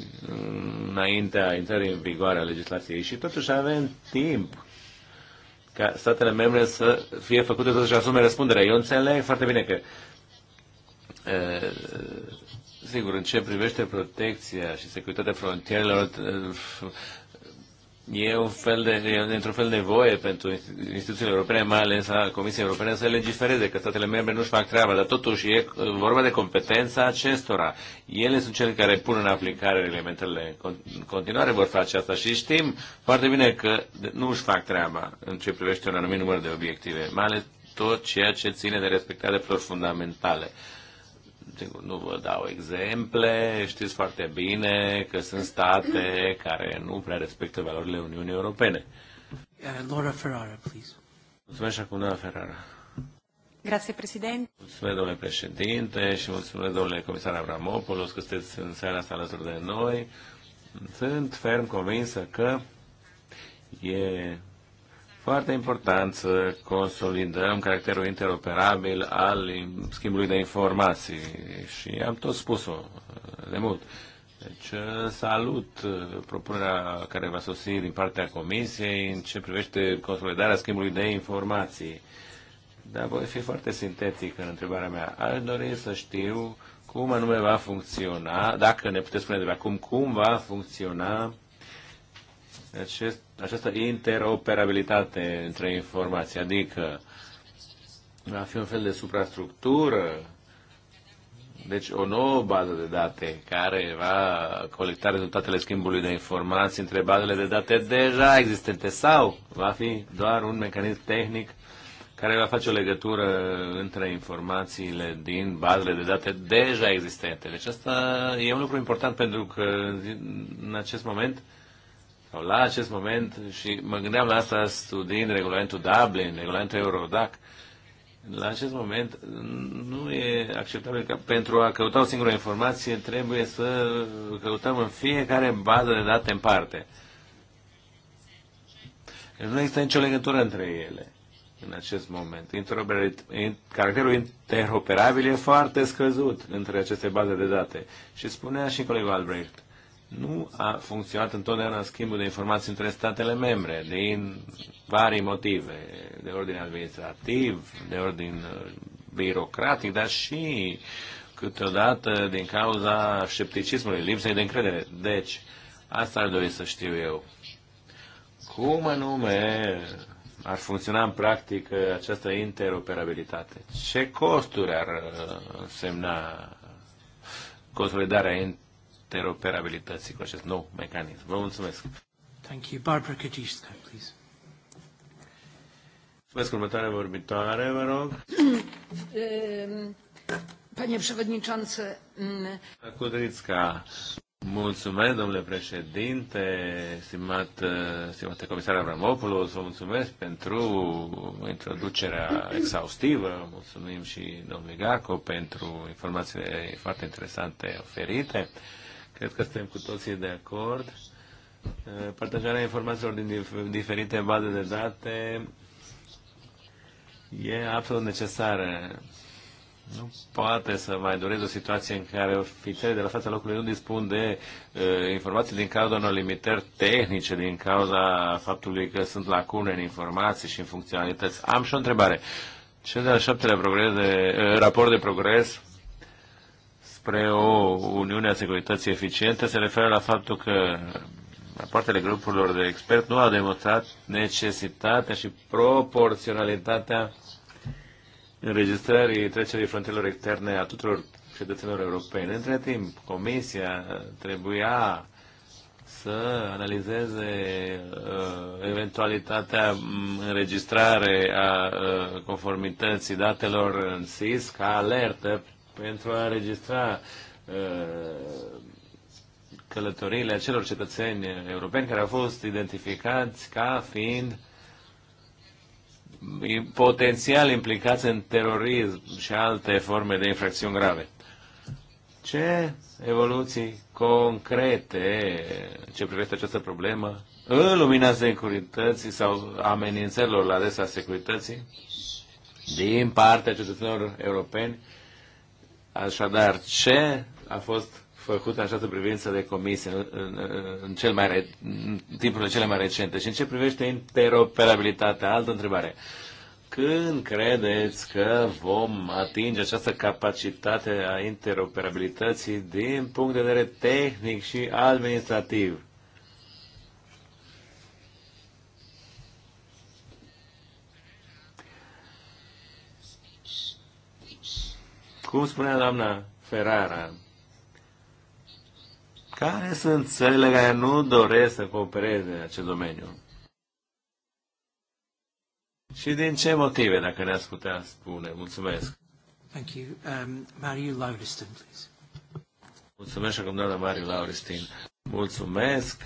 înaintea intrării în vigoare a legislației și totuși avem timp ca statele membre să fie făcute să-și asume răspunderea. Eu înțeleg foarte bine că e, Sigur, în ce privește protecția și securitatea frontierelor, e un fel de, e într-un fel nevoie pentru instituțiile europene, mai ales a Comisiei Europene, să legifereze, că statele membre nu-și fac treaba, dar totuși e vorba de competența acestora. Ele sunt cele care pun în aplicare elementele. În continuare vor face asta și știm foarte bine că nu și fac treaba în ce privește un anumit număr de obiective, mai ales tot ceea ce ține de respectarea drepturilor fundamentale nu vă dau exemple, știți foarte bine că sunt state care nu prea respectă valorile Uniunii Europene.
Uh, Laura Ferrara, please.
Mulțumesc și acum, doamna Ferrara.
Grazie, președinte.
Mulțumesc, domnule președinte, și mulțumesc, domnule comisar Abramopoulos, că sunteți în seara asta alături de noi. Sunt ferm convinsă că e foarte important să consolidăm caracterul interoperabil al schimbului de informații și am tot spus-o de mult. Deci salut uh, propunerea care va sosi din partea Comisiei în ce privește consolidarea schimbului de informații. Dar voi fi foarte sintetic în întrebarea mea. Aș dori să știu cum anume va funcționa, dacă ne puteți spune de acum, cum va funcționa acest, această interoperabilitate între informații, adică va fi un fel de suprastructură, deci o nouă bază de date care va colecta rezultatele schimbului de informații între bazele de date deja existente sau va fi doar un mecanism tehnic care va face o legătură între informațiile din bazele de date deja existente. Deci asta e un lucru important pentru că în acest moment sau la acest moment, și mă gândeam la asta studiind regulamentul Dublin, regulamentul Eurodac, la acest moment nu e acceptabil că pentru a căuta o singură informație trebuie să căutăm în fiecare bază de date în parte. Nu există nicio legătură între ele în acest moment. Caracterul interoperabil e foarte scăzut între aceste baze de date. Și spunea și colegul Albrecht nu a funcționat întotdeauna schimbul de informații între statele membre, din vari motive, de ordin administrativ, de ordin uh, birocratic, dar și câteodată din cauza scepticismului, lipsei de încredere. Deci, asta ar dori să știu eu. Cum anume ar funcționa în practică această interoperabilitate? Ce costuri ar uh, semna consolidarea interoperabilității cu acest nou mecanism. Vă mulțumesc!
Thank you. Barbara Kajiska,
please. Mulțumesc, următoarea vorbitoare, vă rog.
Ehm, panie președinte. Mm,
Kudrițca, mulțumesc, domnule președinte, stimat, stimate comisar Avramopoulos, vă mulțumesc pentru introducerea exhaustivă, mulțumim și domnului Gaco pentru informațiile foarte interesante oferite. Cred că suntem cu toții de acord. Eh, partajarea informațiilor din diferite baze de date e absolut necesară. Nu poate să mai dureze o situație în care ofițerii de la fața locului nu dispun de uh, informații din cauza unor limitări tehnice, din cauza faptului că sunt lacune în informații și în funcționalități. Am și o întrebare. Cel de-al șaptelea progres de, uh, raport de progres spre o Uniune a Securității eficiente se referă la faptul că partele grupurilor de expert nu a demonstrat necesitatea și proporționalitatea înregistrării trecerii frontierelor externe a tuturor cetățenilor europeni. Între timp, Comisia trebuia să analizeze uh, eventualitatea mm, înregistrare a uh, conformității datelor în SIS ca alertă pentru a registra uh, călătoriile acelor cetățeni europeni care au fost identificați ca fiind potențial implicați în terorism și alte forme de infracțiuni grave. Ce evoluții concrete ce privește această problemă în lumina securității sau amenințărilor la adresa securității din partea cetățenilor europeni Așadar, ce a fost făcut în această privință de comisie în, în, în, cel mai re, în timpul cele mai recente? Și în ce privește interoperabilitatea? Altă întrebare. Când credeți că vom atinge această capacitate a interoperabilității din punct de vedere tehnic și administrativ? cum spunea doamna Ferrara, care sunt țările care nu doresc să coopereze în acest domeniu? Și din ce motive, dacă ne-ați putea spune? Mulțumesc.
Thank you. Um, Mario Lauristin, please.
Mulțumesc acum, doamna Mario Lauristin. Mulțumesc.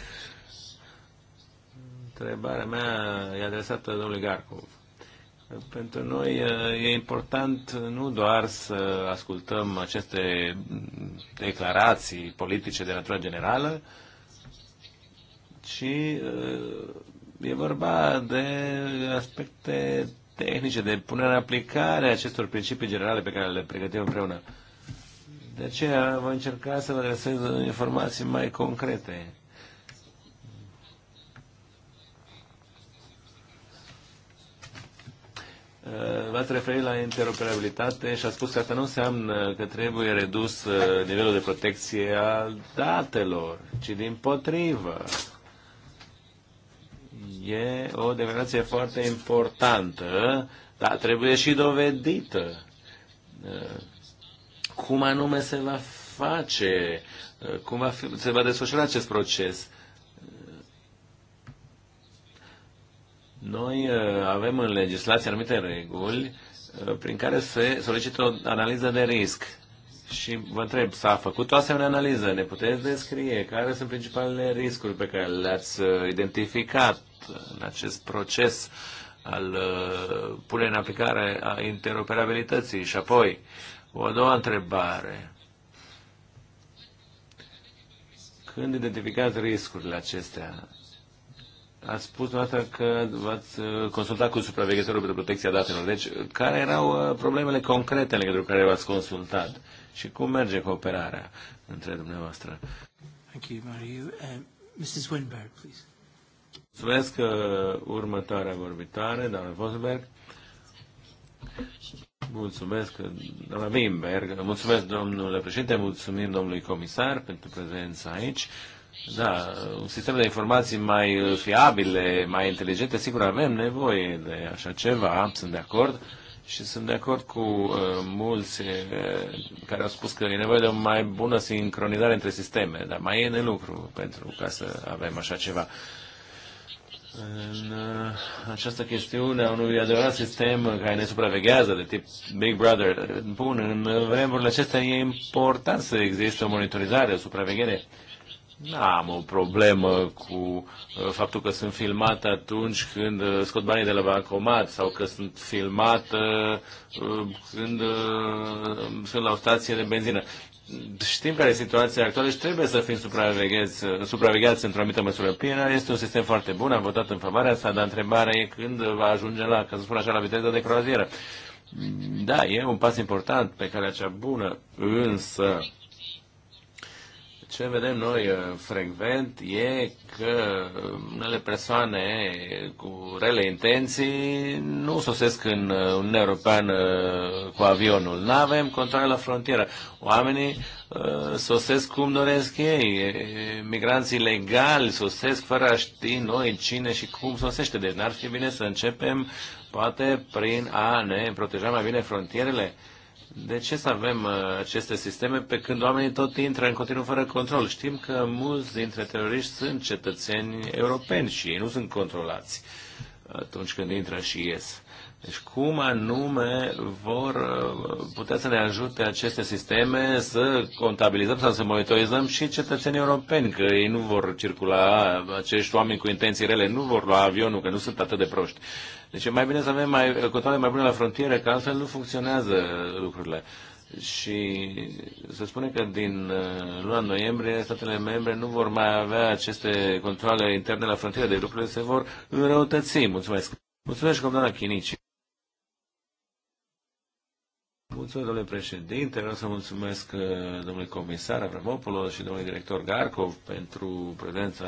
Întrebarea mea e adresată domnului Garcov. Pentru noi e important nu doar să ascultăm aceste declarații politice de natură generală, ci e vorba de aspecte tehnice, de punere în aplicare acestor principii generale pe care le pregătim împreună. De aceea voi încerca să vă adresez informații mai concrete Eh, v-ați referit la interoperabilitate și a spus că asta nu înseamnă că trebuie redus eh, nivelul de protecție al datelor, ci din potrivă. E o declarație foarte importantă, dar trebuie și dovedită. Eh, cum anume se va face, cum va fi, se va desfășura acest proces. Noi uh, avem în legislație anumite reguli uh, prin care se solicită o analiză de risc. Și vă întreb, s-a făcut o asemenea analiză? Ne puteți descrie care sunt principalele riscuri pe care le-ați uh, identificat în acest proces al punerii în aplicare a interoperabilității? Și apoi, o a doua întrebare. Când identificați riscurile acestea, a spus dumneavoastră că v-ați uh, consultat cu supraveghetorul pentru protecția datelor. Deci, uh, care erau uh, problemele concrete în legătură cu care v-ați consultat? Și cum merge cooperarea între dumneavoastră?
Thank you, Mario. Uh, Mrs. Winberg, please.
Mulțumesc următoarea vorbitoare, doamna Vosberg. Mulțumesc, doamna Winberg. Mulțumesc, domnule președinte, mulțumim domnului comisar pentru prezența aici. Da, un sistem de informații mai uh, fiabile, mai inteligente, sigur avem nevoie de așa ceva, sunt de acord. Și sunt de acord cu uh, mulți uh, care au spus că e nevoie de o mai bună sincronizare între sisteme, dar mai e de lucru pentru ca să avem așa ceva. În uh, această chestiune a unui adevărat sistem care ne supraveghează de tip Big Brother, bun, în vremurile acestea e important să existe o monitorizare, o supraveghere. Uh, n da. am o problemă cu uh, faptul că sunt filmat atunci când uh, scot banii de la bancomat sau că sunt filmat uh, când sunt la o stație de benzină. Știm care e situația actuală și trebuie să fim supravegheați, supravegheați într-o anumită măsură. PNR este un sistem foarte bun, am votat în favoarea asta, dar întrebarea e când va ajunge la, ca să spun așa, la viteza de croazieră. Da, e un pas important pe calea cea bună, însă ce vedem noi uh, frecvent e că uh, unele persoane cu rele intenții nu sosesc în uh, Uniunea Europeană cu avionul. Nu avem controle la frontieră. Oamenii sosesc cum doresc ei. Migranții legali sosesc fără a ști noi cine și cum sosește. Deci n-ar fi bine să începem poate prin a ne proteja mai bine frontierele de ce să avem uh, aceste sisteme pe când oamenii tot intră în continuu fără control? Știm că mulți dintre teroriști sunt cetățeni europeni și ei nu sunt controlați atunci când intră și ies. Deci cum anume vor uh, putea să ne ajute aceste sisteme să contabilizăm sau să monitorizăm și cetățenii europeni, că ei nu vor circula, acești oameni cu intenții rele nu vor lua avionul, că nu sunt atât de proști. Deci e mai bine să avem mai, controle mai bune la frontieră, că altfel nu funcționează lucrurile. Și se spune că din uh, luna noiembrie statele membre nu vor mai avea aceste controle interne la frontieră, de deci lucrurile se vor înrăutăți. Mulțumesc! Mulțumesc, doamna Chinici! Mulțumesc, domnule președinte, vreau să mulțumesc uh, domnului comisar Avramopoulos și domnului director Garcov pentru prezența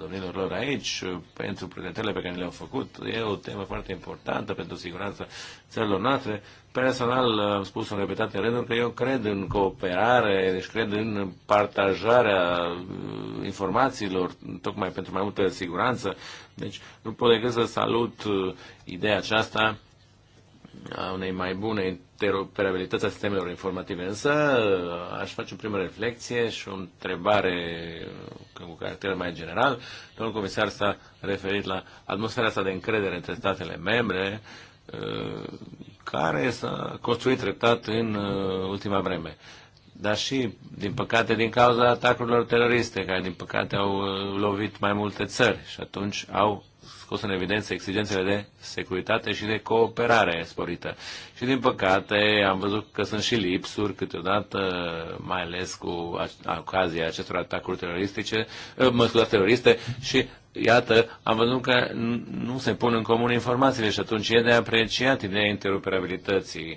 domnilor lor aici, uh, pentru prezentările pe care le-au făcut. E o temă foarte importantă pentru siguranța țărilor noastre. Personal uh, am spus în repetate rândul că eu cred în cooperare, deci cred în partajarea informațiilor, tocmai pentru mai multă siguranță. Deci nu pot decât să salut ideea aceasta a unei mai bune interoperabilități a sistemelor informative. Însă aș face o primă reflexie și o întrebare uh, cu caracter mai general. Domnul comisar s-a referit la atmosfera asta de încredere între statele membre uh, care s-a construit treptat în uh, ultima vreme. Dar și, din păcate, din cauza atacurilor teroriste, care, din păcate, au lovit mai multe țări și atunci au scos în evidență exigențele de securitate și de cooperare sporită. Și din păcate am văzut că sunt și lipsuri câteodată, mai ales cu ocazia acestor atacuri teroristice, eh, mă scuzați, teroriste și iată, am văzut că nu se pun în comun informațiile și atunci e de apreciat ideea interoperabilității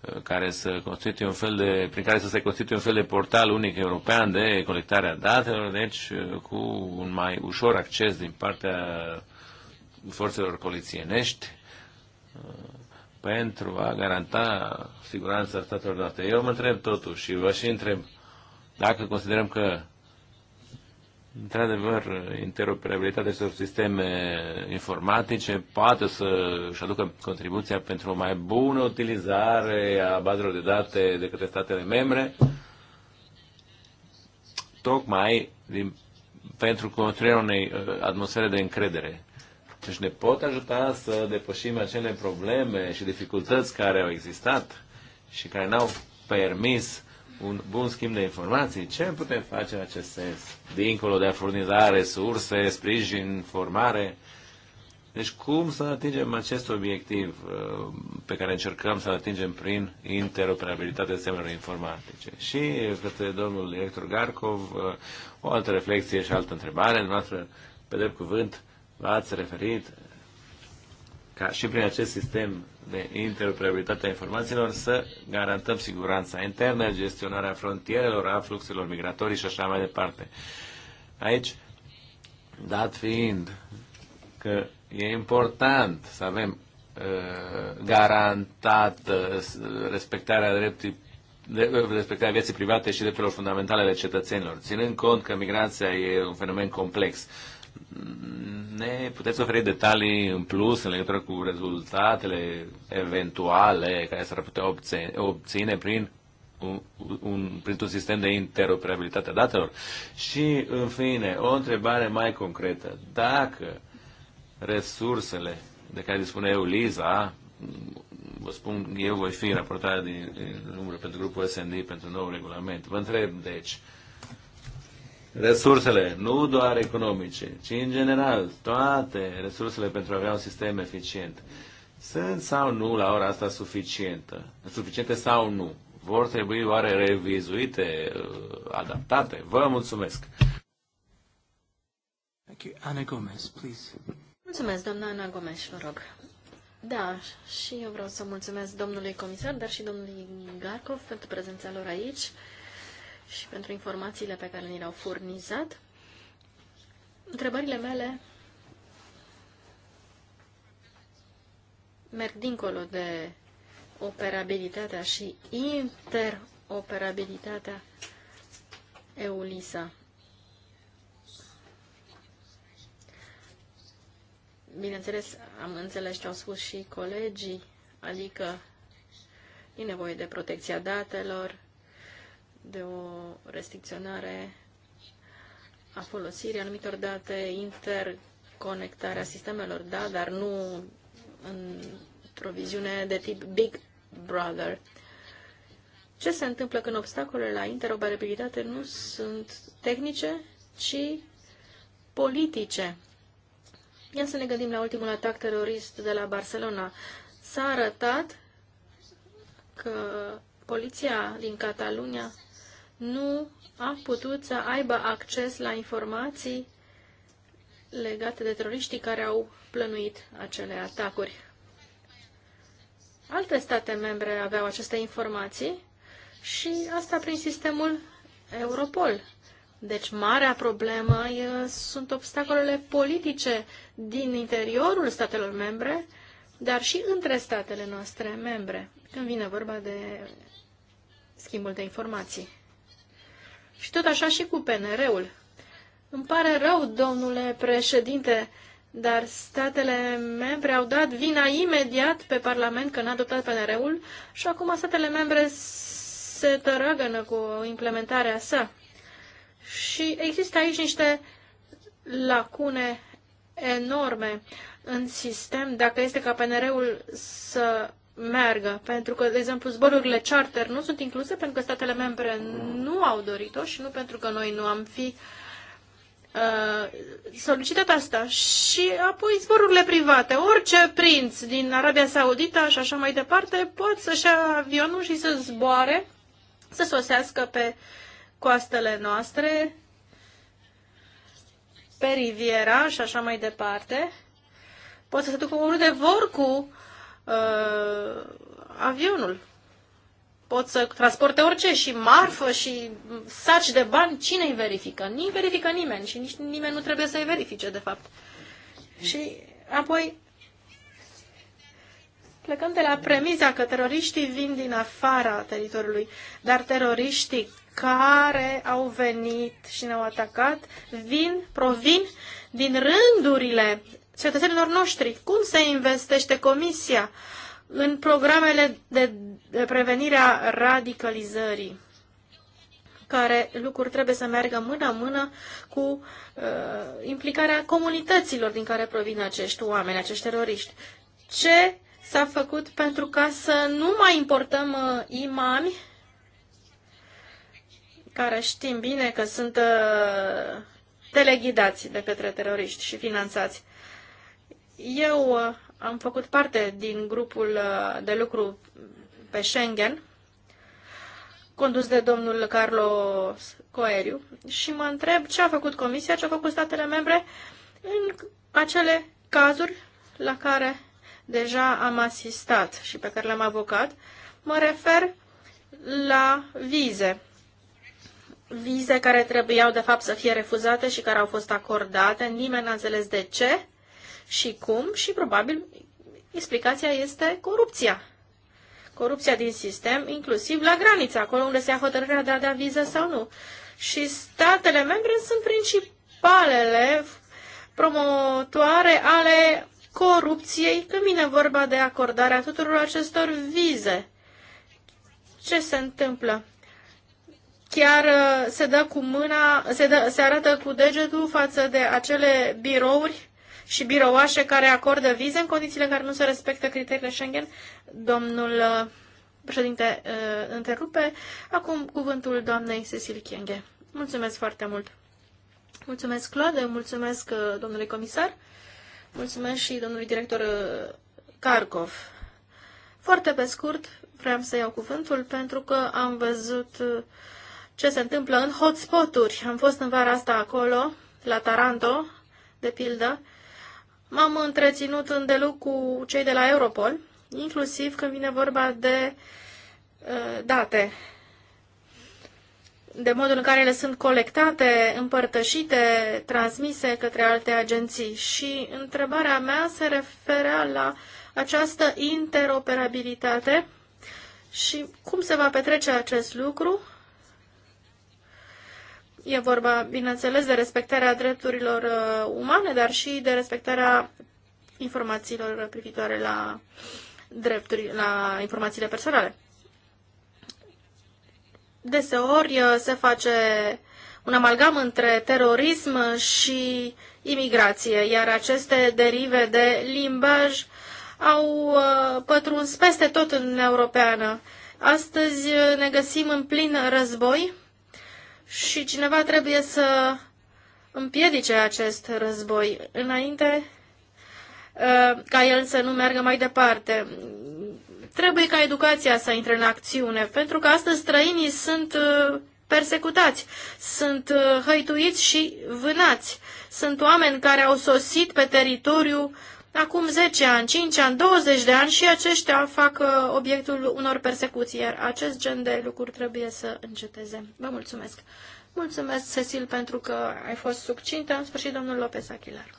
eh, care să constituie un fel de, prin care să se constituie un fel de portal unic european de colectarea datelor, deci eh, cu un mai ușor acces din partea forțelor polițienești uh, pentru a garanta siguranța statelor noastre. Eu mă întreb totuși și vă și întreb dacă considerăm că Într-adevăr, interoperabilitatea acestor sisteme informatice poate să și aducă contribuția pentru o mai bună utilizare a bazelor de date de către statele membre, tocmai din, pentru construirea unei uh, atmosfere de încredere deci ne pot ajuta să depășim acele probleme și dificultăți care au existat și care n-au permis un bun schimb de informații. Ce putem face în acest sens? Dincolo de a furniza resurse, sprijin, formare. Deci cum să atingem acest obiectiv uh, pe care încercăm să-l atingem prin interoperabilitatea semnelor informatice? Și către domnul director Garkov, uh, o altă reflexie și altă întrebare noastră, pe drept cuvânt, v-ați referit ca și prin acest sistem de interoperabilitate a informațiilor să garantăm siguranța internă, gestionarea frontierelor, a fluxurilor migratorii și așa mai departe. Aici, dat fiind că e important să avem uh, garantat uh, respectarea dreptului uh, respectarea vieții private și drepturilor fundamentale ale cetățenilor, ținând cont că migrația e un fenomen complex ne puteți oferi detalii în plus în legătură cu rezultatele eventuale care s-ar putea obține, obține prin un, un, printr-un sistem de interoperabilitate a datelor? Și, în fine, o întrebare mai concretă. Dacă resursele de care dispune eu, Liza, vă spun, eu voi fi raportat din, din numărul pentru grupul SND pentru nou regulament. Vă întreb, deci, uh, resursele, nu doar economice, ci în general, toate resursele pentru a avea un sistem eficient. Sunt sau nu la ora asta suficientă? Suficiente sau nu? Vor trebui oare revizuite, uh, adaptate? Vă mulțumesc!
Thank you. Ana Gomez, please.
Mulțumesc, doamna Ana Gomez, vă rog. Da, și eu vreau să mulțumesc domnului comisar, dar și domnului Garkov pentru prezența lor aici și pentru informațiile pe care ni le-au furnizat. Întrebările mele merg dincolo de operabilitatea și interoperabilitatea EULISA. Bineînțeles, am înțeles ce au spus și colegii, adică e nevoie de protecția datelor, de o restricționare a folosirii anumitor date, interconectarea sistemelor, da, dar nu într-o viziune de tip Big Brother. Ce se întâmplă când obstacolele la interoperabilitate nu sunt tehnice, ci politice? Ia să ne gândim la ultimul atac terorist de la Barcelona. S-a arătat că poliția din Catalunia nu a putut să aibă acces la informații legate de teroriștii care au plănuit acele atacuri. Alte state membre aveau aceste informații și asta prin sistemul Europol. Deci, marea problemă sunt obstacolele politice din interiorul statelor membre, dar și între statele noastre membre, când vine vorba de schimbul de informații. Și tot așa și cu PNR-ul. Îmi pare rău, domnule președinte, dar statele membre au dat vina imediat pe Parlament că n-a adoptat PNR-ul și acum statele membre se tărăgănă cu implementarea sa. Și există aici niște lacune enorme în sistem dacă este ca PNR-ul să meargă. Pentru că, de exemplu, zborurile charter nu sunt incluse pentru că statele membre nu au dorit-o și nu pentru că noi nu am fi uh, solicitat asta. Și apoi zborurile private. Orice prinț din Arabia Saudită și așa mai departe pot să-și ia avionul și să zboare, să sosească pe coastele noastre, pe Riviera și așa mai departe. Pot să se ducă oriunde vor cu uh, avionul. Pot să transporte orice și marfă și saci de bani. Cine îi verifică? Nu verifică nimeni și nici nimeni nu trebuie să îi verifice, de fapt. Și apoi, plecând de la premiza că teroriștii vin din afara teritoriului, dar teroriștii care au venit și ne-au atacat vin, provin din rândurile cetățenilor noștri. Cum se investește Comisia în programele de prevenire a radicalizării? care lucruri trebuie să meargă mână-mână cu uh, implicarea comunităților din care provin acești oameni, acești teroriști. Ce s-a făcut pentru ca să nu mai importăm uh, imami, care știm bine că sunt uh, teleghidați de către teroriști și finanțați. Eu uh, am făcut parte din grupul uh, de lucru pe Schengen, condus de domnul Carlos Coeriu, și mă întreb ce a făcut Comisia, ce au făcut statele membre în acele cazuri la care deja am asistat și pe care le-am avocat. Mă refer la vize. Vize care trebuiau, de fapt, să fie refuzate și care au fost acordate. Nimeni n-a înțeles de ce și cum și probabil explicația este corupția. Corupția din sistem, inclusiv la graniță, acolo unde se ia hotărârea de a da viză sau nu. Și statele membre sunt principalele promotoare ale corupției când vine vorba de acordarea tuturor acestor vize. Ce se întâmplă? Chiar uh, se dă cu mâna, se, dă, se arată cu degetul față de acele birouri și birouașe care acordă vize în condițiile în care nu se respectă criteriile Schengen. Domnul uh, președinte uh, întrerupe. Acum cuvântul doamnei Cecil Chienghe. Mulțumesc foarte mult! Mulțumesc, Claude, mulțumesc uh, domnului comisar, mulțumesc și domnului director Karkov. Foarte pe scurt, vreau să iau cuvântul pentru că am văzut ce se întâmplă în hotspoturi. Am fost în vara asta acolo, la Taranto, de pildă, M-am întreținut îndeluc cu cei de la Europol, inclusiv când vine vorba de uh, date, de modul în care ele sunt colectate, împărtășite, transmise către alte agenții. Și întrebarea mea se referă la această interoperabilitate și cum se va petrece acest lucru E vorba, bineînțeles, de respectarea drepturilor uh, umane, dar și de respectarea informațiilor privitoare la drepturi, la informațiile personale. Deseori uh, se face un amalgam între terorism și imigrație, iar aceste derive de limbaj au uh, pătruns peste tot în Europeană. Astăzi uh, ne găsim în plin război și cineva trebuie să împiedice acest război înainte uh, ca el să nu meargă mai departe. Trebuie ca educația să intre în acțiune, pentru că astăzi străinii sunt uh, persecutați, sunt uh, hăituiți și vânați. Sunt oameni care au sosit pe teritoriu uh, acum 10 ani, 5 ani, 20 de ani și aceștia fac uh, obiectul unor persecuții, iar acest gen de lucruri trebuie să înceteze. Vă mulțumesc! Mulțumesc, Cecil, pentru că ai fost succintă. În sfârșit, domnul Lopez Achilar.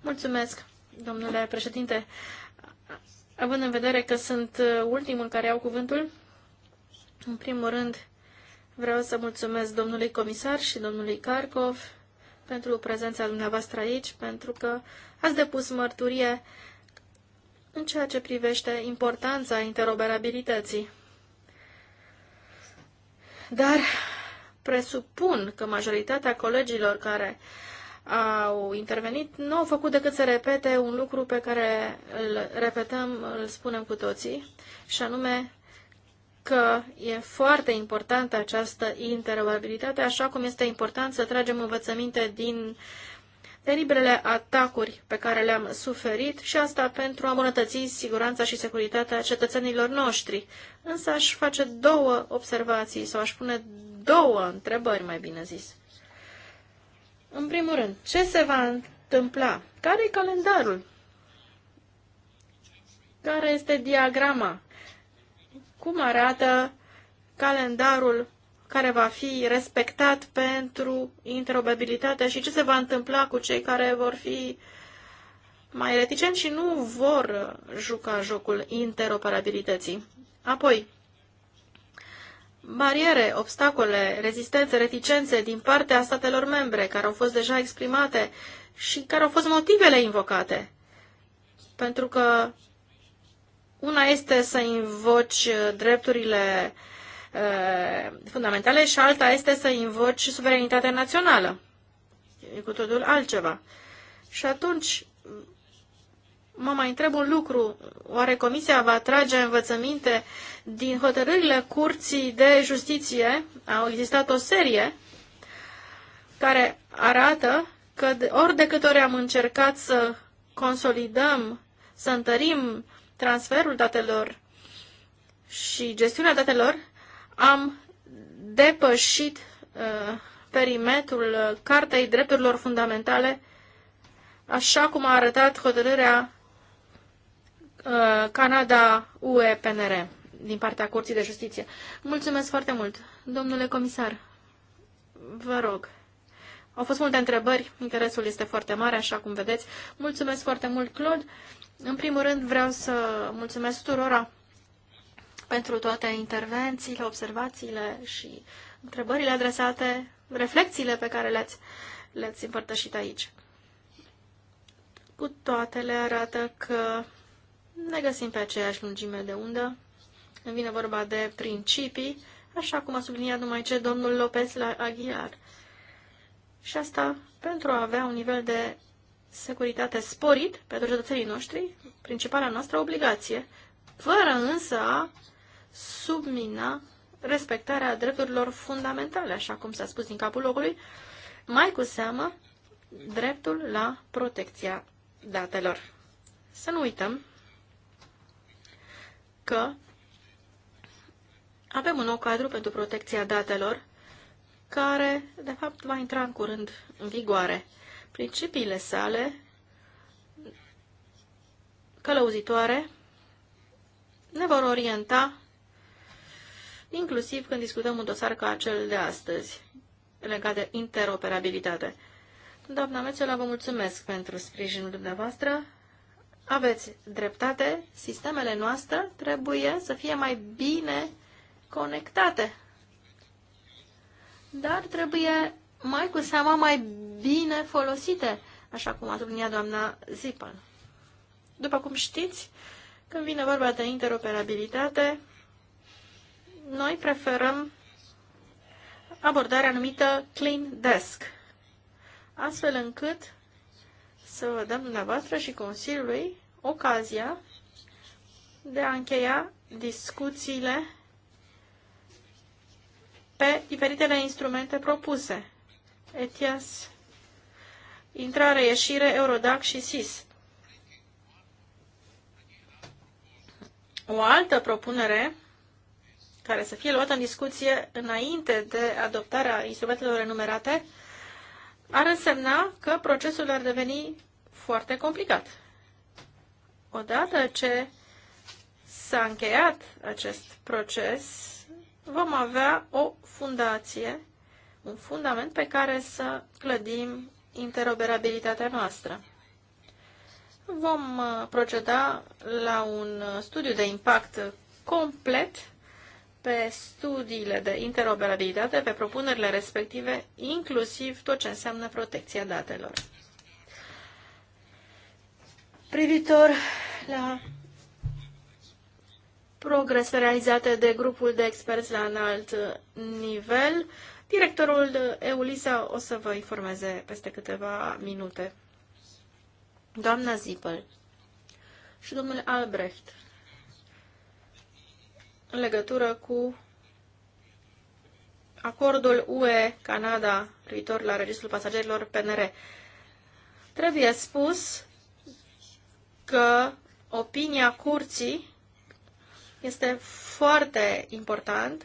Mulțumesc, domnule președinte. Având în vedere că sunt uh, ultimul care iau cuvântul, în primul rând vreau să mulțumesc domnului comisar și domnului Carcov pentru prezența dumneavoastră aici, pentru că ați depus mărturie în ceea ce privește importanța interoperabilității. Dar presupun că majoritatea colegilor care au intervenit nu au făcut decât să repete un lucru pe care îl repetăm, îl spunem cu toții, și anume că e foarte importantă această interoperabilitate, așa cum este important să tragem învățăminte din uh, teribilele atacuri pe care le-am suferit și asta pentru a îmbunătăți siguranța și securitatea cetățenilor noștri. Însă aș face două observații sau aș pune două întrebări, mai bine zis. În primul rând, ce se va întâmpla? Care e calendarul? Care este diagrama? Cum arată calendarul care va fi respectat pentru interoperabilitate și ce se va întâmpla cu cei care vor fi mai reticenți și nu vor juca jocul interoperabilității. Apoi, bariere, obstacole, rezistențe, reticențe din partea statelor membre care au fost deja exprimate și care au fost motivele invocate. Pentru că una este să invoci drepturile uh, Uh, fundamentale și alta este să invoci suveranitatea națională. E cu totul altceva. Și atunci mă mai întreb un lucru. Oare Comisia va trage învățăminte din hotărârile Curții de Justiție? Au existat o serie care arată că ori de câte ori am încercat să consolidăm, să întărim transferul datelor și gestiunea datelor, am depășit uh, perimetrul Cartei Drepturilor Fundamentale, așa cum a arătat hotărârea uh, Canada-UE-PNR din partea Curții de Justiție. Mulțumesc foarte mult, domnule comisar. Vă rog. Au fost multe întrebări, interesul este foarte mare, așa cum vedeți. Mulțumesc foarte mult, Claude. În primul rând vreau să mulțumesc tuturora pentru toate intervențiile, observațiile și întrebările adresate, reflexiile pe care le-ați, le împărtășit aici. Cu toate le arată că ne găsim pe aceeași lungime de undă, Îmi vine vorba de principii, așa cum a subliniat numai ce domnul Lopez la Aguilar. Și asta pentru a avea un nivel de securitate sporit pentru cetățenii noștri, principala noastră obligație, fără însă a submina respectarea drepturilor fundamentale, așa cum s-a spus din capul locului, mai cu seamă dreptul la protecția datelor. Să nu uităm că avem un nou cadru pentru protecția datelor, care, de fapt, va intra în curând în vigoare. Principiile sale călăuzitoare ne vor orienta inclusiv când discutăm un dosar ca cel de astăzi, legat de interoperabilitate. Doamna Mețela, vă mulțumesc pentru sprijinul dumneavoastră. Aveți dreptate, sistemele noastre trebuie să fie mai bine conectate, dar trebuie mai cu seama mai bine folosite, așa cum a subliniat doamna Zipan. După cum știți, când vine vorba de interoperabilitate, noi preferăm abordarea numită Clean Desk, astfel încât să vă dăm dumneavoastră și Consiliului ocazia de a încheia discuțiile pe diferitele instrumente propuse. ETIAS, intrare, ieșire, Eurodac și SIS. O altă propunere care să fie luată în discuție înainte de adoptarea instrumentelor enumerate, ar însemna că procesul ar deveni foarte complicat. Odată ce s-a încheiat acest proces, vom avea o fundație, un fundament pe care să clădim interoperabilitatea noastră. Vom uh, proceda la un studiu de impact complet pe studiile de interoperabilitate, pe propunerile respective, inclusiv tot ce înseamnă protecția datelor. Privitor la progrese realizate de grupul de experți la înalt nivel, directorul Eulisa o să vă informeze peste câteva minute. Doamna Zipel și domnul Albrecht în legătură cu acordul UE-Canada privitor la Registrul Pasagerilor PNR. Trebuie spus că opinia curții este foarte important,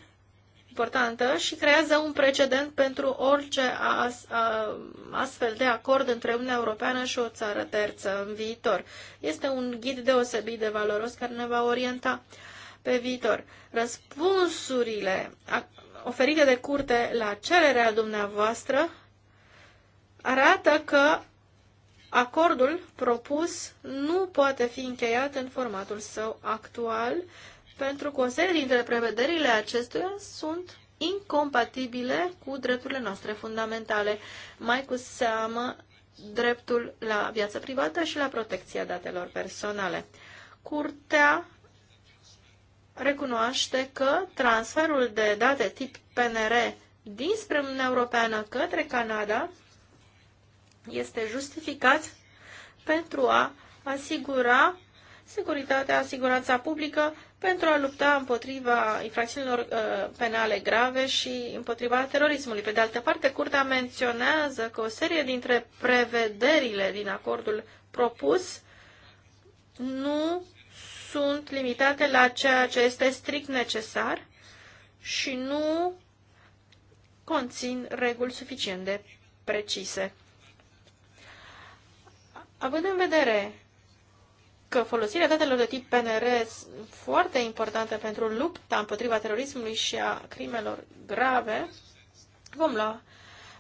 importantă și creează un precedent pentru orice as, a, astfel de acord între Uniunea Europeană și o țară terță în viitor. Este un ghid deosebit de valoros care ne va orienta pe viitor. Răspunsurile oferite de curte la cererea dumneavoastră arată că acordul propus nu poate fi încheiat în formatul său actual, pentru că o serie dintre prevederile acestuia sunt incompatibile cu drepturile noastre fundamentale, mai cu seamă dreptul la viață privată și la protecția datelor personale. Curtea recunoaște că transferul de date tip PNR dinspre Uniunea Europeană către Canada este justificat pentru a asigura securitatea, siguranța publică, pentru a lupta împotriva infracțiunilor uh, penale grave și împotriva terorismului. Pe de altă parte, Curtea menționează că o serie dintre prevederile din acordul propus nu sunt limitate la ceea ce este strict necesar și nu conțin reguli suficient de precise. Având în vedere că folosirea datelor de tip PNR sunt foarte importantă pentru lupta împotriva terorismului și a crimelor grave, vom lua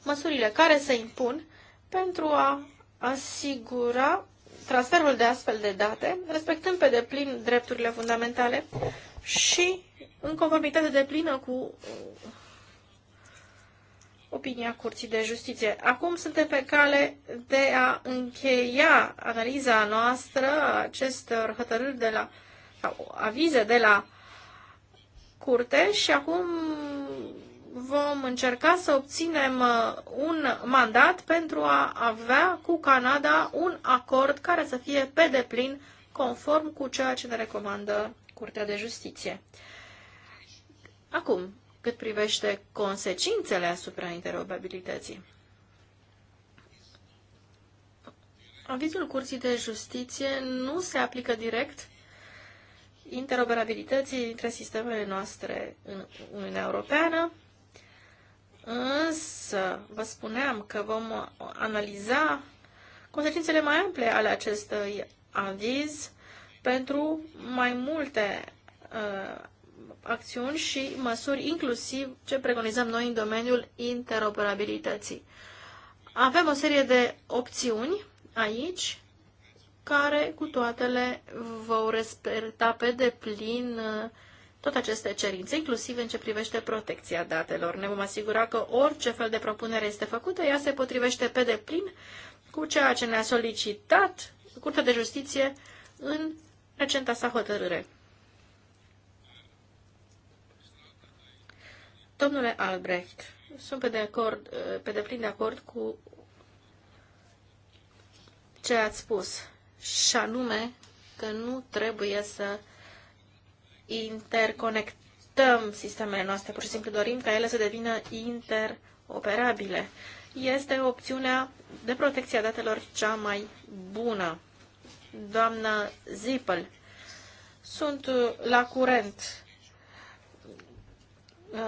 măsurile care se impun pentru a asigura transferul de astfel de date, respectând pe deplin drepturile fundamentale și în conformitate de plină cu uh, opinia Curții de Justiție. Acum suntem pe cale de a încheia analiza noastră acestor hotărâri de la, avize de la curte și acum vom încerca să obținem uh, un mandat pentru a avea cu Canada un acord care să fie pe deplin conform cu ceea ce ne recomandă Curtea de Justiție. Acum, cât privește consecințele asupra interoperabilității. Avizul Curții de Justiție nu se aplică direct interoperabilității între sistemele noastre în Uniunea Europeană, Însă, vă spuneam că vom analiza consecințele mai ample ale acestui aviz pentru mai multe uh, acțiuni și măsuri, inclusiv ce preconizăm noi în domeniul interoperabilității. Avem o serie de opțiuni aici care cu toatele vor respecta pe deplin uh, tot aceste cerințe, inclusiv în ce privește protecția datelor. Ne vom asigura că orice fel de propunere este făcută, ea se potrivește pe deplin cu ceea ce ne-a solicitat Curtea de Justiție în recenta sa hotărâre. Domnule Albrecht, sunt pe, de acord, pe deplin de acord cu ce ați spus, și anume că nu trebuie să interconectăm sistemele noastre, pur și simplu dorim ca ele să devină interoperabile. Este opțiunea de protecție a datelor cea mai bună. Doamna Zipel, sunt la curent uh,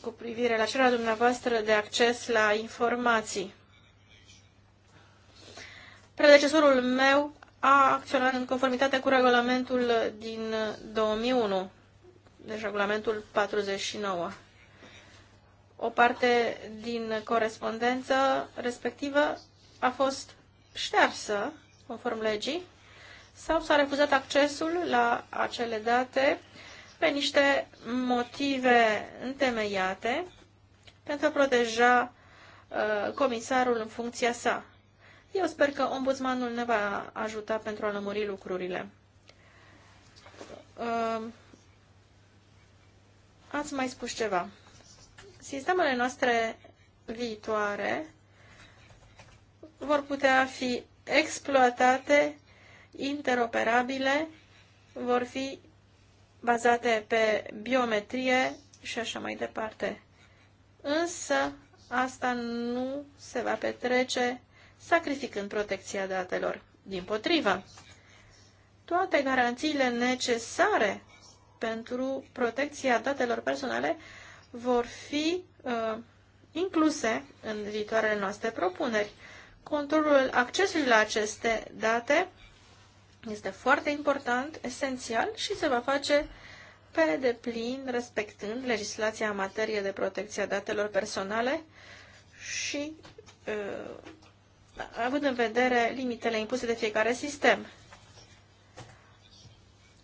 cu privire la cererea dumneavoastră de acces la informații. Predecesorul meu a acționat în conformitate cu regulamentul din 2001, deci regulamentul 49. O parte din corespondență respectivă a fost ștersă conform legii, sau s-a refuzat accesul la acele date pe niște motive întemeiate pentru a proteja uh, comisarul în funcția sa. Eu sper că ombudsmanul ne va ajuta pentru a lămuri lucrurile. Uh, ați mai spus ceva. Sistemele noastre viitoare vor putea fi exploatate, interoperabile, vor fi bazate pe biometrie și așa mai departe. Însă asta nu se va petrece sacrificând protecția datelor. Din potrivă, toate garanțiile necesare pentru protecția datelor personale vor fi uh, incluse în viitoarele noastre propuneri. Controlul accesului la aceste date este foarte important, esențial și se va face pe deplin respectând legislația în materie de protecție a datelor personale și uh, având în vedere limitele impuse de fiecare sistem.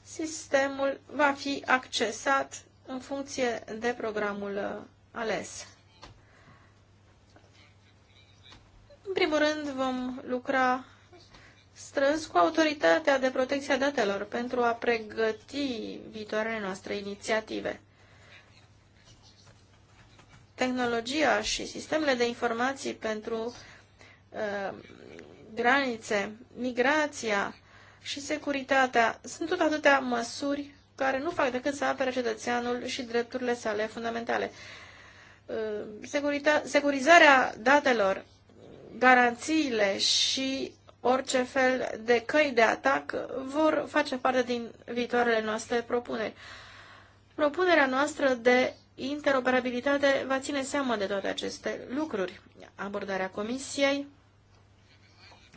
Sistemul va fi accesat în funcție de programul uh, ales. În primul rând, vom lucra strâns cu autoritatea de protecție a datelor pentru a pregăti viitoarele noastre inițiative. Tehnologia și sistemele de informații pentru Uh, granițe, migrația și securitatea sunt tot atâtea măsuri care nu fac decât să apere cetățeanul și drepturile sale fundamentale. Uh, securita- securizarea datelor, garanțiile și orice fel de căi de atac vor face parte din viitoarele noastre propuneri. Propunerea noastră de interoperabilitate va ține seama de toate aceste lucruri. Abordarea Comisiei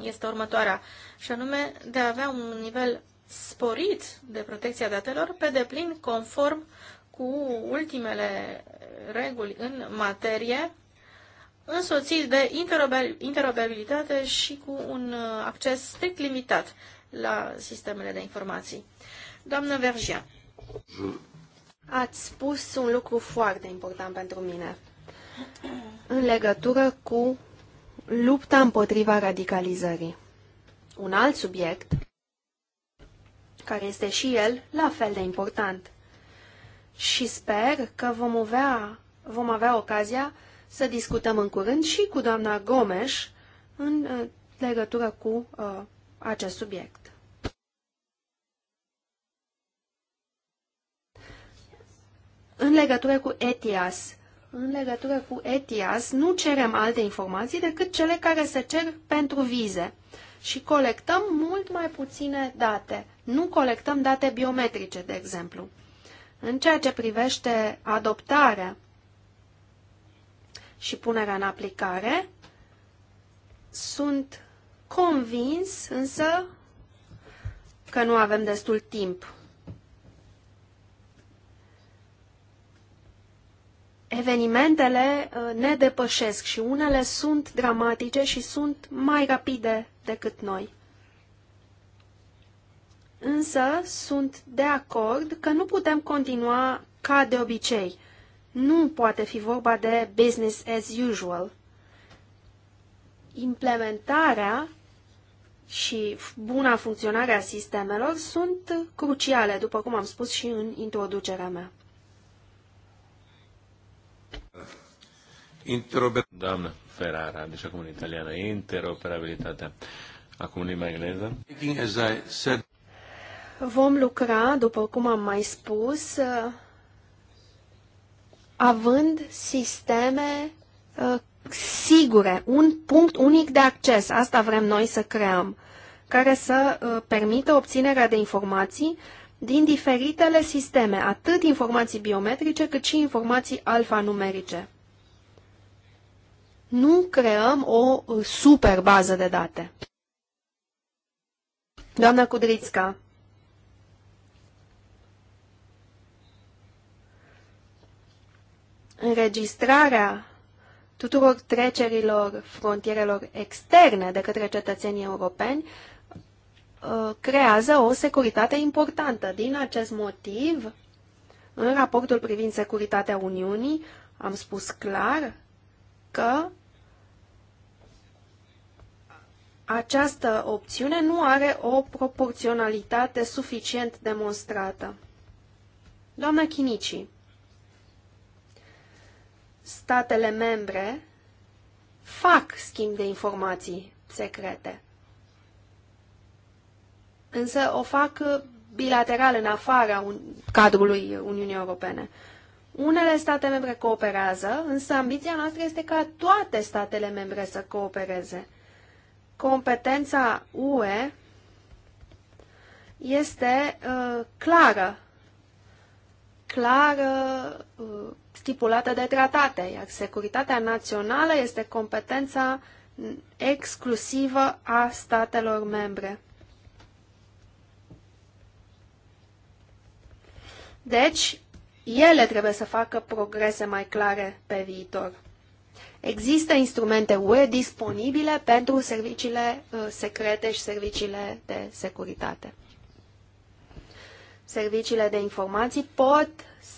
este următoarea, și anume de a avea un nivel sporit de protecția datelor pe deplin conform cu ultimele reguli în materie, însoțit de interoperabilitate și cu un uh, acces strict limitat la sistemele de informații. Doamnă Vergia, ați spus
un lucru foarte important pentru mine în legătură cu lupta împotriva radicalizării. Un alt subiect, care este și el la fel de important. Și sper că vom avea, vom avea ocazia să discutăm în curând și cu doamna Gomes în uh, legătură cu uh, acest subiect. În legătură cu ETIAS, în legătură cu ETIAS, nu cerem alte informații decât cele care se cer pentru vize și colectăm mult mai puține date. Nu colectăm date biometrice, de exemplu. În ceea ce privește adoptarea și punerea în aplicare, sunt convins însă că nu avem destul timp evenimentele uh, ne depășesc și unele sunt dramatice și sunt mai rapide decât noi. Însă sunt de acord că nu putem continua ca de obicei. Nu poate fi vorba de business as usual. Implementarea și buna funcționare a sistemelor sunt cruciale, după cum am spus și în introducerea mea.
interoperabilitatea. Doamnă Ferrara, deci acum în italiană, interoperabilitatea. Acum în limba engleză.
Vom lucra, după cum am mai spus, uh, având sisteme uh, sigure, un punct unic de acces, asta vrem noi să creăm, care să uh, permită obținerea de informații din diferitele sisteme, atât informații biometrice cât și informații alfanumerice nu creăm o uh, super bază de date. Doamna Cudrițca. Înregistrarea tuturor trecerilor frontierelor externe de către cetățenii europeni uh, creează o securitate importantă. Din acest motiv, în raportul privind securitatea Uniunii, am spus clar că această opțiune nu are o proporționalitate suficient demonstrată. Doamna Chinici, statele membre fac schimb de informații secrete, însă o fac bilateral în afara un, cadrului Uniunii Europene. Unele state membre cooperează, însă ambiția noastră este ca toate statele membre să coopereze competența UE este uh, clară, clară uh, stipulată de tratate, iar securitatea națională este competența exclusivă a statelor membre. Deci, ele trebuie să facă progrese mai clare pe viitor. Există instrumente UE disponibile pentru serviciile uh, secrete și serviciile de securitate. Serviciile de informații pot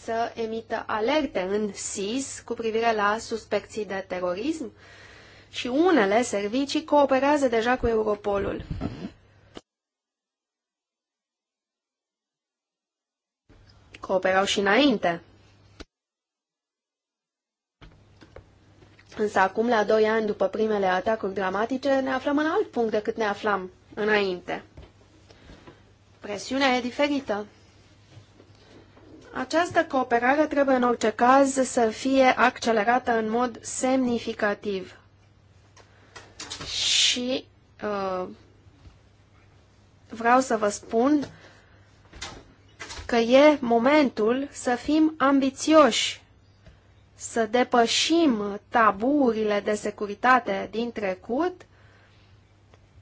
să emită alerte în SIS cu privire la suspecții de terorism și unele servicii cooperează deja cu Europolul. Cooperau și înainte. Însă acum, la doi ani după primele atacuri dramatice, ne aflăm în alt punct decât ne aflam înainte. Presiunea e diferită. Această cooperare trebuie în orice caz să fie accelerată în mod semnificativ. Și uh, vreau să vă spun că e momentul să fim ambițioși să depășim taburile de securitate din trecut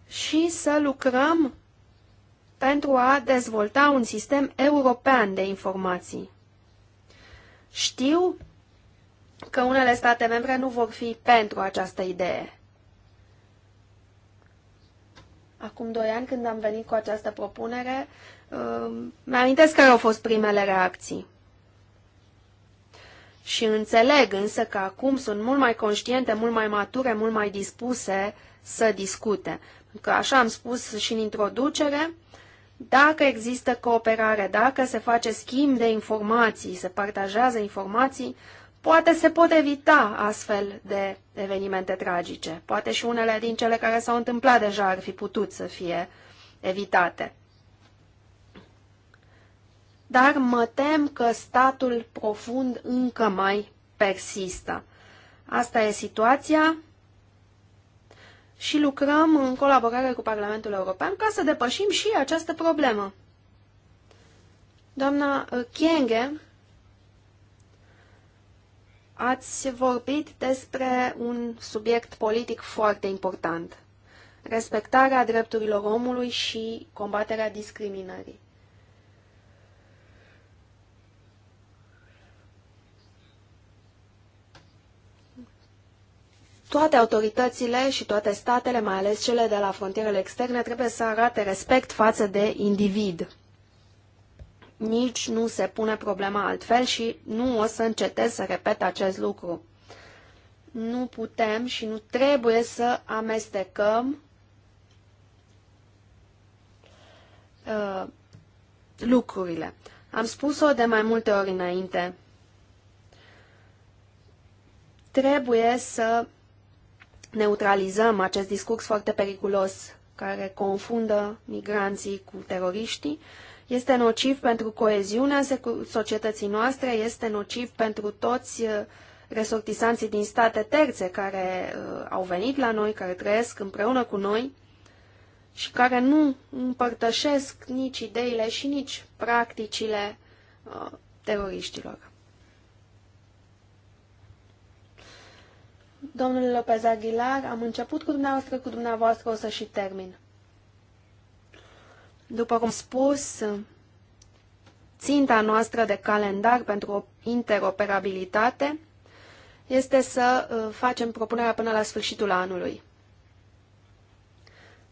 și să lucrăm pentru a dezvolta un sistem european de informații. Știu că unele state membre nu vor fi pentru această idee. Acum doi ani, când am venit cu această propunere, uh, mi-amintesc care au fost primele reacții. Și înțeleg însă că acum sunt mult mai conștiente, mult mai mature, mult mai dispuse să discute. Că așa am spus și în introducere, dacă există cooperare, dacă se face schimb de informații, se partajează informații, poate se pot evita astfel de evenimente tragice. Poate și unele din cele care s-au întâmplat deja ar fi putut să fie evitate dar mă tem că statul profund încă mai persistă. Asta e situația și lucrăm în colaborare cu Parlamentul European ca să depășim și această problemă. Doamna Kienge, ați vorbit despre un subiect politic foarte important, respectarea drepturilor omului și combaterea discriminării. toate autoritățile și toate statele, mai ales cele de la frontierele externe, trebuie să arate respect față de individ. Nici nu se pune problema altfel și nu o să încetez să repet acest lucru. Nu putem și nu trebuie să amestecăm uh, lucrurile. Am spus-o de mai multe ori înainte. Trebuie să neutralizăm acest discurs foarte periculos care confundă migranții cu teroriștii, este nociv pentru coeziunea societății noastre, este nociv pentru toți uh, resortisanții din state terțe care uh, au venit la noi, care trăiesc împreună cu noi și care nu împărtășesc nici ideile și nici practicile uh, teroriștilor. Domnule Lopez Aguilar, am început cu dumneavoastră, cu dumneavoastră o să și termin. După cum spus, ținta noastră de calendar pentru interoperabilitate este să uh, facem propunerea până la sfârșitul anului.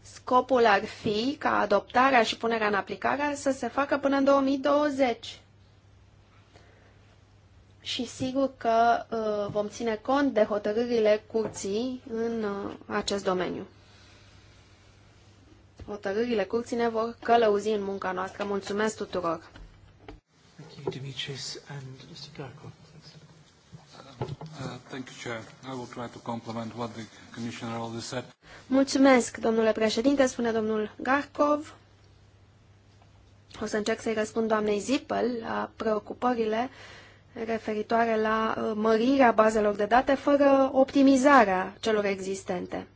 Scopul ar fi ca adoptarea și punerea în aplicare să se facă până în 2020 și sigur că uh, vom ține cont de hotărârile curții în uh, acest domeniu. Hotărârile curții ne vor călăuzi în munca noastră. Mulțumesc tuturor! Uh, Mulțumesc, domnule președinte, spune domnul Garkov. O să încerc să-i răspund doamnei Zipel la preocupările uh, referitoare la uh, mărirea bazelor de date fără optimizarea celor existente.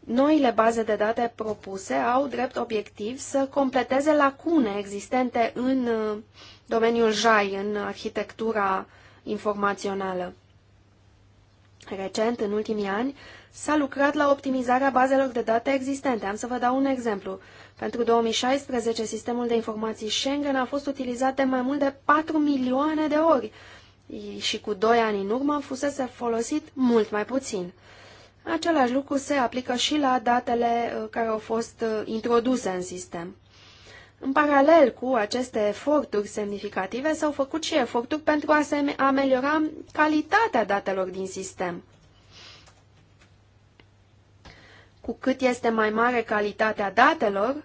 Noile baze de date propuse au drept obiectiv să completeze lacune existente în uh, domeniul JAI, în arhitectura informațională. Recent, în ultimii ani, s-a lucrat la optimizarea bazelor de date existente. Am să vă dau un exemplu. Pentru 2016, sistemul de informații Schengen a fost utilizat de mai mult de 4 milioane de ori și cu 2 ani în urmă fusese folosit mult mai puțin. Același lucru se aplică și la datele uh, care au fost uh, introduse în sistem. În paralel cu aceste eforturi semnificative, s-au făcut și eforturi pentru a se ameliora calitatea datelor din sistem. Cu cât este mai mare calitatea datelor,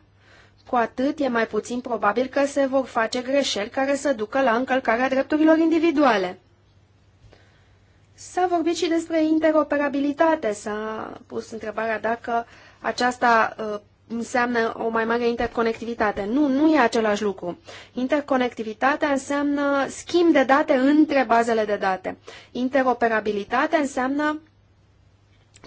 cu atât e mai puțin probabil că se vor face greșeli care să ducă la încălcarea drepturilor individuale. S-a vorbit și despre interoperabilitate. S-a pus întrebarea dacă aceasta uh, înseamnă o mai mare interconectivitate. Nu, nu e același lucru. Interconectivitatea înseamnă schimb de date între bazele de date. Interoperabilitatea înseamnă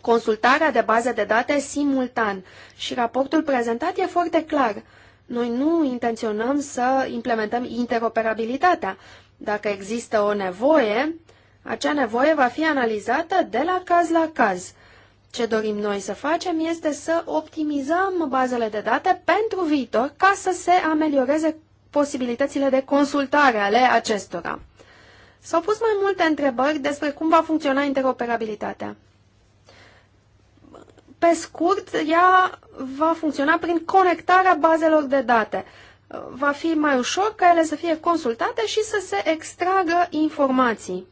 consultarea de baze de date simultan. Și raportul prezentat e foarte clar. Noi nu intenționăm să implementăm interoperabilitatea. Dacă există o nevoie, acea nevoie va fi analizată de la caz la caz. Ce dorim noi să facem este să optimizăm bazele de date pentru viitor ca să se amelioreze posibilitățile de consultare ale acestora. S-au pus mai multe întrebări despre cum va funcționa interoperabilitatea. Pe scurt, ea va funcționa prin conectarea bazelor de date. Va fi mai ușor ca ele să fie consultate și să se extragă informații.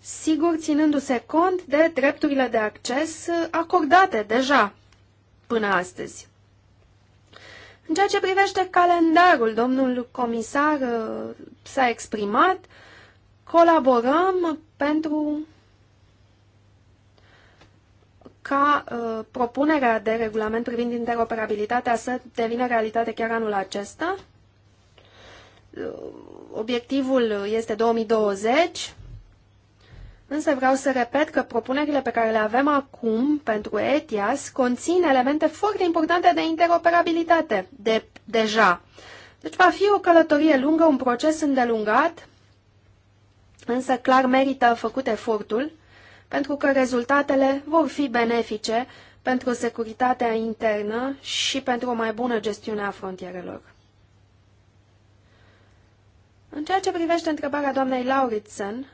Sigur, ținându-se cont de drepturile de acces acordate deja până astăzi. În ceea ce privește calendarul, domnul comisar uh, s-a exprimat, colaborăm pentru ca uh, propunerea de regulament privind interoperabilitatea să devină realitate chiar anul acesta. Uh, obiectivul este 2020, însă vreau să repet că propunerile pe care le avem acum pentru ETIAS conțin elemente foarte importante de interoperabilitate de, deja. Deci va fi o călătorie lungă, un proces îndelungat, însă clar merită făcut efortul pentru că rezultatele vor fi benefice pentru securitatea internă și pentru o mai bună gestiune a frontierelor. În ceea ce privește întrebarea doamnei Lauritsen,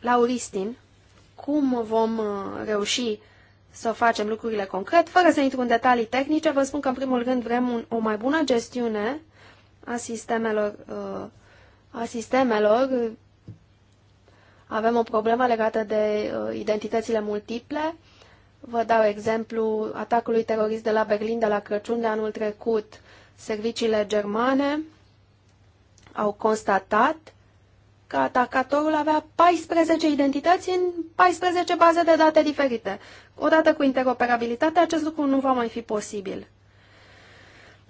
Lauristin, cum vom uh, reuși să facem lucrurile concret, fără să intru în detalii tehnice, vă spun că în primul rând vrem un, o mai bună gestiune a sistemelor, uh, a sistemelor avem o problemă legată de uh, identitățile multiple. Vă dau exemplu atacului terorist de la Berlin de la Crăciun de anul trecut. Serviciile germane au constatat că atacatorul avea 14 identități în 14 baze de date diferite. Odată cu interoperabilitatea, acest lucru nu va mai fi posibil.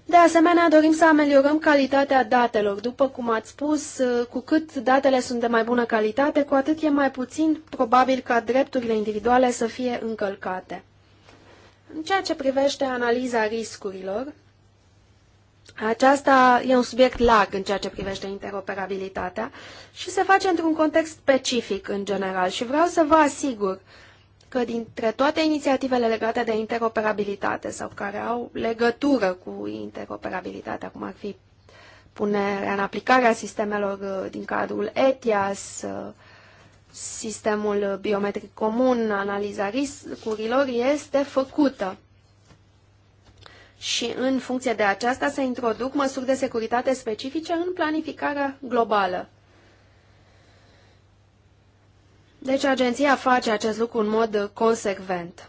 De asemenea, dorim să ameliorăm calitatea datelor. După cum ați spus, cu cât datele sunt de mai bună calitate, cu atât e mai puțin probabil ca drepturile individuale să fie încălcate. În ceea ce privește analiza riscurilor, aceasta e un subiect larg în ceea ce privește interoperabilitatea și se face într-un context specific în general și vreau să vă asigur că dintre toate inițiativele legate de interoperabilitate sau care au legătură cu interoperabilitatea, cum ar fi punerea în aplicare a sistemelor uh, din cadrul ETIAS, uh, sistemul biometric comun, analiza riscurilor este făcută. Și în funcție de aceasta se introduc măsuri de securitate specifice în planificarea globală. Deci agenția face acest lucru în mod consecvent.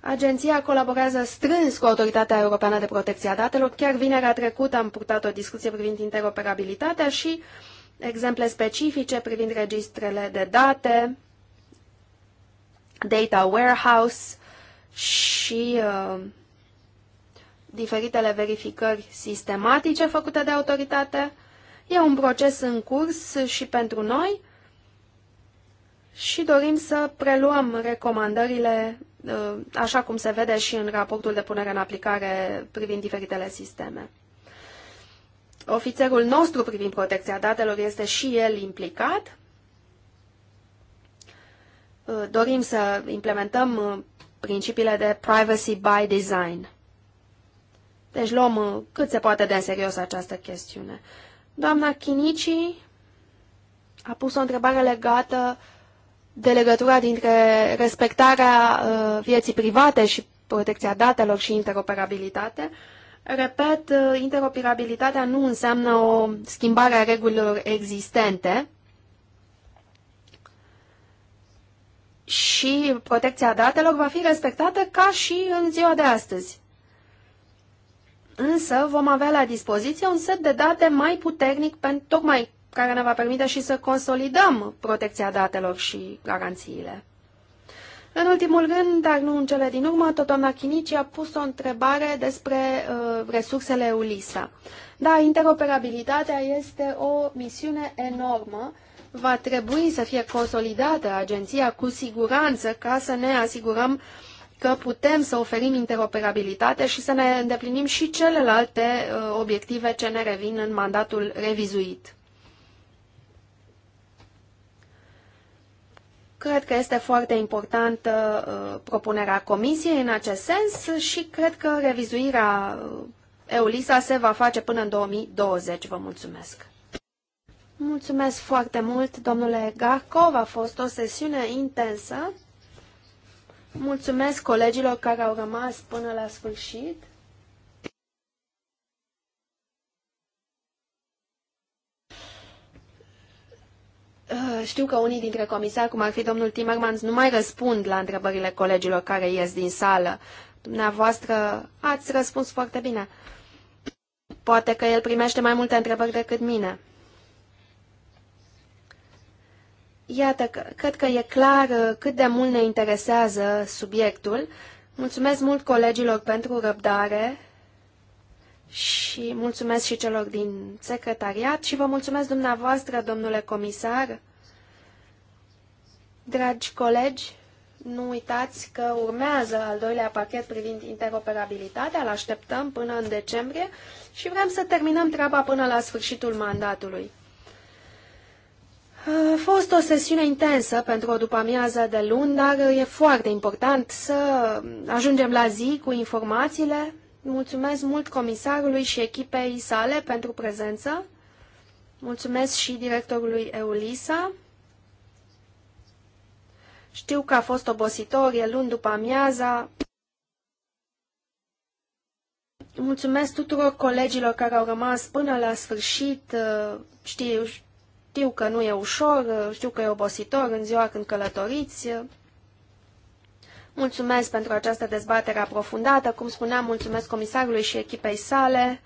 Agenția colaborează strâns cu Autoritatea Europeană de Protecție a Datelor. Chiar vinerea trecută am purtat o discuție privind interoperabilitatea și exemple specifice privind registrele de date, data warehouse și uh, diferitele verificări sistematice făcute de autoritate. E un proces în curs și pentru noi și dorim să preluăm recomandările uh, așa cum se vede și în raportul de punere în aplicare privind diferitele sisteme. Ofițerul nostru privind protecția datelor este și el implicat. Uh, dorim să implementăm uh, principiile de privacy by design. Deci luăm cât se poate de în serios această chestiune. Doamna Chinici a pus o întrebare legată uh, de legătura dintre respectarea uh, vieții private și protecția datelor și interoperabilitate. Repet, uh, interoperabilitatea nu înseamnă o schimbare a regulilor existente și protecția datelor va fi respectată ca și în ziua de astăzi. Însă vom avea la dispoziție un set de date mai puternic, tocmai care ne va permite și să consolidăm protecția datelor și garanțiile. În ultimul rând, dar nu în cele din urmă, tot doamna Chinici a pus o întrebare despre uh, resursele ULISA. Da, interoperabilitatea este o misiune enormă. Va trebui să fie consolidată agenția cu siguranță ca să ne asigurăm că putem să oferim interoperabilitate și să ne îndeplinim și celelalte uh, obiective ce ne revin în mandatul revizuit. Cred că este foarte importantă uh, propunerea Comisiei în acest sens și cred că revizuirea uh, EULISA se va face până în 2020. Vă mulțumesc! Mulțumesc foarte mult, domnule Garcov. A fost o sesiune intensă. Mulțumesc colegilor care au rămas până la sfârșit. Eh, știu că unii dintre comisari, cum ar fi domnul Timmermans, nu mai răspund la întrebările colegilor care ies din sală. Dumneavoastră ați răspuns foarte bine. Poate că el primește mai multe întrebări decât mine. Iată, cred că e clar eh, cât de mult ne interesează subiectul. Mulțumesc mult colegilor pentru răbdare și mulțumesc și celor din secretariat și vă mulțumesc dumneavoastră, domnule comisar. Dragi colegi, nu uitați că urmează al doilea pachet privind interoperabilitatea, îl așteptăm până în decembrie și vrem să terminăm treaba până la sfârșitul mandatului. A fost o sesiune intensă pentru o după-amiază de luni, dar e foarte important să ajungem la zi cu informațiile, Mulțumesc mult comisarului și echipei sale pentru prezență. Mulțumesc și directorului Eulisa. Știu că a fost obositor, e luni după amiaza. Mulțumesc tuturor colegilor care au rămas până la sfârșit. Știu, știu că nu e ușor, știu că e obositor în ziua când călătoriți. Mulțumesc pentru această dezbatere aprofundată. Cum spuneam, mulțumesc comisarului și echipei sale.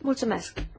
Mulțumesc!